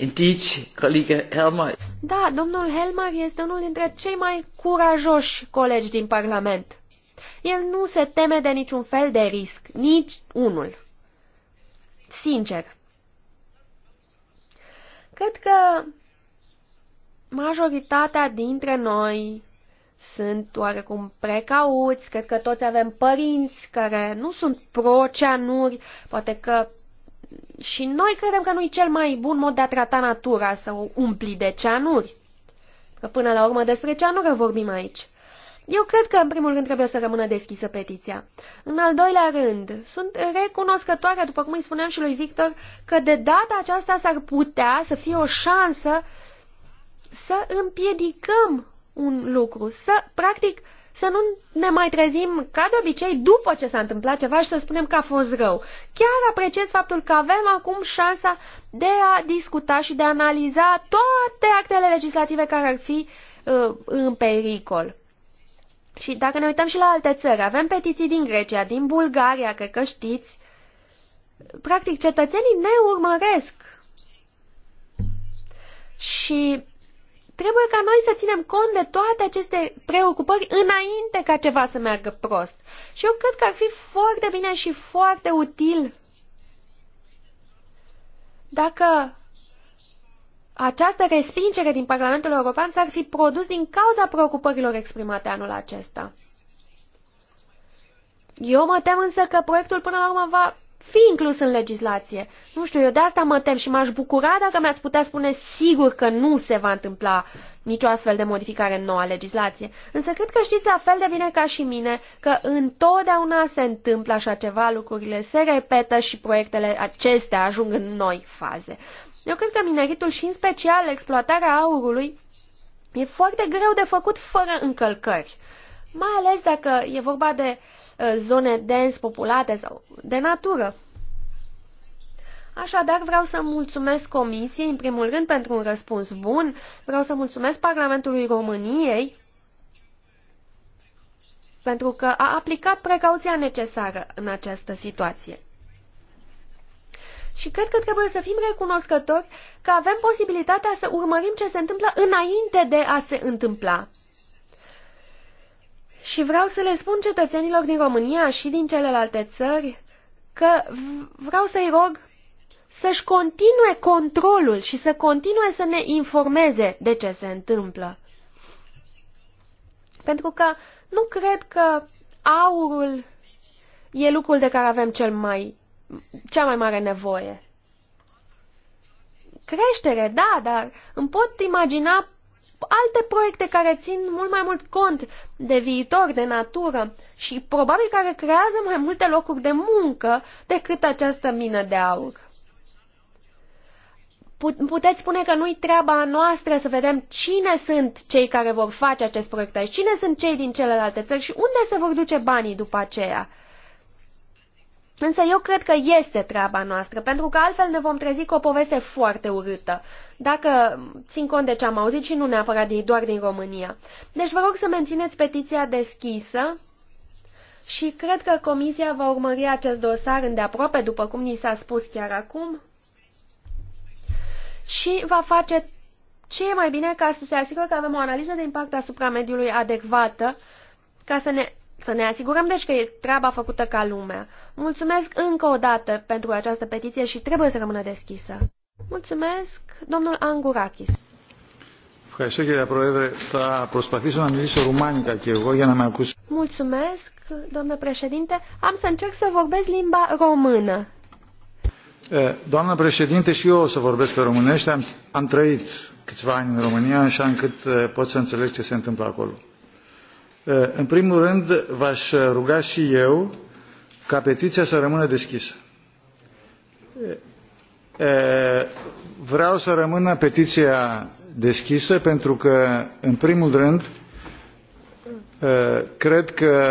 Indeed, colegă Helmer. Da, domnul Helmer este unul dintre cei mai curajoși colegi din Parlament. El nu se teme de niciun fel de risc, nici unul. Sincer. Cred că majoritatea dintre noi sunt oarecum precauți, cred că toți avem părinți care nu sunt pro-ceanuri, poate că și noi credem că nu-i cel mai bun mod de a trata natura, să o umpli de ceanuri. Că până la urmă despre ceanură vorbim aici. Eu cred că, în primul rând, trebuie să rămână deschisă petiția. În al doilea rând, sunt recunoscătoare, după cum îi spuneam și lui Victor, că de data aceasta s-ar putea să fie o șansă să împiedicăm un lucru, să, practic, să nu ne mai trezim ca de obicei după ce s-a întâmplat ceva și să spunem că a fost rău. Chiar apreciez faptul că avem acum șansa de a discuta și de a analiza toate actele legislative care ar fi uh, în pericol. Și dacă ne uităm și la alte țări, avem petiții din Grecia, din Bulgaria, cred că știți. Practic, cetățenii ne urmăresc. Și Trebuie ca noi să ținem cont de toate aceste preocupări înainte ca ceva să meargă prost. Și eu cred că ar fi foarte bine și foarte util dacă această respingere din Parlamentul European s-ar fi produs din cauza preocupărilor exprimate anul acesta. Eu mă tem însă că proiectul până la urmă va fi inclus în legislație. Nu știu, eu de asta mă tem și m-aș bucura dacă mi-ați putea spune sigur că nu se va întâmpla nicio astfel de modificare în noua legislație. Însă cred că știți la fel de bine ca și mine că întotdeauna se întâmplă așa ceva, lucrurile se repetă și proiectele acestea ajung în noi faze. Eu cred că mineritul și în special exploatarea aurului e foarte greu de făcut fără încălcări. Mai ales dacă e vorba de uh, Uh, zone dens populate sau de natură. Așadar, vreau să mulțumesc Comisiei, în primul rând, pentru un răspuns bun. Vreau să mulțumesc Parlamentului României pentru că a aplicat precauția necesară în această situație. Și cred că trebuie să fim recunoscători că avem posibilitatea să urmărim ce se întâmplă înainte de a se întâmpla. Și vreau să le spun cetățenilor din România și din celelalte țări că vreau să-i rog să-și continue controlul și să continue să ne informeze de ce se întâmplă. Pentru că nu cred că aurul e lucrul de care avem cel mai, cea mai mare nevoie. Creștere, da, dar îmi pot imagina alte proiecte care țin mult mai mult cont de viitor, de natură și probabil care creează mai multe locuri de muncă decât această mină de aur. Puteți spune că nu-i treaba noastră să vedem cine sunt cei care vor face acest proiect aici, cine sunt cei din celelalte țări și unde se vor duce banii după aceea. Însă eu cred că este treaba noastră, pentru că altfel ne vom trezi cu o poveste foarte urâtă, dacă țin cont de ce am auzit și nu neapărat din, doar din România. Deci vă rog să mențineți petiția deschisă și cred că Comisia va urmări acest dosar îndeaproape, după cum ni s-a spus chiar acum, și va face ce e mai bine ca să se asigure că avem o analiză de impact asupra mediului adecvată, ca să ne să ne asigurăm deci că e treaba făcută ca lumea. Mulțumesc încă o dată pentru această petiție și trebuie să rămână deschisă. Mulțumesc, domnul Angurakis. Ευχαριστώ κύριε Πρόεδρε. Θα προσπαθήσω να μιλήσω ρουμάνικα και εγώ για να με ακούσει. Mulțumesc, domnule președinte. Am să încerc să vorbesc limba română. Doamnă președinte, și eu o să vorbesc pe românește. Am, am trăit câțiva ani în România, așa încât pot să înțeleg ce se întâmplă acolo. În primul rând, v-aș ruga și eu ca petiția să rămână deschisă. Vreau să rămână petiția deschisă pentru că, în primul rând, cred că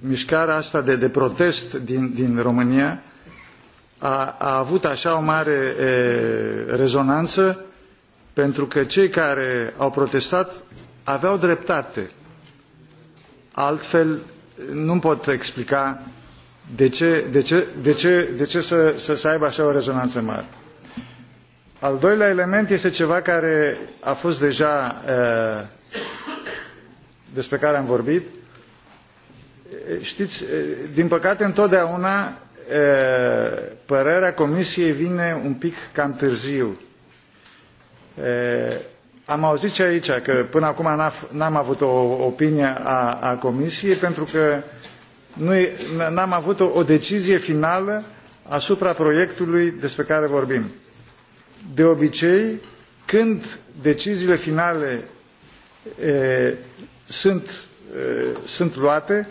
mișcarea asta de, de protest din, din România a, a avut așa o mare e, rezonanță pentru că cei care au protestat aveau dreptate. Altfel, nu pot explica de ce, de ce, de ce, de ce să, să, să aibă așa o rezonanță mare. Al doilea element este ceva care a fost deja despre care am vorbit. Știți, din păcate întotdeauna părerea Comisiei vine un pic cam târziu am auzit și aici că până acum n-am avut o opinie a, a Comisiei pentru că n-am avut o, o decizie finală asupra proiectului despre care vorbim. De obicei, când deciziile finale e, sunt, e, sunt luate,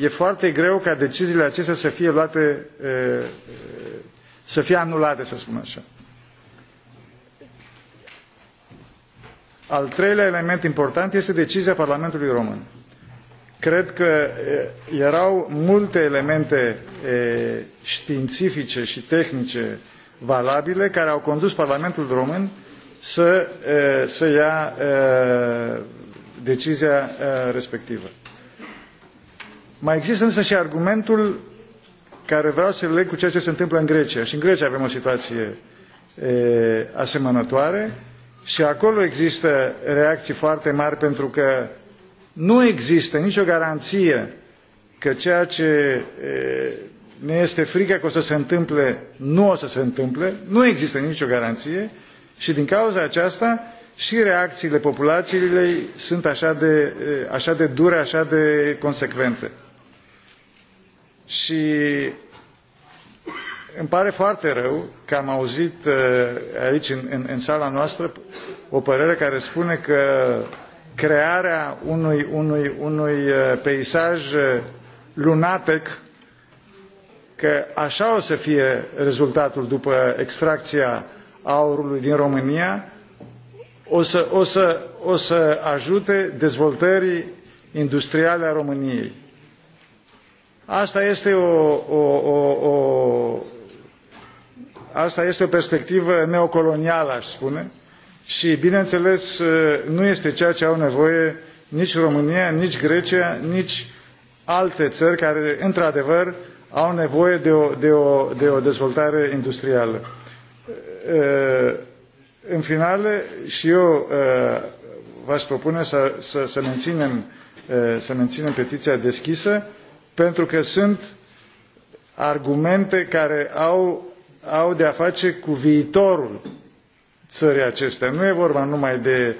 e foarte greu ca deciziile acestea să fie luate, e, să fie anulate, să spun așa Al treilea element important este decizia Parlamentului Român. Cred că erau multe elemente științifice și tehnice valabile care au condus Parlamentul Român să, să ia decizia respectivă. Mai există însă și argumentul care vreau să leg cu ceea ce se întâmplă în Grecia. Și în Grecia avem o situație e, asemănătoare și acolo există reacții foarte mari pentru că nu există nicio garanție că ceea ce ne este frică că o să se întâmple, nu o să se întâmple, nu există nicio garanție și din cauza aceasta și reacțiile populației sunt așa de, așa de dure, așa de consecvente. Și îmi pare foarte rău că am auzit uh, aici în, în, în sala noastră o părere care spune că crearea unui, unui, unui uh, peisaj uh, lunatec că așa o să fie rezultatul după extracția aurului din România o să, o să, o să ajute dezvoltării industriale a României. Asta este o, o, o, o asta este o perspectivă neocolonială aș spune și bineînțeles ă, nu este ceea ce au nevoie nici românia nici grecia nici alte țări care într adevăr au nevoie de o, de o, de o dezvoltare industrială. Ă, în final, și eu ă, v-aș propune să, să, să, menținem, să menținem petiția deschisă, pentru că sunt argumente care au au de a face cu viitorul țării acestea. Nu e vorba numai de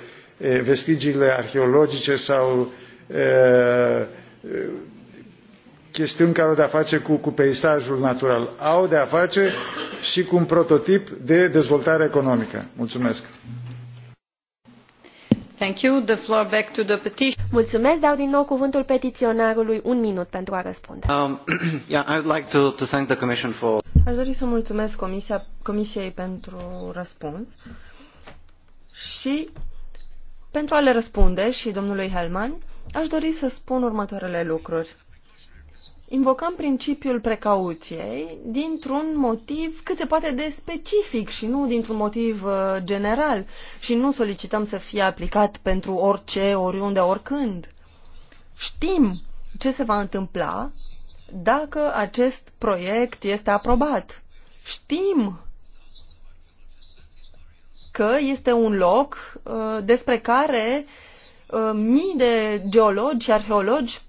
vestigiile arheologice sau e, chestiuni care au de a face cu, cu peisajul natural. Au de a face și cu un prototip de dezvoltare economică. Mulțumesc! Mulțumesc, dau din nou cuvântul petiționarului un minut pentru a răspunde. Um, aș dori să mulțumesc comisia, Comisiei pentru răspuns și pentru a le răspunde și domnului Helman, aș dori să spun următoarele lucruri invocăm principiul precauției dintr-un motiv cât se poate de specific și nu dintr-un motiv uh, general și nu solicităm să fie aplicat pentru orice, oriunde, oricând. Știm ce se va întâmpla dacă acest proiect este aprobat. Știm că este un loc uh, despre care uh, mii de geologi și arheologi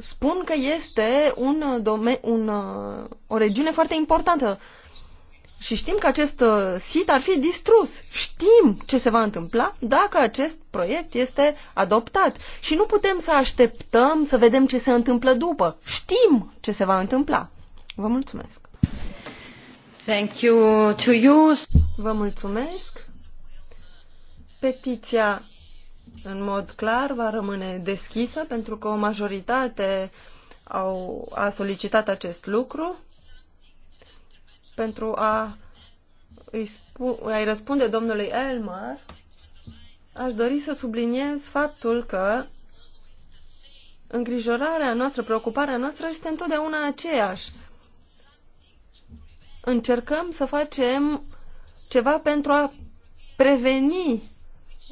spun că este un uh, domen- un, uh, o regiune foarte importantă. Și știm că acest uh, sit ar fi distrus. Știm ce se va întâmpla dacă acest proiect este adoptat. Și nu putem să așteptăm să vedem ce se întâmplă după. Știm ce se va întâmpla. Vă mulțumesc. Thank you to you. Vă mulțumesc. Petiția în mod clar va rămâne deschisă pentru că o majoritate au, a solicitat acest lucru pentru a îi spu, a-i răspunde domnului Elmar. Aș dori să subliniez faptul că îngrijorarea noastră, preocuparea noastră este întotdeauna aceeași. Încercăm să facem ceva pentru a preveni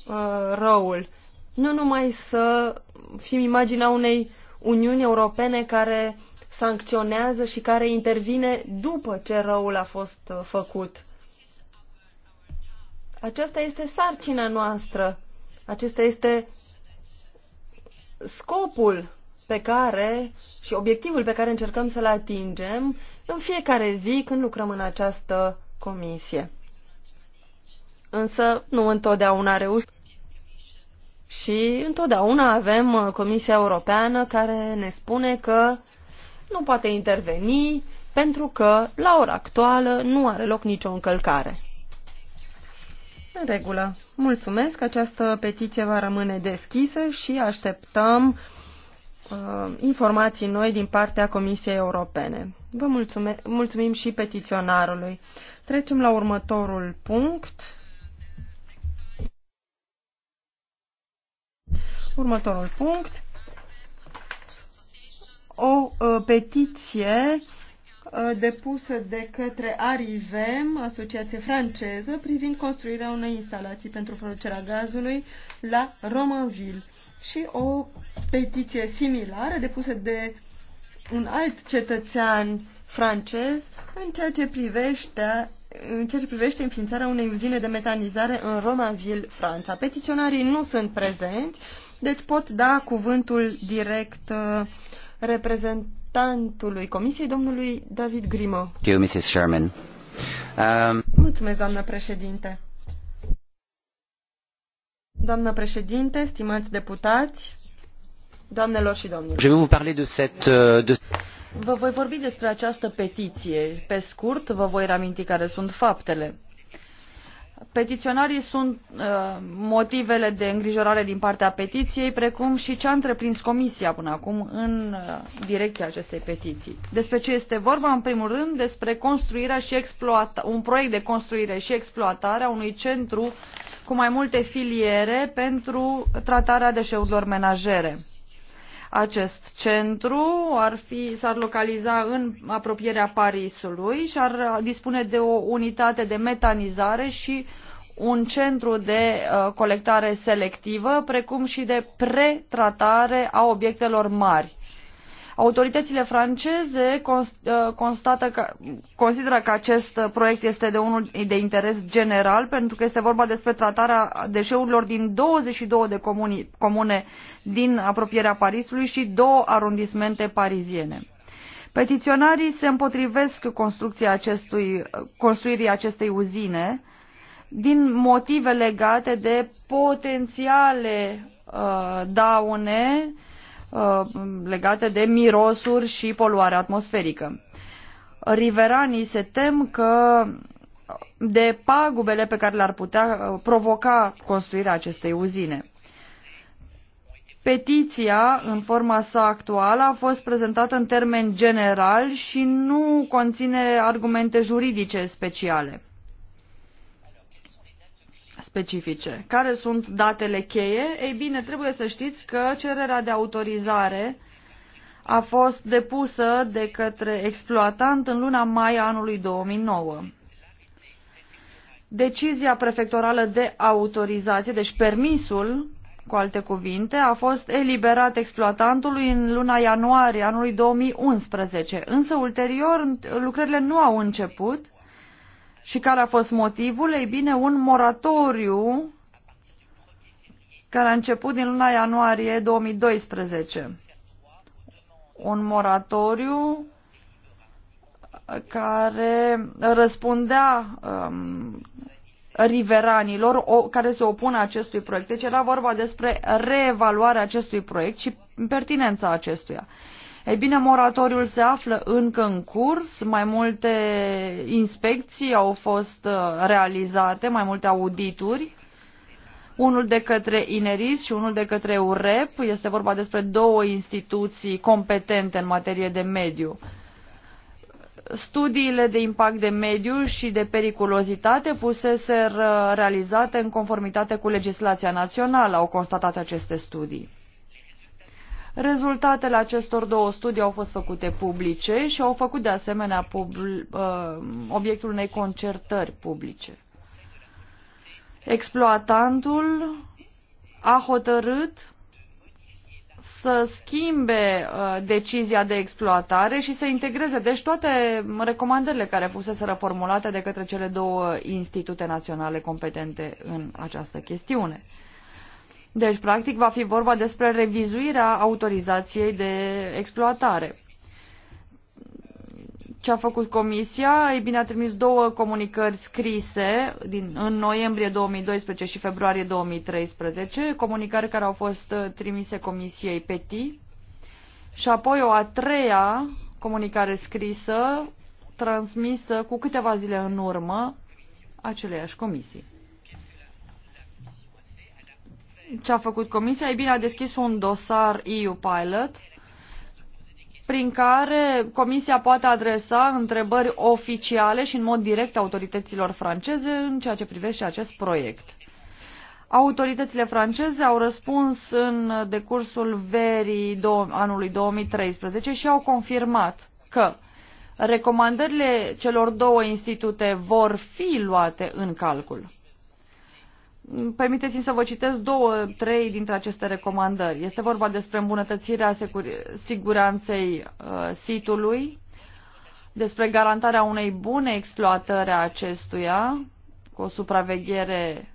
uh, răul. Nu numai să fim imaginea unei Uniuni Europene care sancționează și care intervine după ce răul a fost uh, făcut. Aceasta este sarcina noastră. Acesta este scopul pe care și obiectivul pe care încercăm să-l atingem în fiecare zi când lucrăm în această comisie însă nu întotdeauna reușim. Și întotdeauna avem uh, Comisia Europeană care ne spune că nu poate interveni pentru că, la ora actuală, nu are loc nicio încălcare. În regulă. Mulțumesc. Această petiție va rămâne deschisă și așteptăm uh, informații noi din partea Comisiei Europene. Vă mulțume- mulțumim și petiționarului. Trecem la următorul punct. Următorul punct. O uh, petiție uh, depusă de către Arivem, asociație franceză, privind construirea unei instalații pentru producerea gazului la Romanville și o petiție similară depusă de un alt cetățean francez în ceea ce privește în ceea ce privește înființarea unei uzine de metanizare în Romanville, Franța. Petiționarii nu sunt prezenți, deci pot da cuvântul direct uh, reprezentantului Comisiei, domnului David Grimo. you, Mrs. Sherman. Um... Mulțumesc, doamnă președinte. Doamnă președinte, stimați deputați, doamnelor și domnilor. Je vais vous parler de cette, uh, de... Vă voi vorbi despre această petiție. Pe scurt, vă voi reaminti care sunt faptele. Petiționarii sunt uh, motivele de îngrijorare din partea petiției, precum și ce a întreprins Comisia până acum în uh, direcția acestei petiții. Despre ce este vorba? În primul rând, despre construirea și exploata- un proiect de construire și exploatare a unui centru cu mai multe filiere pentru tratarea deșeurilor menajere. Acest centru ar fi, s-ar localiza în apropierea Parisului și ar dispune de o unitate de metanizare și un centru de uh, colectare selectivă, precum și de pretratare a obiectelor mari Autoritățile franceze ă, constată că, consideră că acest proiect este de unul de interes general pentru că este vorba despre tratarea deșeurilor din 22 de comuni, comune din apropierea Parisului și două arondismente pariziene. Petiționarii se împotrivesc construcția acestui, construirii acestei uzine din motive legate de potențiale uh, daune uh, Uh, legate de mirosuri și poluare atmosferică. Riveranii se tem că de pagubele pe care le-ar putea uh, provoca construirea acestei uzine. Petiția, în forma sa actuală, a fost prezentată în termen general și nu conține argumente juridice speciale specifice. Care sunt datele cheie? Ei bine, trebuie să știți că cererea de autorizare a fost depusă de către exploatant în luna mai anului 2009. Decizia prefectorală de autorizație, deci permisul, cu alte cuvinte, a fost eliberat exploatantului în luna ianuarie anului 2011, însă ulterior lucrările nu au început și care a fost motivul? Ei bine, un moratoriu care a început din luna ianuarie 2012. Un moratoriu uh, care răspundea um, riveranilor o, care se opun acestui proiect. Deci era vorba despre reevaluarea acestui proiect și pertinența acestuia. Uh, ei bine, moratoriul se află încă în curs, mai multe inspecții au fost uh, realizate, mai multe audituri, unul de către INERIS și unul de către UREP. Este vorba despre două instituții competente în materie de mediu. Studiile de impact de mediu și de periculozitate fusese uh, realizate în conformitate cu legislația națională, au constatat aceste studii. Rezultatele acestor două studii au fost făcute publice și au făcut de asemenea pub- uh, obiectul unei concertări publice. Exploatantul a hotărât să schimbe uh, decizia de exploatare și să integreze deci toate recomandările care fusese reformulate de către cele două institute naționale competente în această chestiune. Deci, practic, va fi vorba despre revizuirea autorizației de exploatare. Ce a făcut Comisia? Ei bine, a trimis două comunicări scrise din, în noiembrie 2012 și februarie 2013, comunicări care au fost uh, trimise Comisiei PETI, și apoi o a treia comunicare scrisă transmisă cu câteva zile în urmă aceleiași comisii ce a făcut Comisia? Ei bine, a deschis un dosar EU Pilot prin care Comisia poate adresa întrebări oficiale și în mod direct autorităților franceze în ceea ce privește acest proiect. Autoritățile franceze au răspuns în decursul verii anului 2013 și au confirmat că recomandările celor două institute vor fi luate în calcul. Permiteți-mi să vă citesc două, trei dintre aceste recomandări. Este vorba despre îmbunătățirea siguranței uh, sitului, despre garantarea unei bune exploatări a acestuia, cu o supraveghere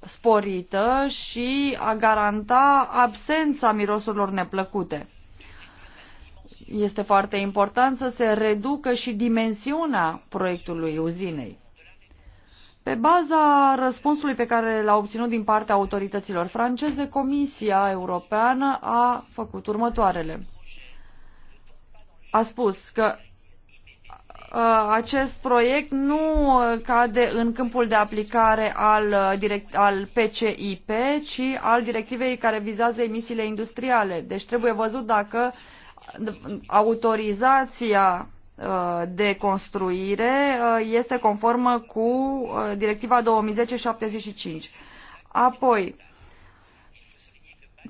sporită și a garanta absența mirosurilor neplăcute. Este foarte important să se reducă și dimensiunea proiectului uzinei. Pe baza răspunsului pe care l-a obținut din partea autorităților franceze, Comisia Europeană a făcut următoarele. A spus că acest proiect nu cade în câmpul de aplicare al, direct, al PCIP, ci al directivei care vizează emisiile industriale. Deci trebuie văzut dacă autorizația Uh, de construire uh, este conformă cu uh, directiva 2010-75. Apoi,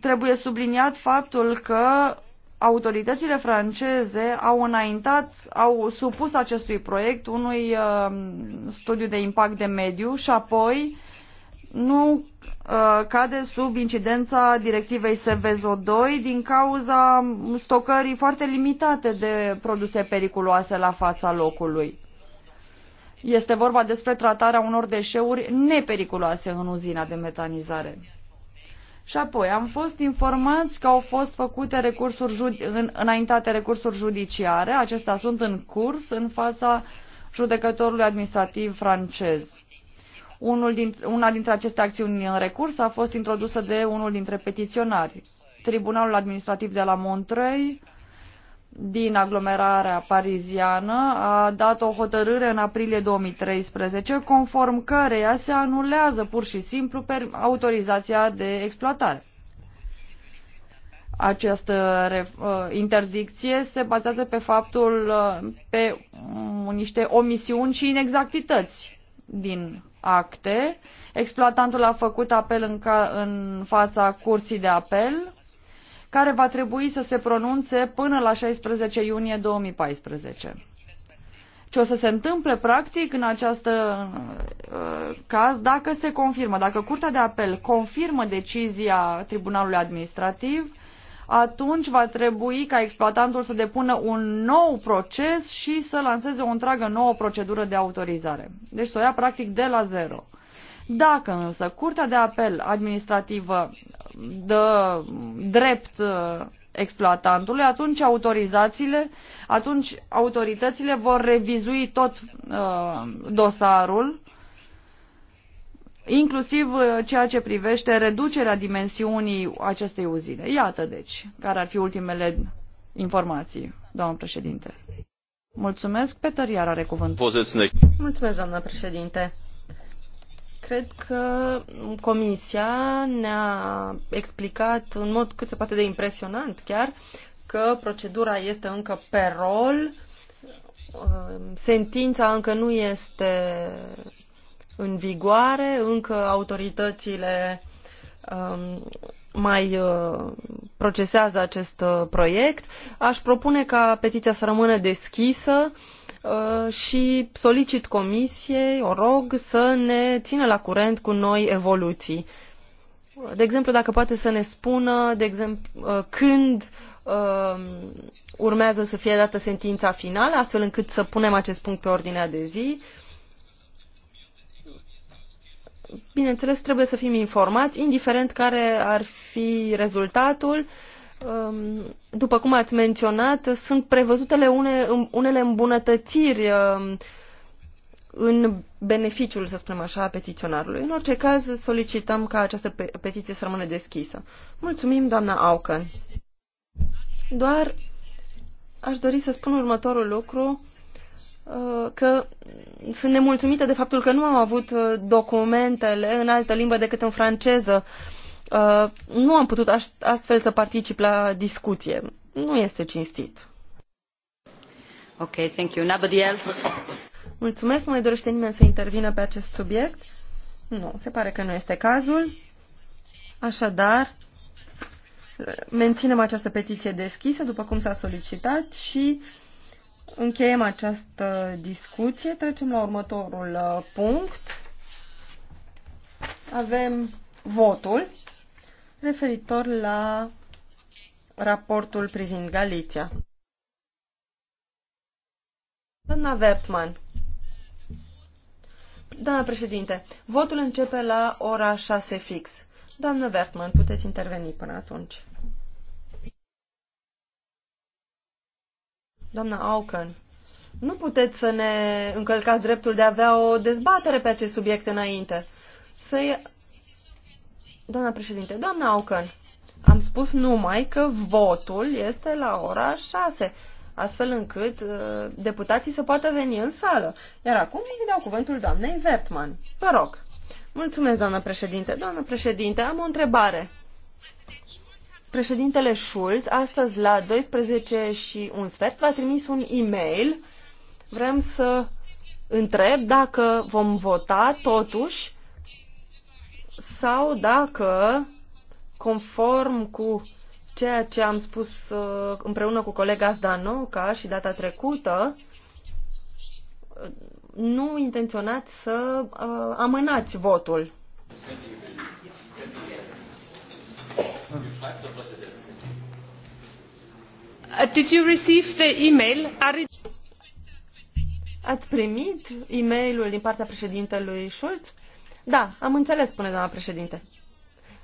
trebuie subliniat faptul că autoritățile franceze au înaintat, au supus acestui proiect unui studiu de impact de mediu și apoi nu Uh, cade sub incidența directivei SVZO2 din cauza stocării foarte limitate de produse periculoase la fața locului. Este vorba despre tratarea unor deșeuri nepericuloase în uzina de metanizare. Și apoi am fost informați că au fost făcute recursuri în, înaintate recursuri judiciare. Acestea sunt în curs în fața judecătorului administrativ francez. Unul din, una dintre aceste acțiuni în recurs a fost introdusă de unul dintre petiționari. Tribunalul Administrativ de la Montreuil din aglomerarea pariziană a dat o hotărâre în aprilie 2013 conform căreia se anulează pur și simplu per autorizația de exploatare. Această uh, interdicție se bazează pe faptul uh, pe mm, niște omisiuni și inexactități din acte, exploatantul a făcut apel în, ca, în fața curții de apel, care va trebui să se pronunțe până la 16 iunie 2014. Ce o să se întâmple practic în acest uh, caz dacă se confirmă, dacă Curtea de Apel confirmă decizia Tribunalului Administrativ, atunci va trebui ca exploatantul să depună un nou proces și să lanseze o întreagă nouă procedură de autorizare. Deci să o ia practic de la zero. Dacă însă Curtea de Apel Administrativă dă drept uh, exploatantului, atunci autorizațiile, atunci autoritățile vor revizui tot uh, dosarul inclusiv uh, ceea ce privește reducerea dimensiunii acestei uzine. Iată, deci, care ar fi ultimele informații, doamnă președinte. Mulțumesc. Peter iar are cuvântul. Mulțumesc, doamnă președinte. Cred că Comisia ne-a explicat în mod cât se poate de impresionant chiar că procedura este încă pe rol, uh, sentința încă nu este în vigoare, încă autoritățile um, mai uh, procesează acest uh, proiect. Aș propune ca petiția să rămână deschisă uh, și solicit comisiei, o rog, să ne țină la curent cu noi evoluții. De exemplu, dacă poate să ne spună, de exemplu, uh, când um, urmează să fie dată sentința finală, astfel încât să punem acest punct pe ordinea de zi bineînțeles, trebuie să fim informați, indiferent care ar fi rezultatul. Um, după cum ați menționat, sunt prevăzutele unele îmbunătățiri um, în beneficiul, să spunem așa, a petiționarului. În orice caz, solicităm ca această petiție să rămână deschisă. Mulțumim, doamna Aucan. Doar aș dori să spun următorul lucru Uh, că sunt nemulțumită de faptul că nu am avut uh, documentele în altă limbă decât în franceză. Uh, nu am putut astfel să particip la discuție. Nu este cinstit. Ok, thank you. Nobody else? Mulțumesc. Nu mai dorește nimeni să intervină pe acest subiect? Nu, se pare că nu este cazul. Așadar, menținem această petiție deschisă, după cum s-a solicitat, și Încheiem această discuție. Trecem la următorul uh, punct. Avem votul referitor la raportul privind Galiția. Doamna Vertman. Doamna președinte, votul începe la ora 6 fix. Doamna Vertman, puteți interveni până atunci. Doamna Auken, nu puteți să ne încălcați dreptul de a avea o dezbatere pe acest subiect înainte. Să Doamna președinte, doamna Auken, am spus numai că votul este la ora 6, astfel încât uh, deputații să poată veni în sală. Iar acum îi dau cuvântul doamnei Vertman. Vă rog. Mulțumesc, doamna președinte. Doamna președinte, am o întrebare președintele Schulz, astăzi la 12 și un sfert, v-a trimis un e-mail. Vrem să întreb dacă vom vota totuși sau dacă, conform cu ceea ce am spus uh, împreună cu colega Zdanoca și data trecută, uh, nu intenționați să uh, amânați votul. Uh, did you receive the email? Are... Ați primit e mailul din partea președintelui Schultz? Da, am înțeles, spune doamna președinte.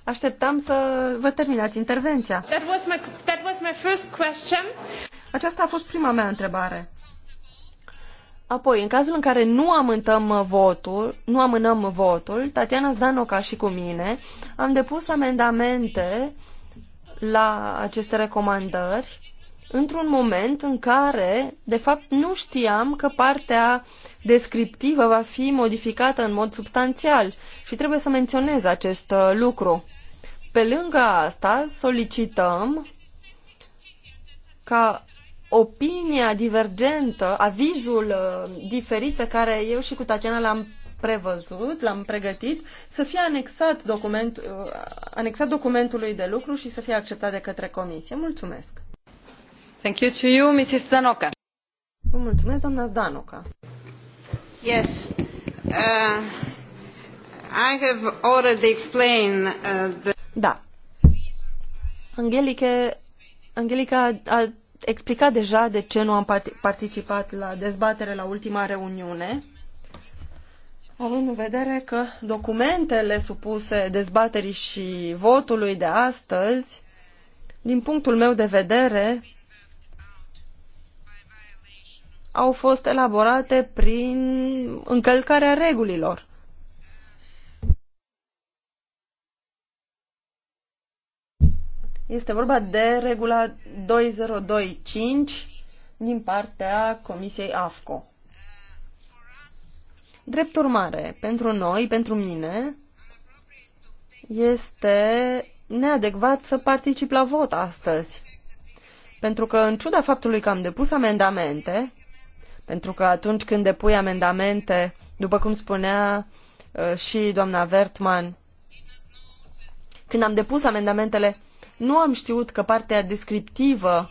Așteptam să vă terminați intervenția. That was my, that was my first question. Aceasta a fost prima mea întrebare. Apoi, în cazul în care nu amântăm uh, votul, nu amânăm votul, Tatiana Zdanoca și cu mine am depus amendamente la aceste recomandări într-un moment în care, de fapt, nu știam că partea descriptivă va fi modificată în mod substanțial și trebuie să menționez acest uh, lucru. Pe lângă asta, solicităm ca opinia divergentă, avizul uh, diferit pe care eu și cu Tatiana l-am prevăzut, l-am pregătit, să fie anexat, document, uh, anexat documentului de lucru și să fie acceptat de către comisie. Mulțumesc! Thank you to you, Mrs. Danoka. Vă mulțumesc, doamna Zdanoca. Yes. Uh, I have already explained uh, the... Da. Angelica, Angelica a explicat deja de ce nu am participat la dezbatere la ultima reuniune, având în vedere că documentele supuse dezbaterii și votului de astăzi, din punctul meu de vedere, au fost elaborate prin încălcarea regulilor. Este vorba de regula 2025 din partea Comisiei AFCO. Drept urmare, pentru noi, pentru mine, este neadecvat să particip la vot astăzi. Pentru că, în ciuda faptului că am depus amendamente, pentru că atunci când depui amendamente, după cum spunea uh, și doamna Vertman, când am depus amendamentele, nu am știut că partea descriptivă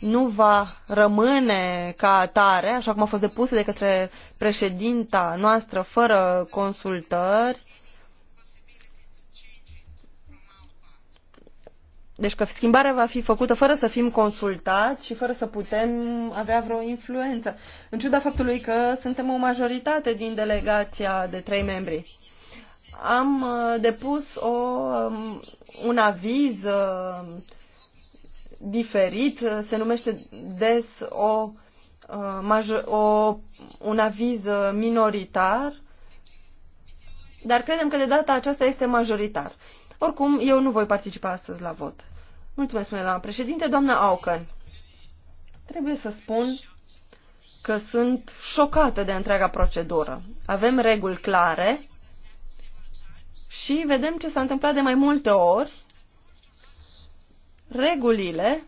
nu va rămâne ca atare, așa cum a fost depusă de către președinta noastră fără consultări. Deci că schimbarea va fi făcută fără să fim consultați și fără să putem avea vreo influență, în ciuda faptului că suntem o majoritate din delegația de trei membri am uh, depus o, um, un aviz uh, diferit, uh, se numește des o, o, un aviz minoritar, dar credem că de data aceasta este majoritar. Oricum, eu nu voi participa astăzi la vot. Mulțumesc, spune doamna președinte. Doamna Auken, trebuie să spun că sunt șocată de întreaga procedură. Avem reguli clare, și vedem ce s-a întâmplat de mai multe ori. Regulile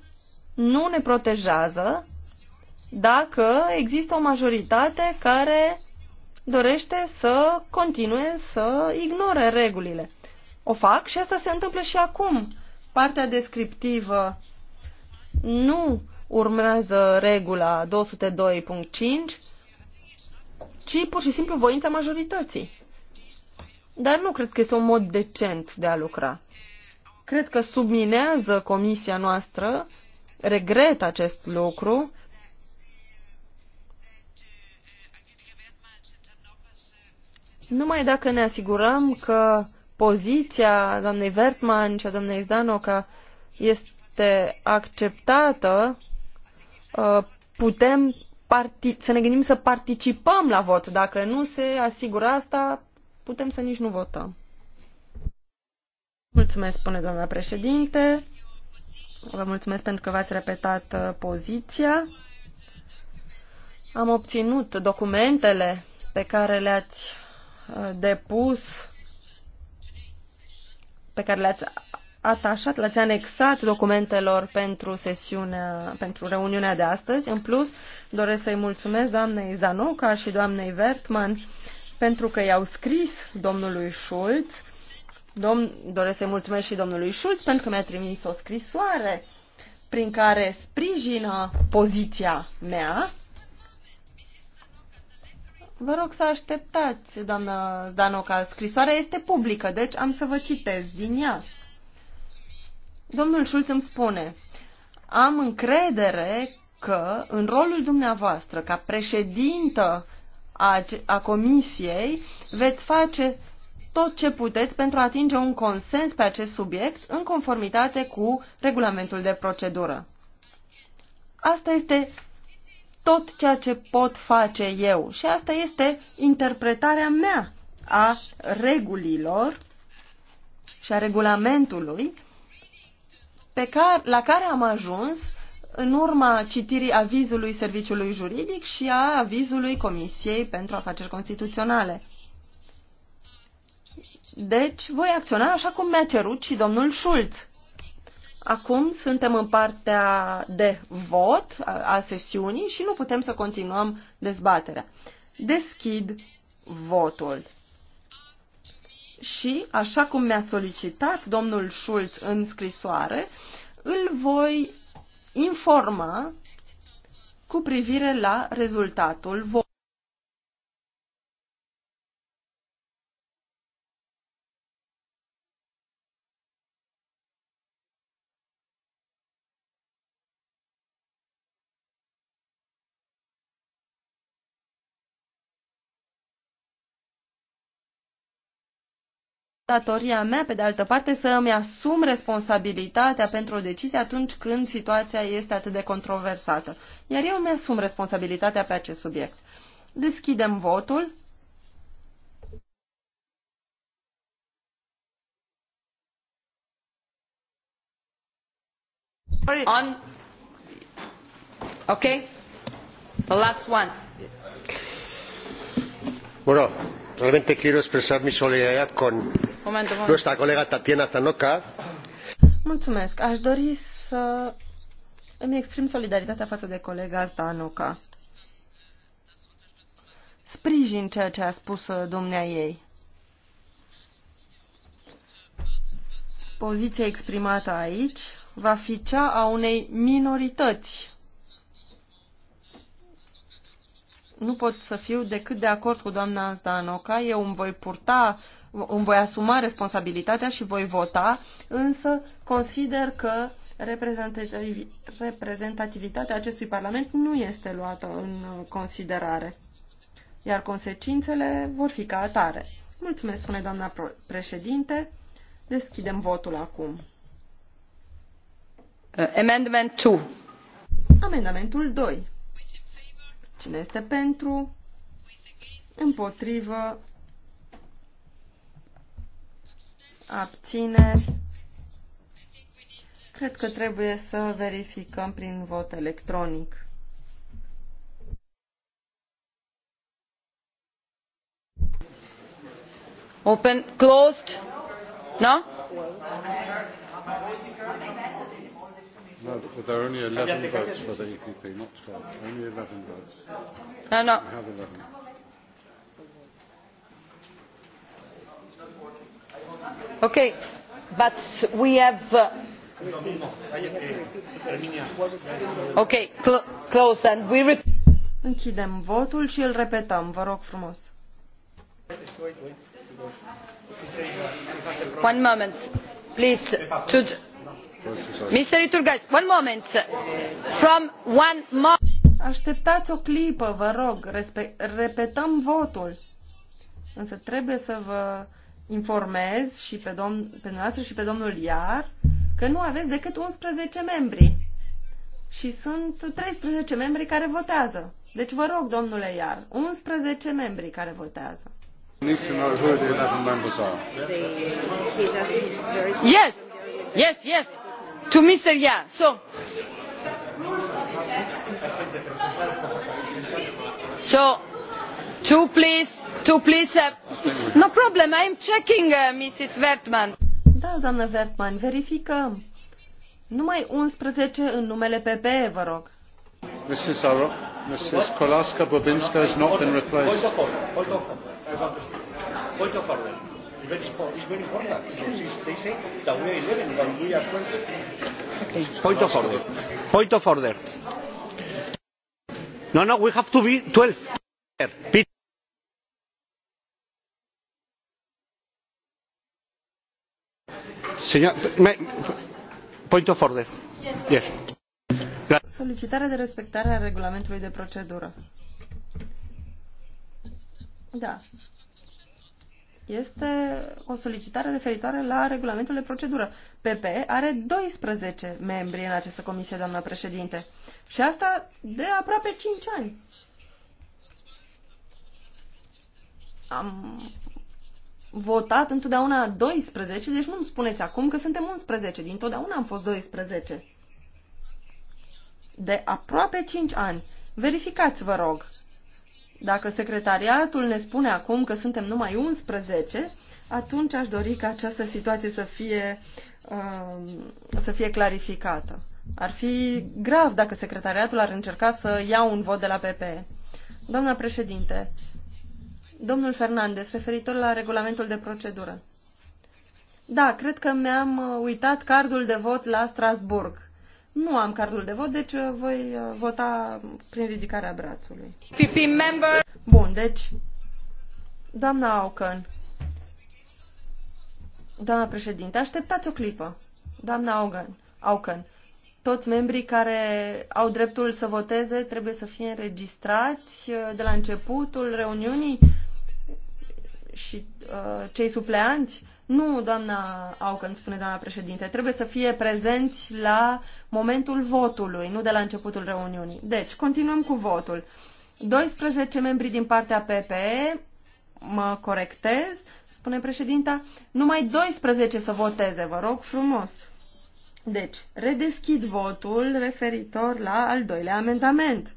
nu ne protejează dacă există o majoritate care dorește să continue să ignore regulile. O fac și asta se întâmplă și acum. Partea descriptivă nu urmează regula 202.5, ci pur și simplu voința majorității. Dar nu cred că este un mod decent de a lucra. Cred că subminează comisia noastră, regret acest lucru, numai dacă ne asigurăm că poziția doamnei Vertman și a doamnei Zdanoca este acceptată, uh, putem să ne gândim să participăm la vot. Dacă nu se asigură asta, putem să nici nu votăm. Mulțumesc, spune doamna președinte. Vă mulțumesc pentru că v-ați repetat uh, poziția. Am obținut documentele pe care le-ați uh, depus, pe care le-ați atașat, le-ați anexat documentelor pentru sesiunea, pentru reuniunea de astăzi. În plus, doresc să-i mulțumesc doamnei Zanuca și doamnei Vertman pentru că i-au scris domnului Schulz. Domn, doresc să-i mulțumesc și domnului Schulz pentru că mi-a trimis o scrisoare prin care sprijină poziția mea. Vă rog să așteptați, doamnă Zdanoca. Scrisoarea este publică, deci am să vă citez din ea. Domnul Schulz îmi spune, am încredere că în rolul dumneavoastră ca președintă a, a Comisiei, veți face tot ce puteți pentru a atinge un consens pe acest subiect în conformitate cu regulamentul de procedură. Asta este tot ceea ce pot face eu și asta este interpretarea mea a regulilor și a regulamentului pe care, la care am ajuns în urma citirii avizului serviciului juridic și a avizului Comisiei pentru Afaceri Constituționale. Deci, voi acționa așa cum mi-a cerut și domnul Schulz. Acum suntem în partea de vot a sesiunii și nu putem să continuăm dezbaterea. Deschid votul. Și, așa cum mi-a solicitat domnul Schulz în scrisoare, îl voi informa cu privire la rezultatul votului. datoria mea, pe de altă parte, să îmi asum responsabilitatea pentru o decizie atunci când situația este atât de controversată. Iar eu îmi asum responsabilitatea pe acest subiect. Deschidem votul. On. Ok. The last one. Bueno, realmente quiero expresar mi solidaridad con Nuestra colega Tatiana Zanoca. Mulțumesc. Aș dori să îmi exprim solidaritatea față de colega Zdanoca. Sprijin ceea ce a spus uh, domnea ei. Poziția exprimată aici va fi cea a unei minorități. Nu pot să fiu decât de acord cu doamna Zdanoca. Eu îmi voi purta îmi voi asuma responsabilitatea și voi vota, însă consider că reprezentativitatea acestui Parlament nu este luată în considerare, iar consecințele vor fi ca atare. Mulțumesc, spune doamna președinte. Deschidem votul acum. Uh, amendment 2. Amendamentul 2. Cine este pentru? Împotrivă? abțineri. Cred că trebuie să verificăm prin vot electronic. Open, closed. No? No, but there are only 11 votes for the EPP, not 12. Only 11 votes. No, no. I have 11. but we have. Uh, okay, cl close and we. Închidem votul și îl repetăm, vă rog frumos. One moment, please. To... Mr. Iturgais, one moment. From one moment. Așteptați o clipă, vă rog, Respe- repetăm votul. Însă trebuie să vă informez și pe, domn, pe noastră și pe domnul Iar că nu aveți decât 11 membri și sunt 13 membri care votează. Deci vă rog, domnule Iar, 11 membri care votează. Yes, yes, yes, to Mr. Iar. So, so, two please please uh, no problem i'm checking uh, mrs da doamnă wertmann verificăm numai 11 în numele PP vă rog mrs mrs kolaska bobinska has not been replaced Point of order. Point of order. No, no, we have to be 12. Señor, me, point of order. Yes. Solicitare de respectare a regulamentului de procedură. Da. Este o solicitare referitoare la regulamentul de procedură. PP are 12 membri în această comisie, doamnă președinte. Și asta de aproape 5 ani. Am votat întotdeauna 12, deci nu-mi spuneți acum că suntem 11. Dintotdeauna am fost 12. De aproape 5 ani. Verificați, vă rog. Dacă secretariatul ne spune acum că suntem numai 11, atunci aș dori ca această situație să fie, um, să fie clarificată. Ar fi grav dacă secretariatul ar încerca să ia un vot de la PP. Doamna președinte, Domnul Fernandez, referitor la regulamentul de procedură. Da, cred că mi-am uh, uitat cardul de vot la Strasburg. Nu am cardul de vot, deci uh, voi uh, vota prin ridicarea brațului. PP member. Bun, deci, doamna Auken, doamna președinte, așteptați o clipă. Doamna Auken, Auken, toți membrii care au dreptul să voteze trebuie să fie înregistrați de la începutul reuniunii și uh, cei supleanți? Nu, doamna Aucăn, spune doamna președinte, trebuie să fie prezenți la momentul votului, nu de la începutul reuniunii. Deci, continuăm cu votul. 12 membri din partea PPE, mă corectez, spune președinta, numai 12 să voteze, vă rog frumos. Deci, redeschid votul referitor la al doilea amendament.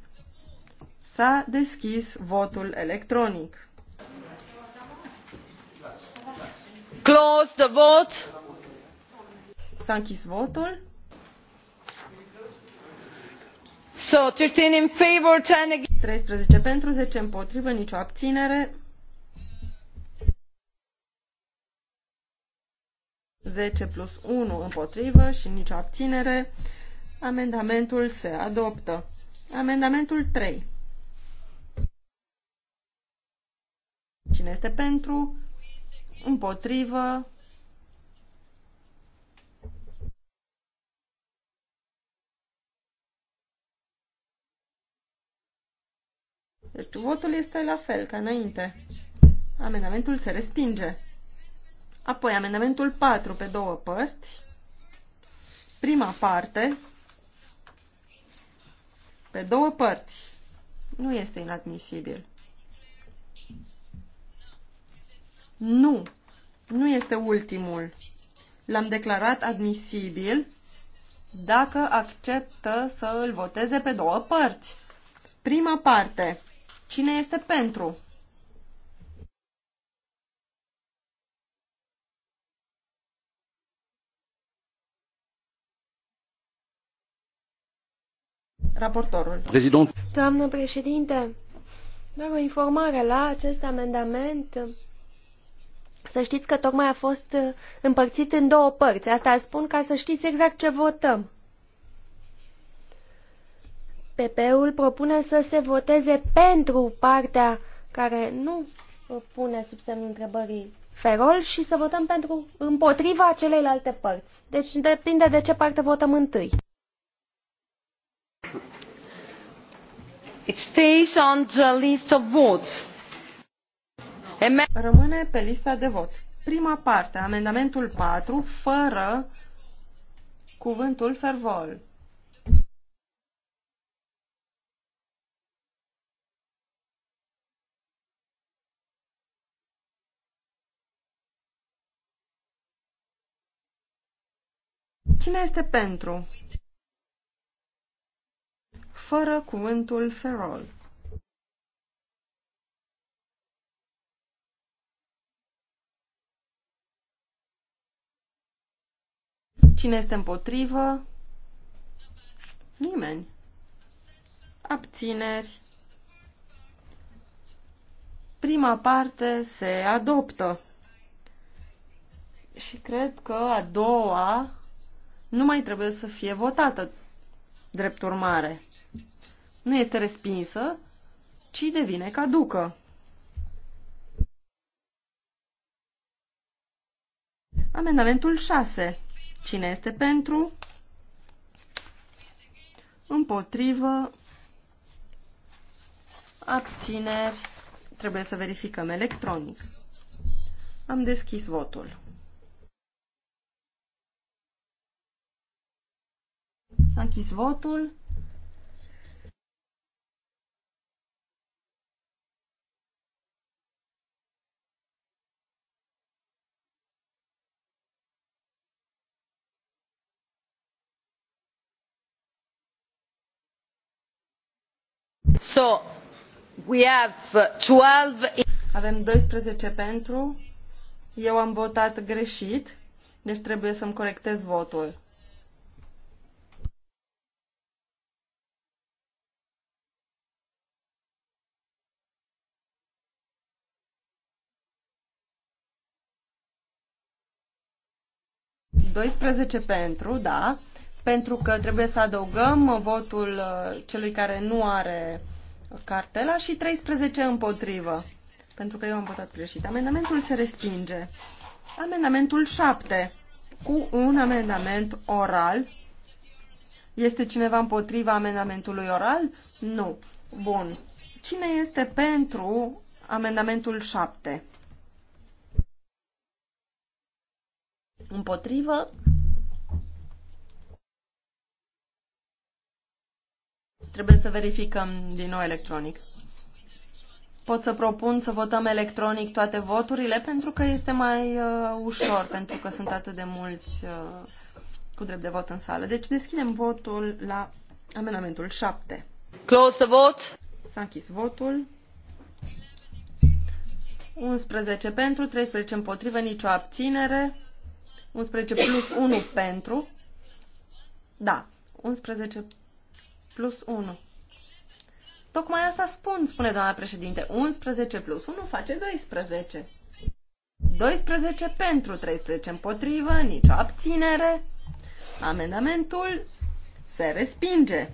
S-a deschis votul electronic. Close the vote. S-a închis votul. So, 13 in favor, 10 against. 13 pentru, 10 împotrivă, nicio abținere. 10 plus 1 împotrivă și nicio abținere. Amendamentul se adoptă. Amendamentul 3. Cine este pentru? împotrivă, Deci votul este la fel ca înainte. Amendamentul se respinge. Apoi amendamentul 4 pe două părți. Prima parte pe două părți. Nu este inadmisibil. Nu, nu este ultimul. L-am declarat admisibil dacă acceptă să îl voteze pe două părți. Prima parte. Cine este pentru? Raportorul. Doamnă președinte, doar o informare la acest amendament să știți că tocmai a fost uh, împărțit în două părți. Asta spun ca să știți exact ce votăm. PP-ul propune să se voteze pentru partea care nu uh, pune sub semnul întrebării ferol și să votăm pentru împotriva celeilalte părți. Deci depinde de ce parte votăm întâi. It stays on the list of votes. Rămâne pe lista de vot. Prima parte, amendamentul 4, fără cuvântul fervol. Cine este pentru? Fără cuvântul ferol. Cine este împotrivă? Nimeni. Abțineri. Prima parte se adoptă. Și cred că a doua nu mai trebuie să fie votată, drept urmare. Nu este respinsă, ci devine caducă. Amendamentul 6. Cine este pentru? Împotrivă. Abțineri. Trebuie să verificăm electronic. Am deschis votul. S-a închis votul. 12... Uh, Avem 12 pentru. Eu am votat greșit, deci trebuie să-mi corectez votul. Doisprezece pentru, da, pentru că trebuie să adăugăm votul uh, celui care nu are cartela și 13 împotrivă. Pentru că eu am votat greșit. Amendamentul se respinge. Amendamentul 7. Cu un amendament oral. Este cineva împotriva amendamentului oral? Nu. Bun. Cine este pentru amendamentul 7? Împotrivă? Trebuie să verificăm din nou electronic. Pot să propun să votăm electronic toate voturile pentru că este mai uh, ușor, pentru că sunt atât de mulți uh, cu drept de vot în sală. Deci deschidem votul la amendamentul 7. Close the vote. S-a închis votul. 11 pentru, 13 împotrivă, nicio abținere. 11 plus 1 pentru. Da, 11 plus 1. Tocmai asta spun, spune doamna președinte. 11 plus 1 face 12. 12 pentru, 13 împotrivă, nicio abținere. Amendamentul se respinge.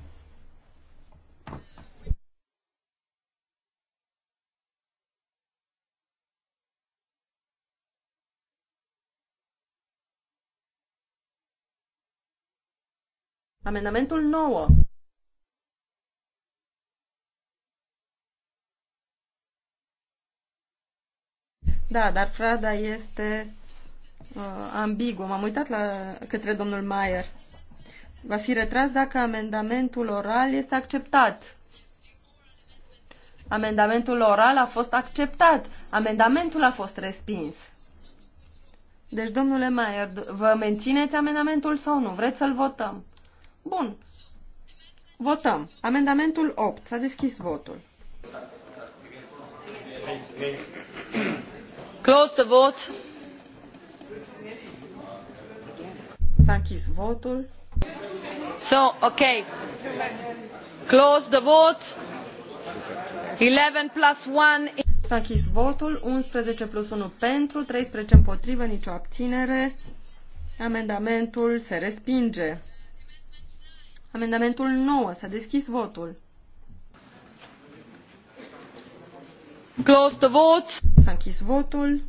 Amendamentul 9. Da, dar frada este uh, ambiguă. M-am uitat la, către domnul Mayer. Va fi retras dacă amendamentul oral este acceptat. Amendamentul oral a fost acceptat. Amendamentul a fost respins. Deci, domnule Maier, vă mențineți amendamentul sau nu? Vreți să-l votăm? Bun. Votăm. Amendamentul 8. S-a deschis votul. Hey, Close the vote. S-a închis votul. So, ok. Close the vote. 11 plus 1. S-a închis votul. 11 plus 1 pentru, 13 împotrivă, nicio abținere. Amendamentul se respinge. Amendamentul 9. S-a deschis votul. Close the vote. S-a închis votul.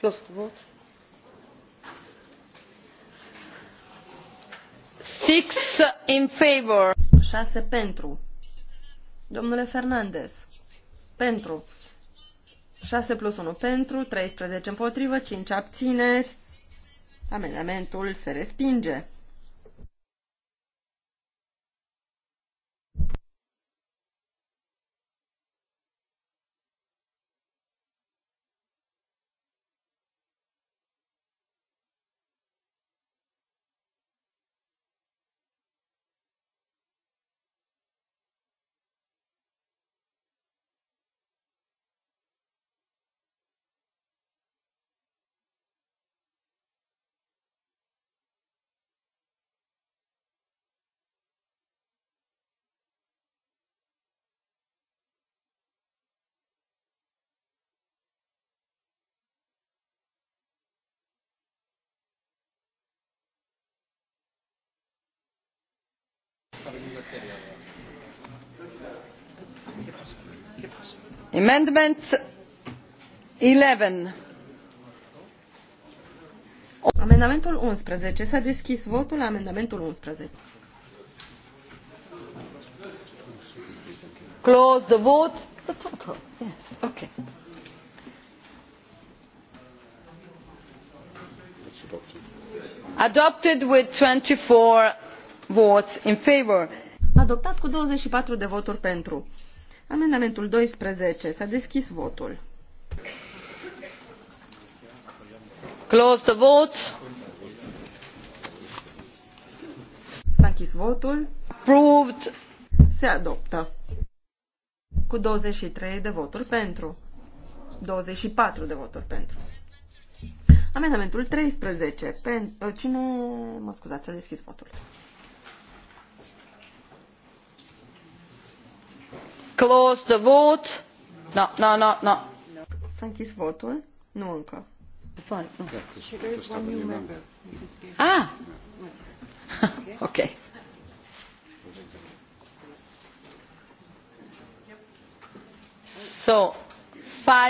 Close vote. Six in favor. Șase pentru. Domnule Fernandez. Pentru. 6 plus 1 pentru, 13 împotrivă, 5 abțineri. Amendamentul se respinge. amendment 11. amendamentul 11 s-a deschis votul la amendamentul 11 close the vote the total yes okay adopted with 24 votes in favor Adoptat cu 24 de voturi pentru. Amendamentul 12. S-a deschis votul. Close the vote. S-a închis votul. Approved. Se adoptă. Cu 23 de voturi pentru. 24 de voturi pentru. Amendamentul 13. Pen, uh, cine, mă scuzați, a deschis votul. Close the vote. No, no, no, no. S-a închis votul? Nu încă. Fine. Da, ah! ok. So,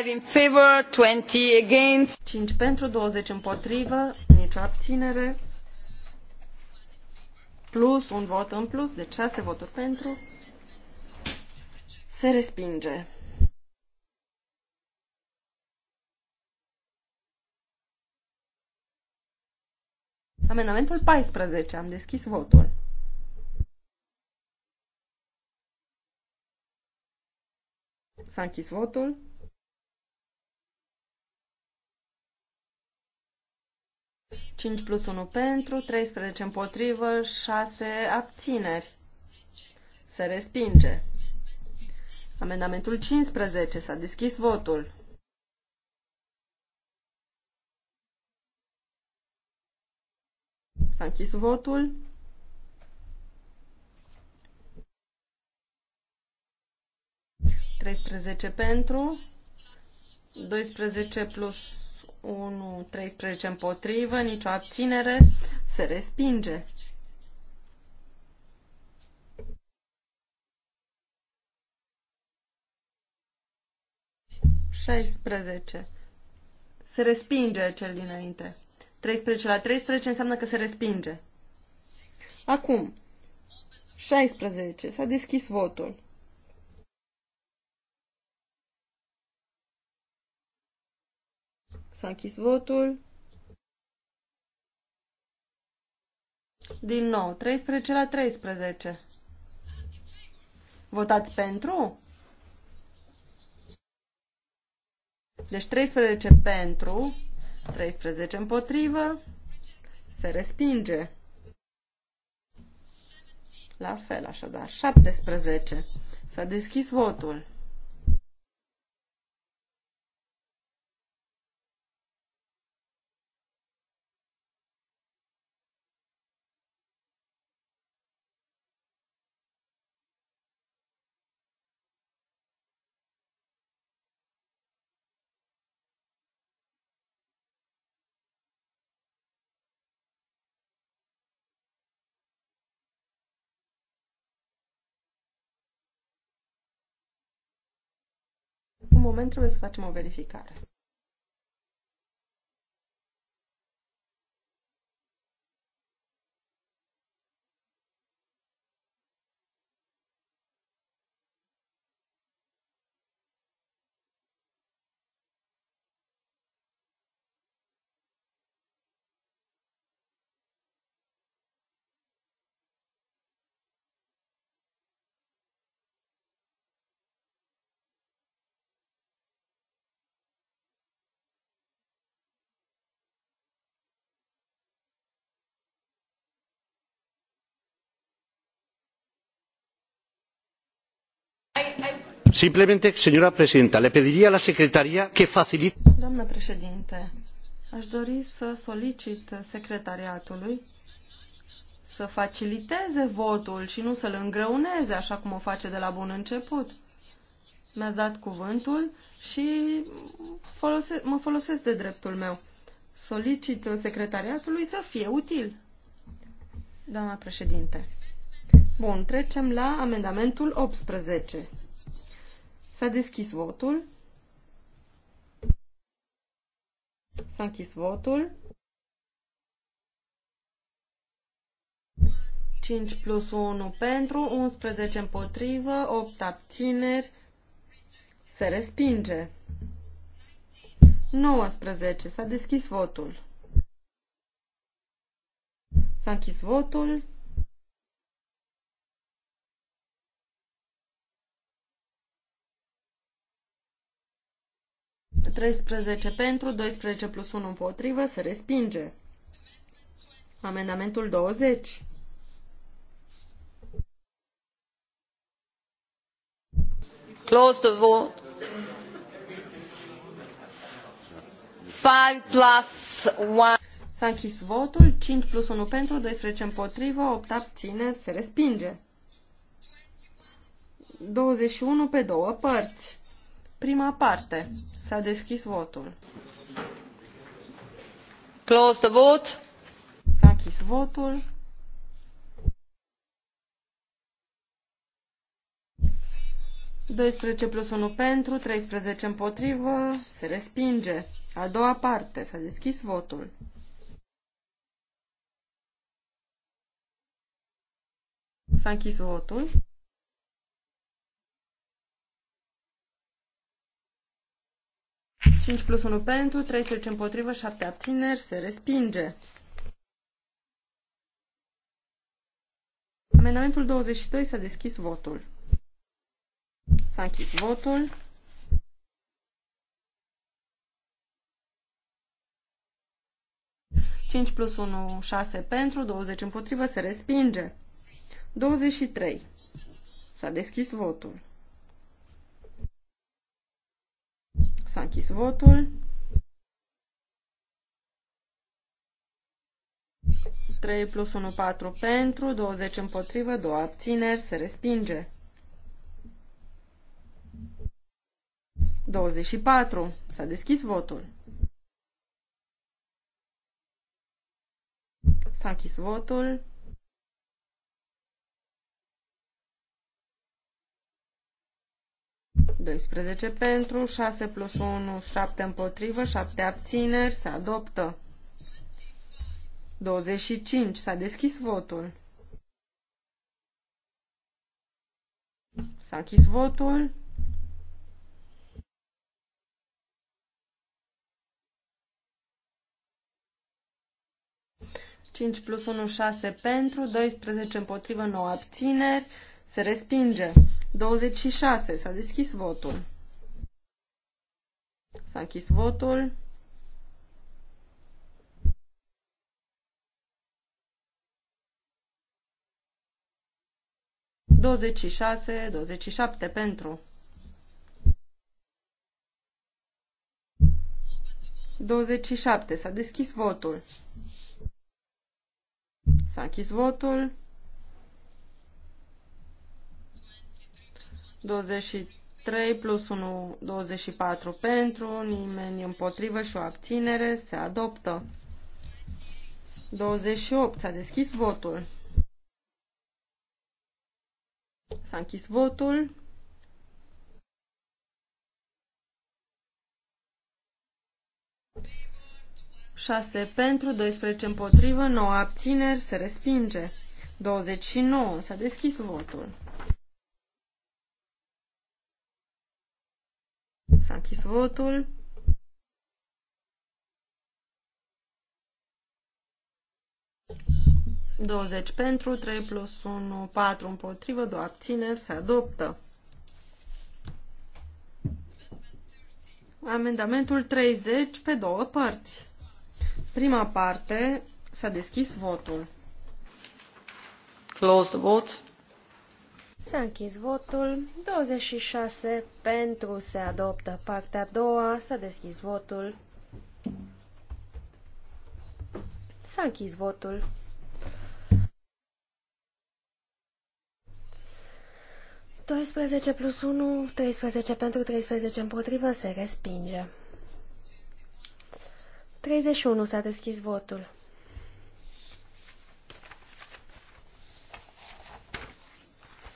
5 in favor, 20 against. 5 pentru, 20 împotrivă, nicio abținere. Plus un vot în plus, deci 6 voturi pentru, se respinge. Amendamentul 14. Am deschis votul. S-a închis votul. Cinci plus unu pentru, 13 împotrivă, 6 abțineri. Se respinge. Amendamentul 15. S-a deschis votul. S-a închis votul. Treisprezece pentru, 12 plus 1, 13 împotrivă, nicio abținere, se respinge. 16. Se respinge cel dinainte. 13 la 13 înseamnă că se respinge. Acum, 16. S-a deschis votul. S-a închis votul. Din nou, 13 la 13. Votați pentru? Deci 13 pentru, 13 împotrivă, se respinge. La fel, așadar, 17. S-a deschis votul. moment trebuie să facem o verificare. Simplemente, señora presidenta, le pediría a la secretaría que facilite... Doamnă președinte, aș dori să solicit secretariatului să faciliteze votul și nu să-l îngreuneze, așa cum o face de la bun început. Mi-ați dat cuvântul și folose mă folosesc de dreptul meu. Solicit secretariatului să fie util. Doamna președinte. Bun, trecem la amendamentul 18. S-a deschis votul. S-a închis votul. 5 plus 1 pentru, 11 împotrivă, 8 abțineri, se respinge. 19. S-a deschis votul. S-a închis votul. 13 pentru, 12 plus 1 împotrivă, se respinge. Amendamentul 20. Close the vote. 5 plus 1. S-a închis votul, 5 plus 1 pentru, 12 împotrivă, 8 abține, se respinge. 21 pe două părți. Prima parte. S-a deschis votul. Close the vote. S-a închis votul. Doisprezece plus unu pentru, 13 împotrivă, se respinge. A doua parte, s-a deschis votul. S-a închis votul. 5 plus 1 pentru, 13 împotrivă, 7 abțineri, se respinge. Amendamentul 22 s-a deschis votul. S-a închis votul. plus 1, 6 pentru, 20 împotrivă, se respinge. 23. S-a deschis votul. S-a închis votul. Trei plus 1, 4 pentru, 20 împotrivă, două abțineri, se respinge. 24. S-a deschis votul. S-a închis votul. 12 pentru, 6 plus 1, 7 împotrivă, 7 abțineri, se adoptă. 25. S-a deschis votul. S-a închis votul. Cinci plus unu 6 pentru, 12 împotrivă, 9 abțineri. Se respinge. 26. S-a deschis votul. S-a închis votul. Douăzeci și șase, douăzeci și șapte pentru. șapte. S-a deschis votul. S-a închis votul. 23 plus 1, 24 pentru, nimeni împotrivă și o abținere, se adoptă. 28, s-a deschis votul. S-a închis votul. Șase pentru, 12 împotrivă, 9 abțineri, se respinge. 29, s-a deschis votul. S-a închis votul. Douăzeci pentru, 3 plus 1, 4 împotrivă, două abțineri, se adoptă. Amendamentul 30 pe două părți. Prima parte s-a deschis votul. Close the vote. S-a închis votul. 26 pentru se adoptă. Partea a doua. S-a deschis votul. S-a închis votul. Doisprezece plus 1, 13 pentru 13 împotrivă se respinge. 31 s-a deschis votul.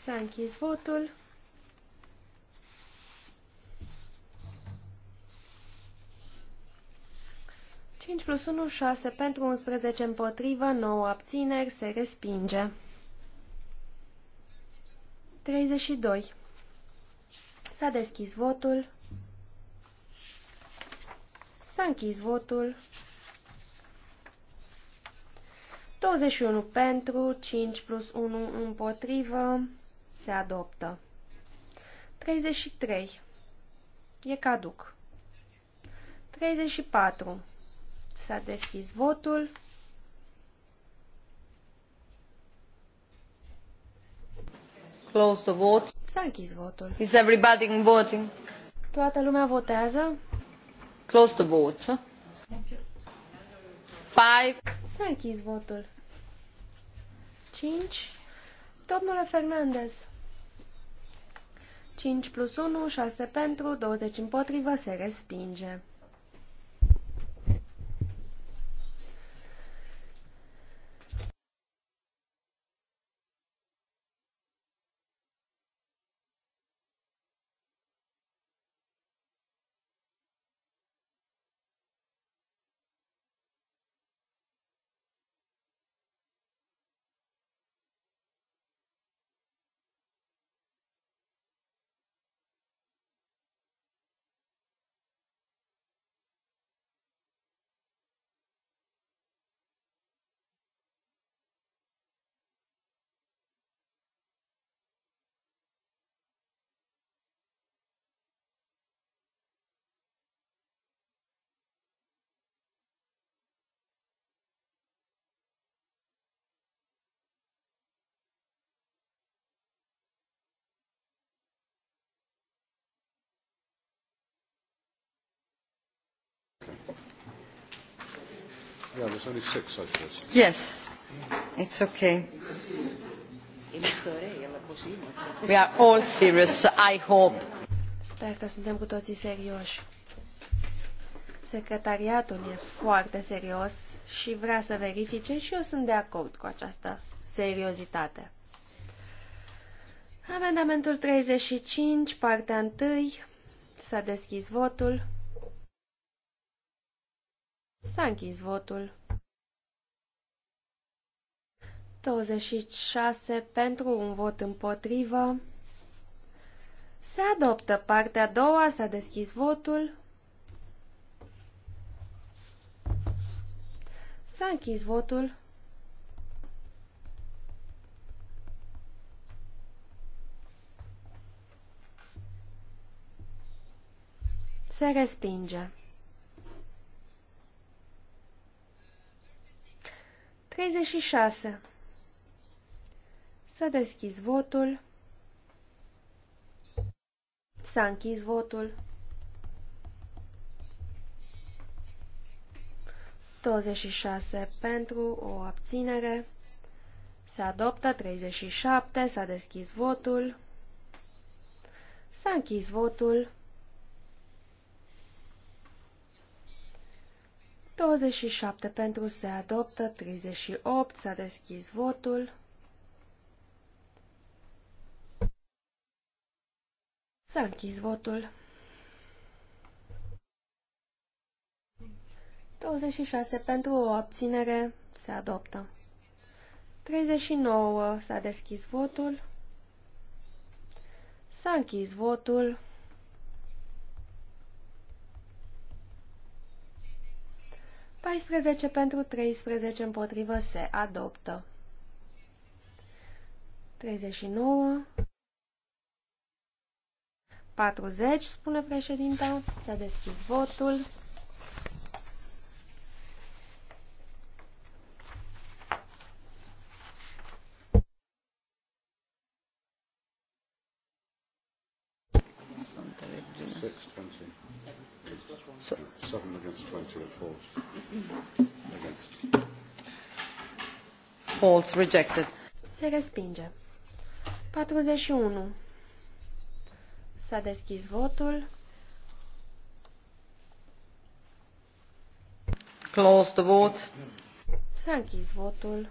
S-a închis votul. plus 1, 6 pentru 11 împotrivă, 9 abțineri, se respinge. 32. S-a deschis votul. S-a închis votul. 21 pentru, 5 plus 1 împotrivă, se adoptă. 33. E caduc. 34. S-a deschis votul. Close the vote. S-a închis votul. Is everybody voting? Toată lumea votează. Close the vote. Five. S-a închis votul. 5 Domnule Fernandez, 5 plus 1, 6 pentru, 20 împotrivă, se respinge. Yeah, there's only six, I guess. Yes, it's okay. We are all serious, I hope. Sper că suntem cu toții serioși. Secretariatul e foarte serios și vrea să verifice și eu sunt de acord cu această seriozitate. Amendamentul 35, partea 1. S-a deschis votul. S-a închis votul. 26 pentru un vot împotrivă. Se adoptă partea a doua, s-a deschis votul. S-a închis votul. Se respinge. 36. Să deschizi votul. S-a închis votul. 26 pentru o abținere. Se adoptă 37. S-a deschis votul. S-a închis votul. 27 pentru se adoptă, 38 s-a deschis votul. S-a închis votul. 26 pentru o abținere se adoptă. 39 s-a deschis votul. S-a închis votul. 14 pentru 13 împotrivă se adoptă. 39. 40, spune președinta. S-a deschis votul. Abs rejected. Se respinge. 41. S-a deschis votul. Close the vote. S-a închis votul.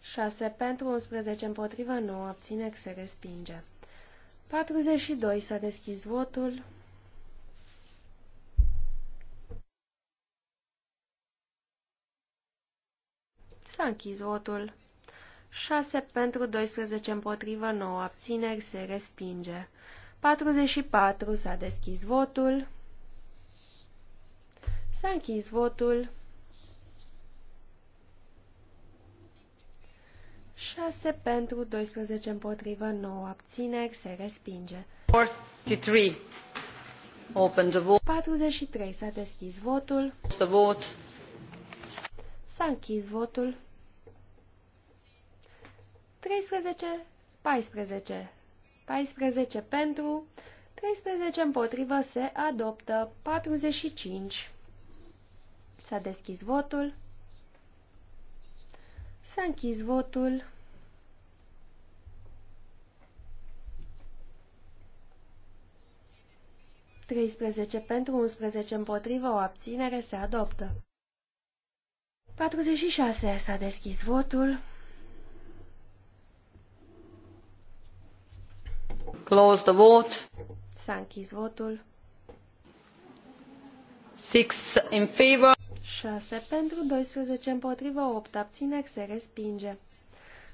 6 pentru, 11 împotrivă, 9 abțineri, se respinge. 42 s-a deschis votul. S-a închis votul. 6 pentru 12 împotrivă, 9 abțineri, se respinge. 44 s-a deschis votul. S-a închis votul. 6 pentru, 12 împotrivă, 9 abțineri, se respinge. 43. Open the vote. 43 s-a deschis votul. The vote. S-a închis votul. 13, 14. 14 pentru, 13 împotrivă se adoptă, 45. S-a deschis votul. S-a închis votul. Treisprezece pentru, unsprezece împotrivă, o abținere se adoptă. 46. S-a deschis votul. Close the vote. S-a închis votul. 6 in favor. 6 pentru, 12 împotrivă, 8 abțineri, se respinge.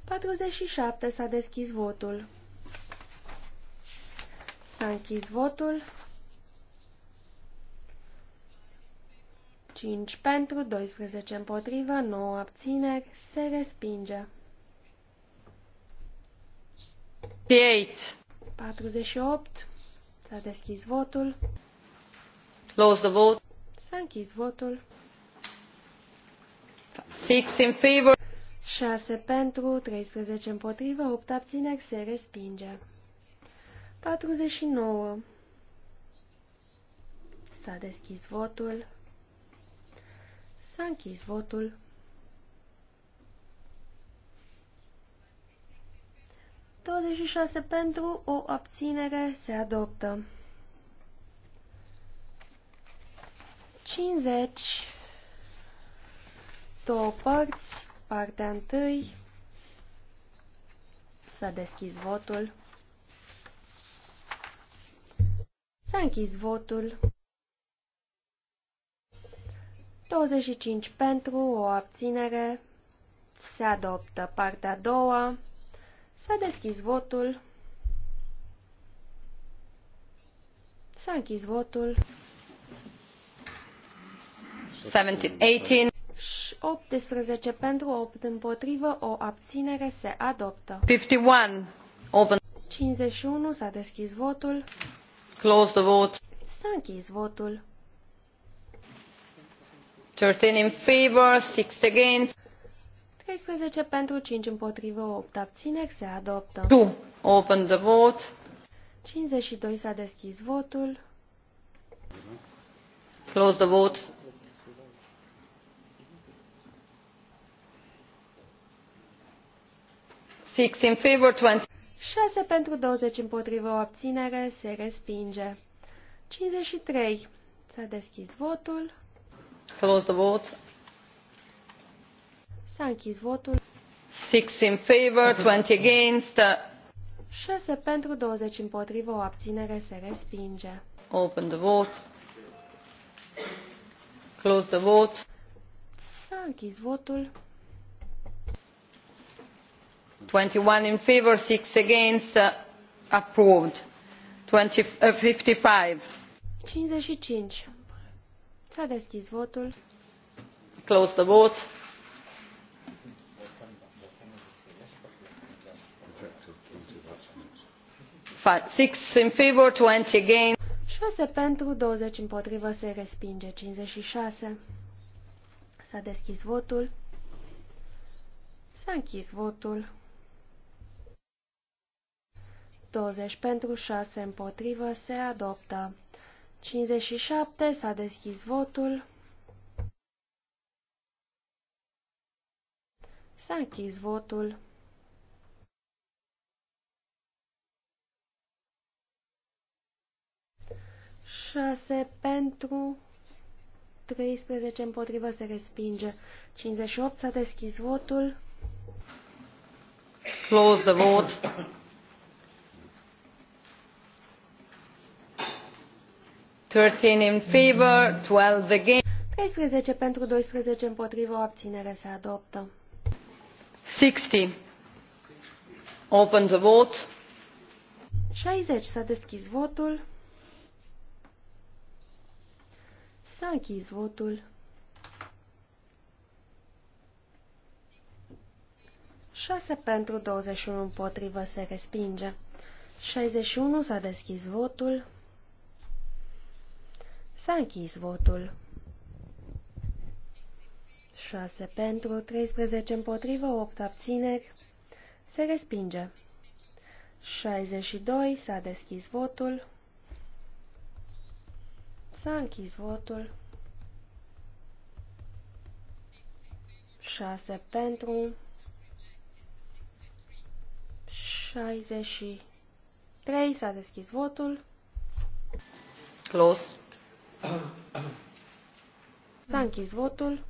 47 s-a deschis votul. S-a închis votul. 5 pentru, 12 împotrivă, 9 abțineri, se respinge. 48. 48. S-a deschis votul. Close the vote. S-a închis votul. 6 in favor. 6 pentru, 13 împotrivă, 8 abțineri, se respinge. 49. S-a deschis votul. S-a închis votul. Și șase pentru, o abținere se adoptă. 50, două părți, partea întâi, s-a deschis votul, s-a închis votul. 25 pentru, o abținere, se adoptă. Partea a doua, s-a deschis votul, s-a închis votul. 18. 18 pentru 8 împotrivă, o abținere se adoptă. 51. Open. 51 s-a deschis votul. Close the vote. S-a închis votul. 13 in favor, 6 against. 13 pentru, 5 împotrivă, 8 abțineri, se adoptă. 2. Open the vote. 52 s-a deschis votul. Close the vote. Six in favor, 20. 6 pentru 20 împotrivă o abținere se respinge. 53. S-a deschis votul. Close the vote. S-a închis votul. 6 in favor, 20 against. 6 uh, pentru, 20 împotrivă, o abținere se respinge. Open the vote. Close the vote. S-a închis votul. 21 in favor, 6 against, uh, approved. 20, uh, 55. 55 S-a deschis votul. Close the vote. six in favor, twenty again. Șase pentru, 20 împotrivă, se respinge. 56. S-a deschis votul. S-a închis votul. 20 pentru, 6 împotrivă, se adoptă. 57. S-a deschis votul. S-a închis votul. Șase pentru, 13 împotrivă se respinge. 58 s-a deschis votul. Close the vote. 13 in favor, 12 against. 13 pentru 12 împotrivă, o abținere se adoptă. 60. Open the vote. 60. S-a deschis votul. S-a închis votul. 6 pentru 21 împotrivă se respinge. 61 s-a deschis votul. S-a închis votul. 6 pentru, 13 împotrivă, 8 abțineri. Se respinge. 62. S-a deschis votul. S-a închis votul. 6 pentru, 63. S-a deschis votul. Close. S-a închis votul.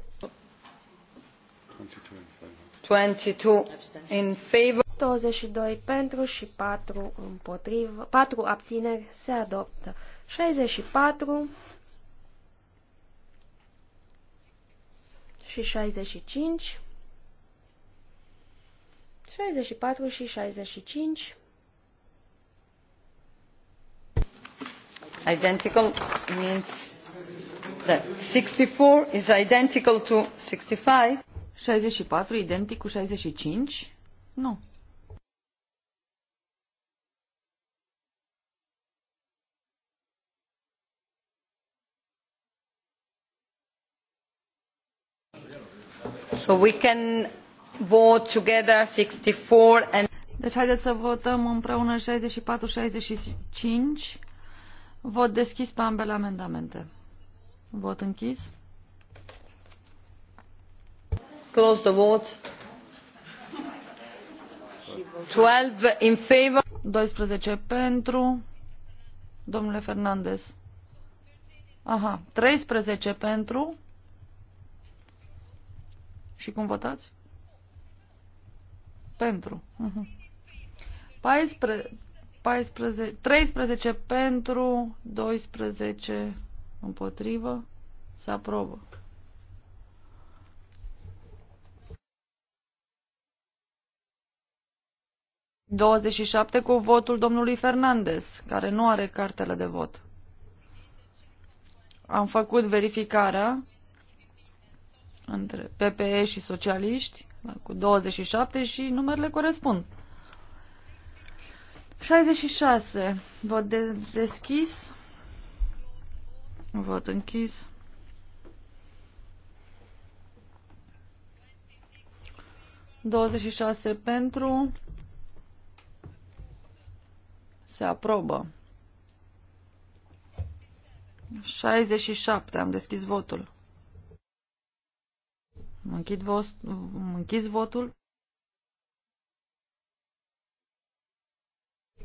22 in favor. 22 pentru și 4 împotrivă, 4 abțineri se adoptă. 64 și 65, 64 și 65 identical means that 64 is identical to 65. 64 identic cu 65? Nu. So we can vote together 64 and Deci haideți să votăm împreună 64 65 Vot deschis pe ambele amendamente. Vot închis. Close the vote. 12 in favor. 12 pentru. Domnule Fernandez. Aha, 13 pentru. Și cum votați? Pentru. Uh -huh. 14, 14, 13 pentru, 12 împotrivă, se aprobă. Douăzeci șapte cu votul domnului Fernandez, care nu are cartele de vot. Am făcut verificarea între PPE și socialiști cu 27 și numerele corespund. 66. Vot de deschis. Vot închis. șase pentru. Se aprobă. 67. Am deschis votul. Închid, închis votul.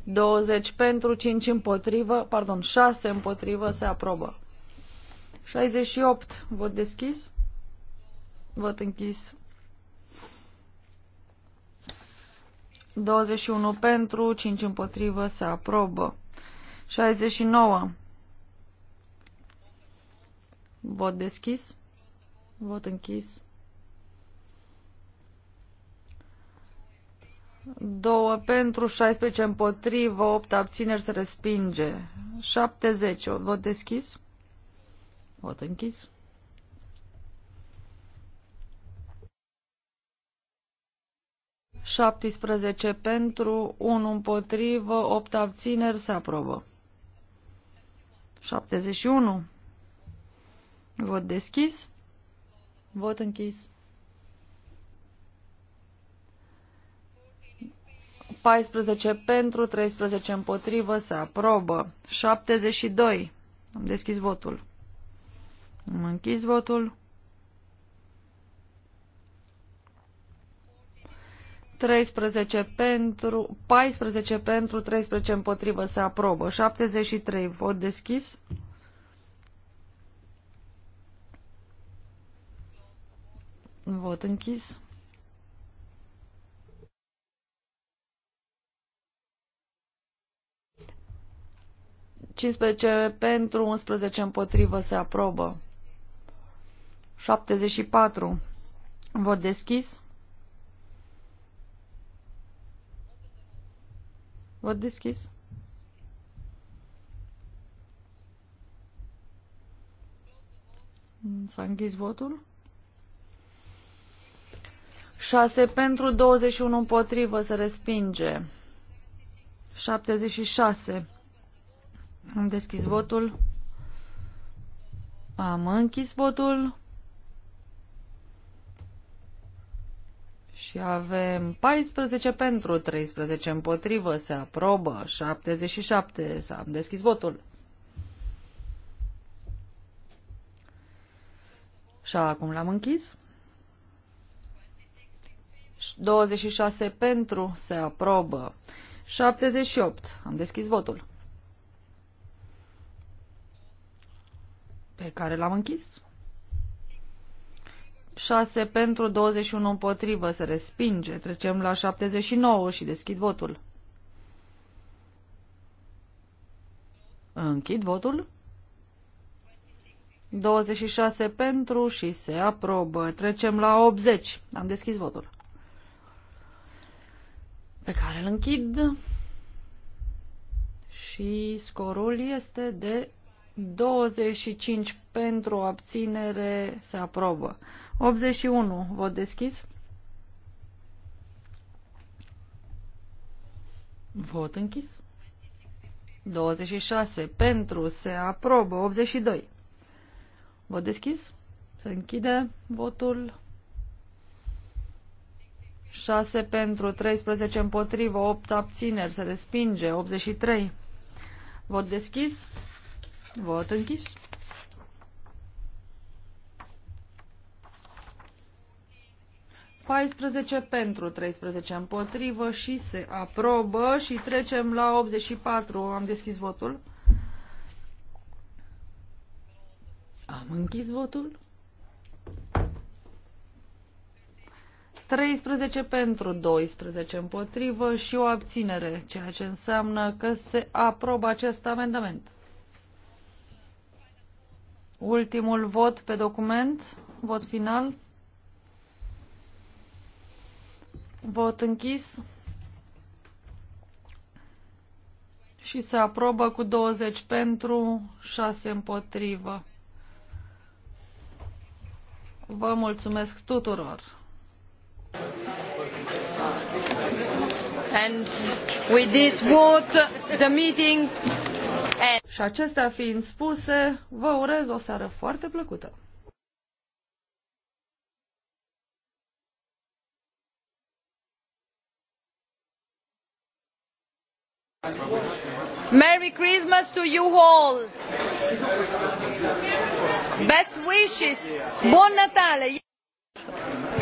20 pentru, 5 împotrivă, pardon, 6 împotrivă se aprobă. 68, vot deschis, vot închis. 21 pentru, 5 împotrivă se aprobă. 69, vot deschis, vot închis. 2 pentru, 16 împotrivă, 8 abțineri se respinge. 70. Vot deschis. Vot închis. Șaptesprezece pentru, 1 împotrivă, opt abțineri, se aprobă. Șaptezeci și unu. Vot deschis. Vot închis. 14 pentru, 13 împotrivă, se aprobă. 72. Am deschis votul. Am închis votul. 13 pentru, 14 pentru, 13 împotrivă, se aprobă. 73. Vot deschis. Vot închis. 15 pentru, 11 împotrivă se aprobă. 74. Vot deschis. Vot deschis. S-a închis votul. 6 pentru, 21 împotrivă se respinge. 76 am deschis votul. Am închis votul. Și avem 14 pentru, 13 împotrivă, se aprobă, 77, s-a deschis votul. Și acum l-am închis. 26 pentru, se aprobă, 78, am deschis votul. pe care l-am închis. 6 pentru 21 împotrivă se respinge. Trecem la 79 și deschid votul. Închid votul. 26 pentru și se aprobă. Trecem la 80. Am deschis votul. Pe care îl închid. Și scorul este de 25 pentru abținere se aprobă. 81. Vot deschis. Vot închis. 26. Pentru se aprobă. 82. Vot deschis. Se închide votul. 6 pentru, 13 împotrivă, 8 abțineri, se respinge, 83. Vot deschis. Vot închis. Paisprezece pentru, 13 împotrivă și se aprobă și trecem la 84. Am deschis votul. Am închis votul. 13 pentru, 12 împotrivă și o abținere, ceea ce înseamnă că se aprobă acest amendament. Ultimul vot pe document, vot final. Vot închis. Și se aprobă cu 20 pentru, 6 împotrivă. Vă mulțumesc tuturor. And with this vote, the meeting și acestea fiind spuse, vă urez o seară foarte plăcută. Merry Christmas to you all. Best wishes. Buon Natale.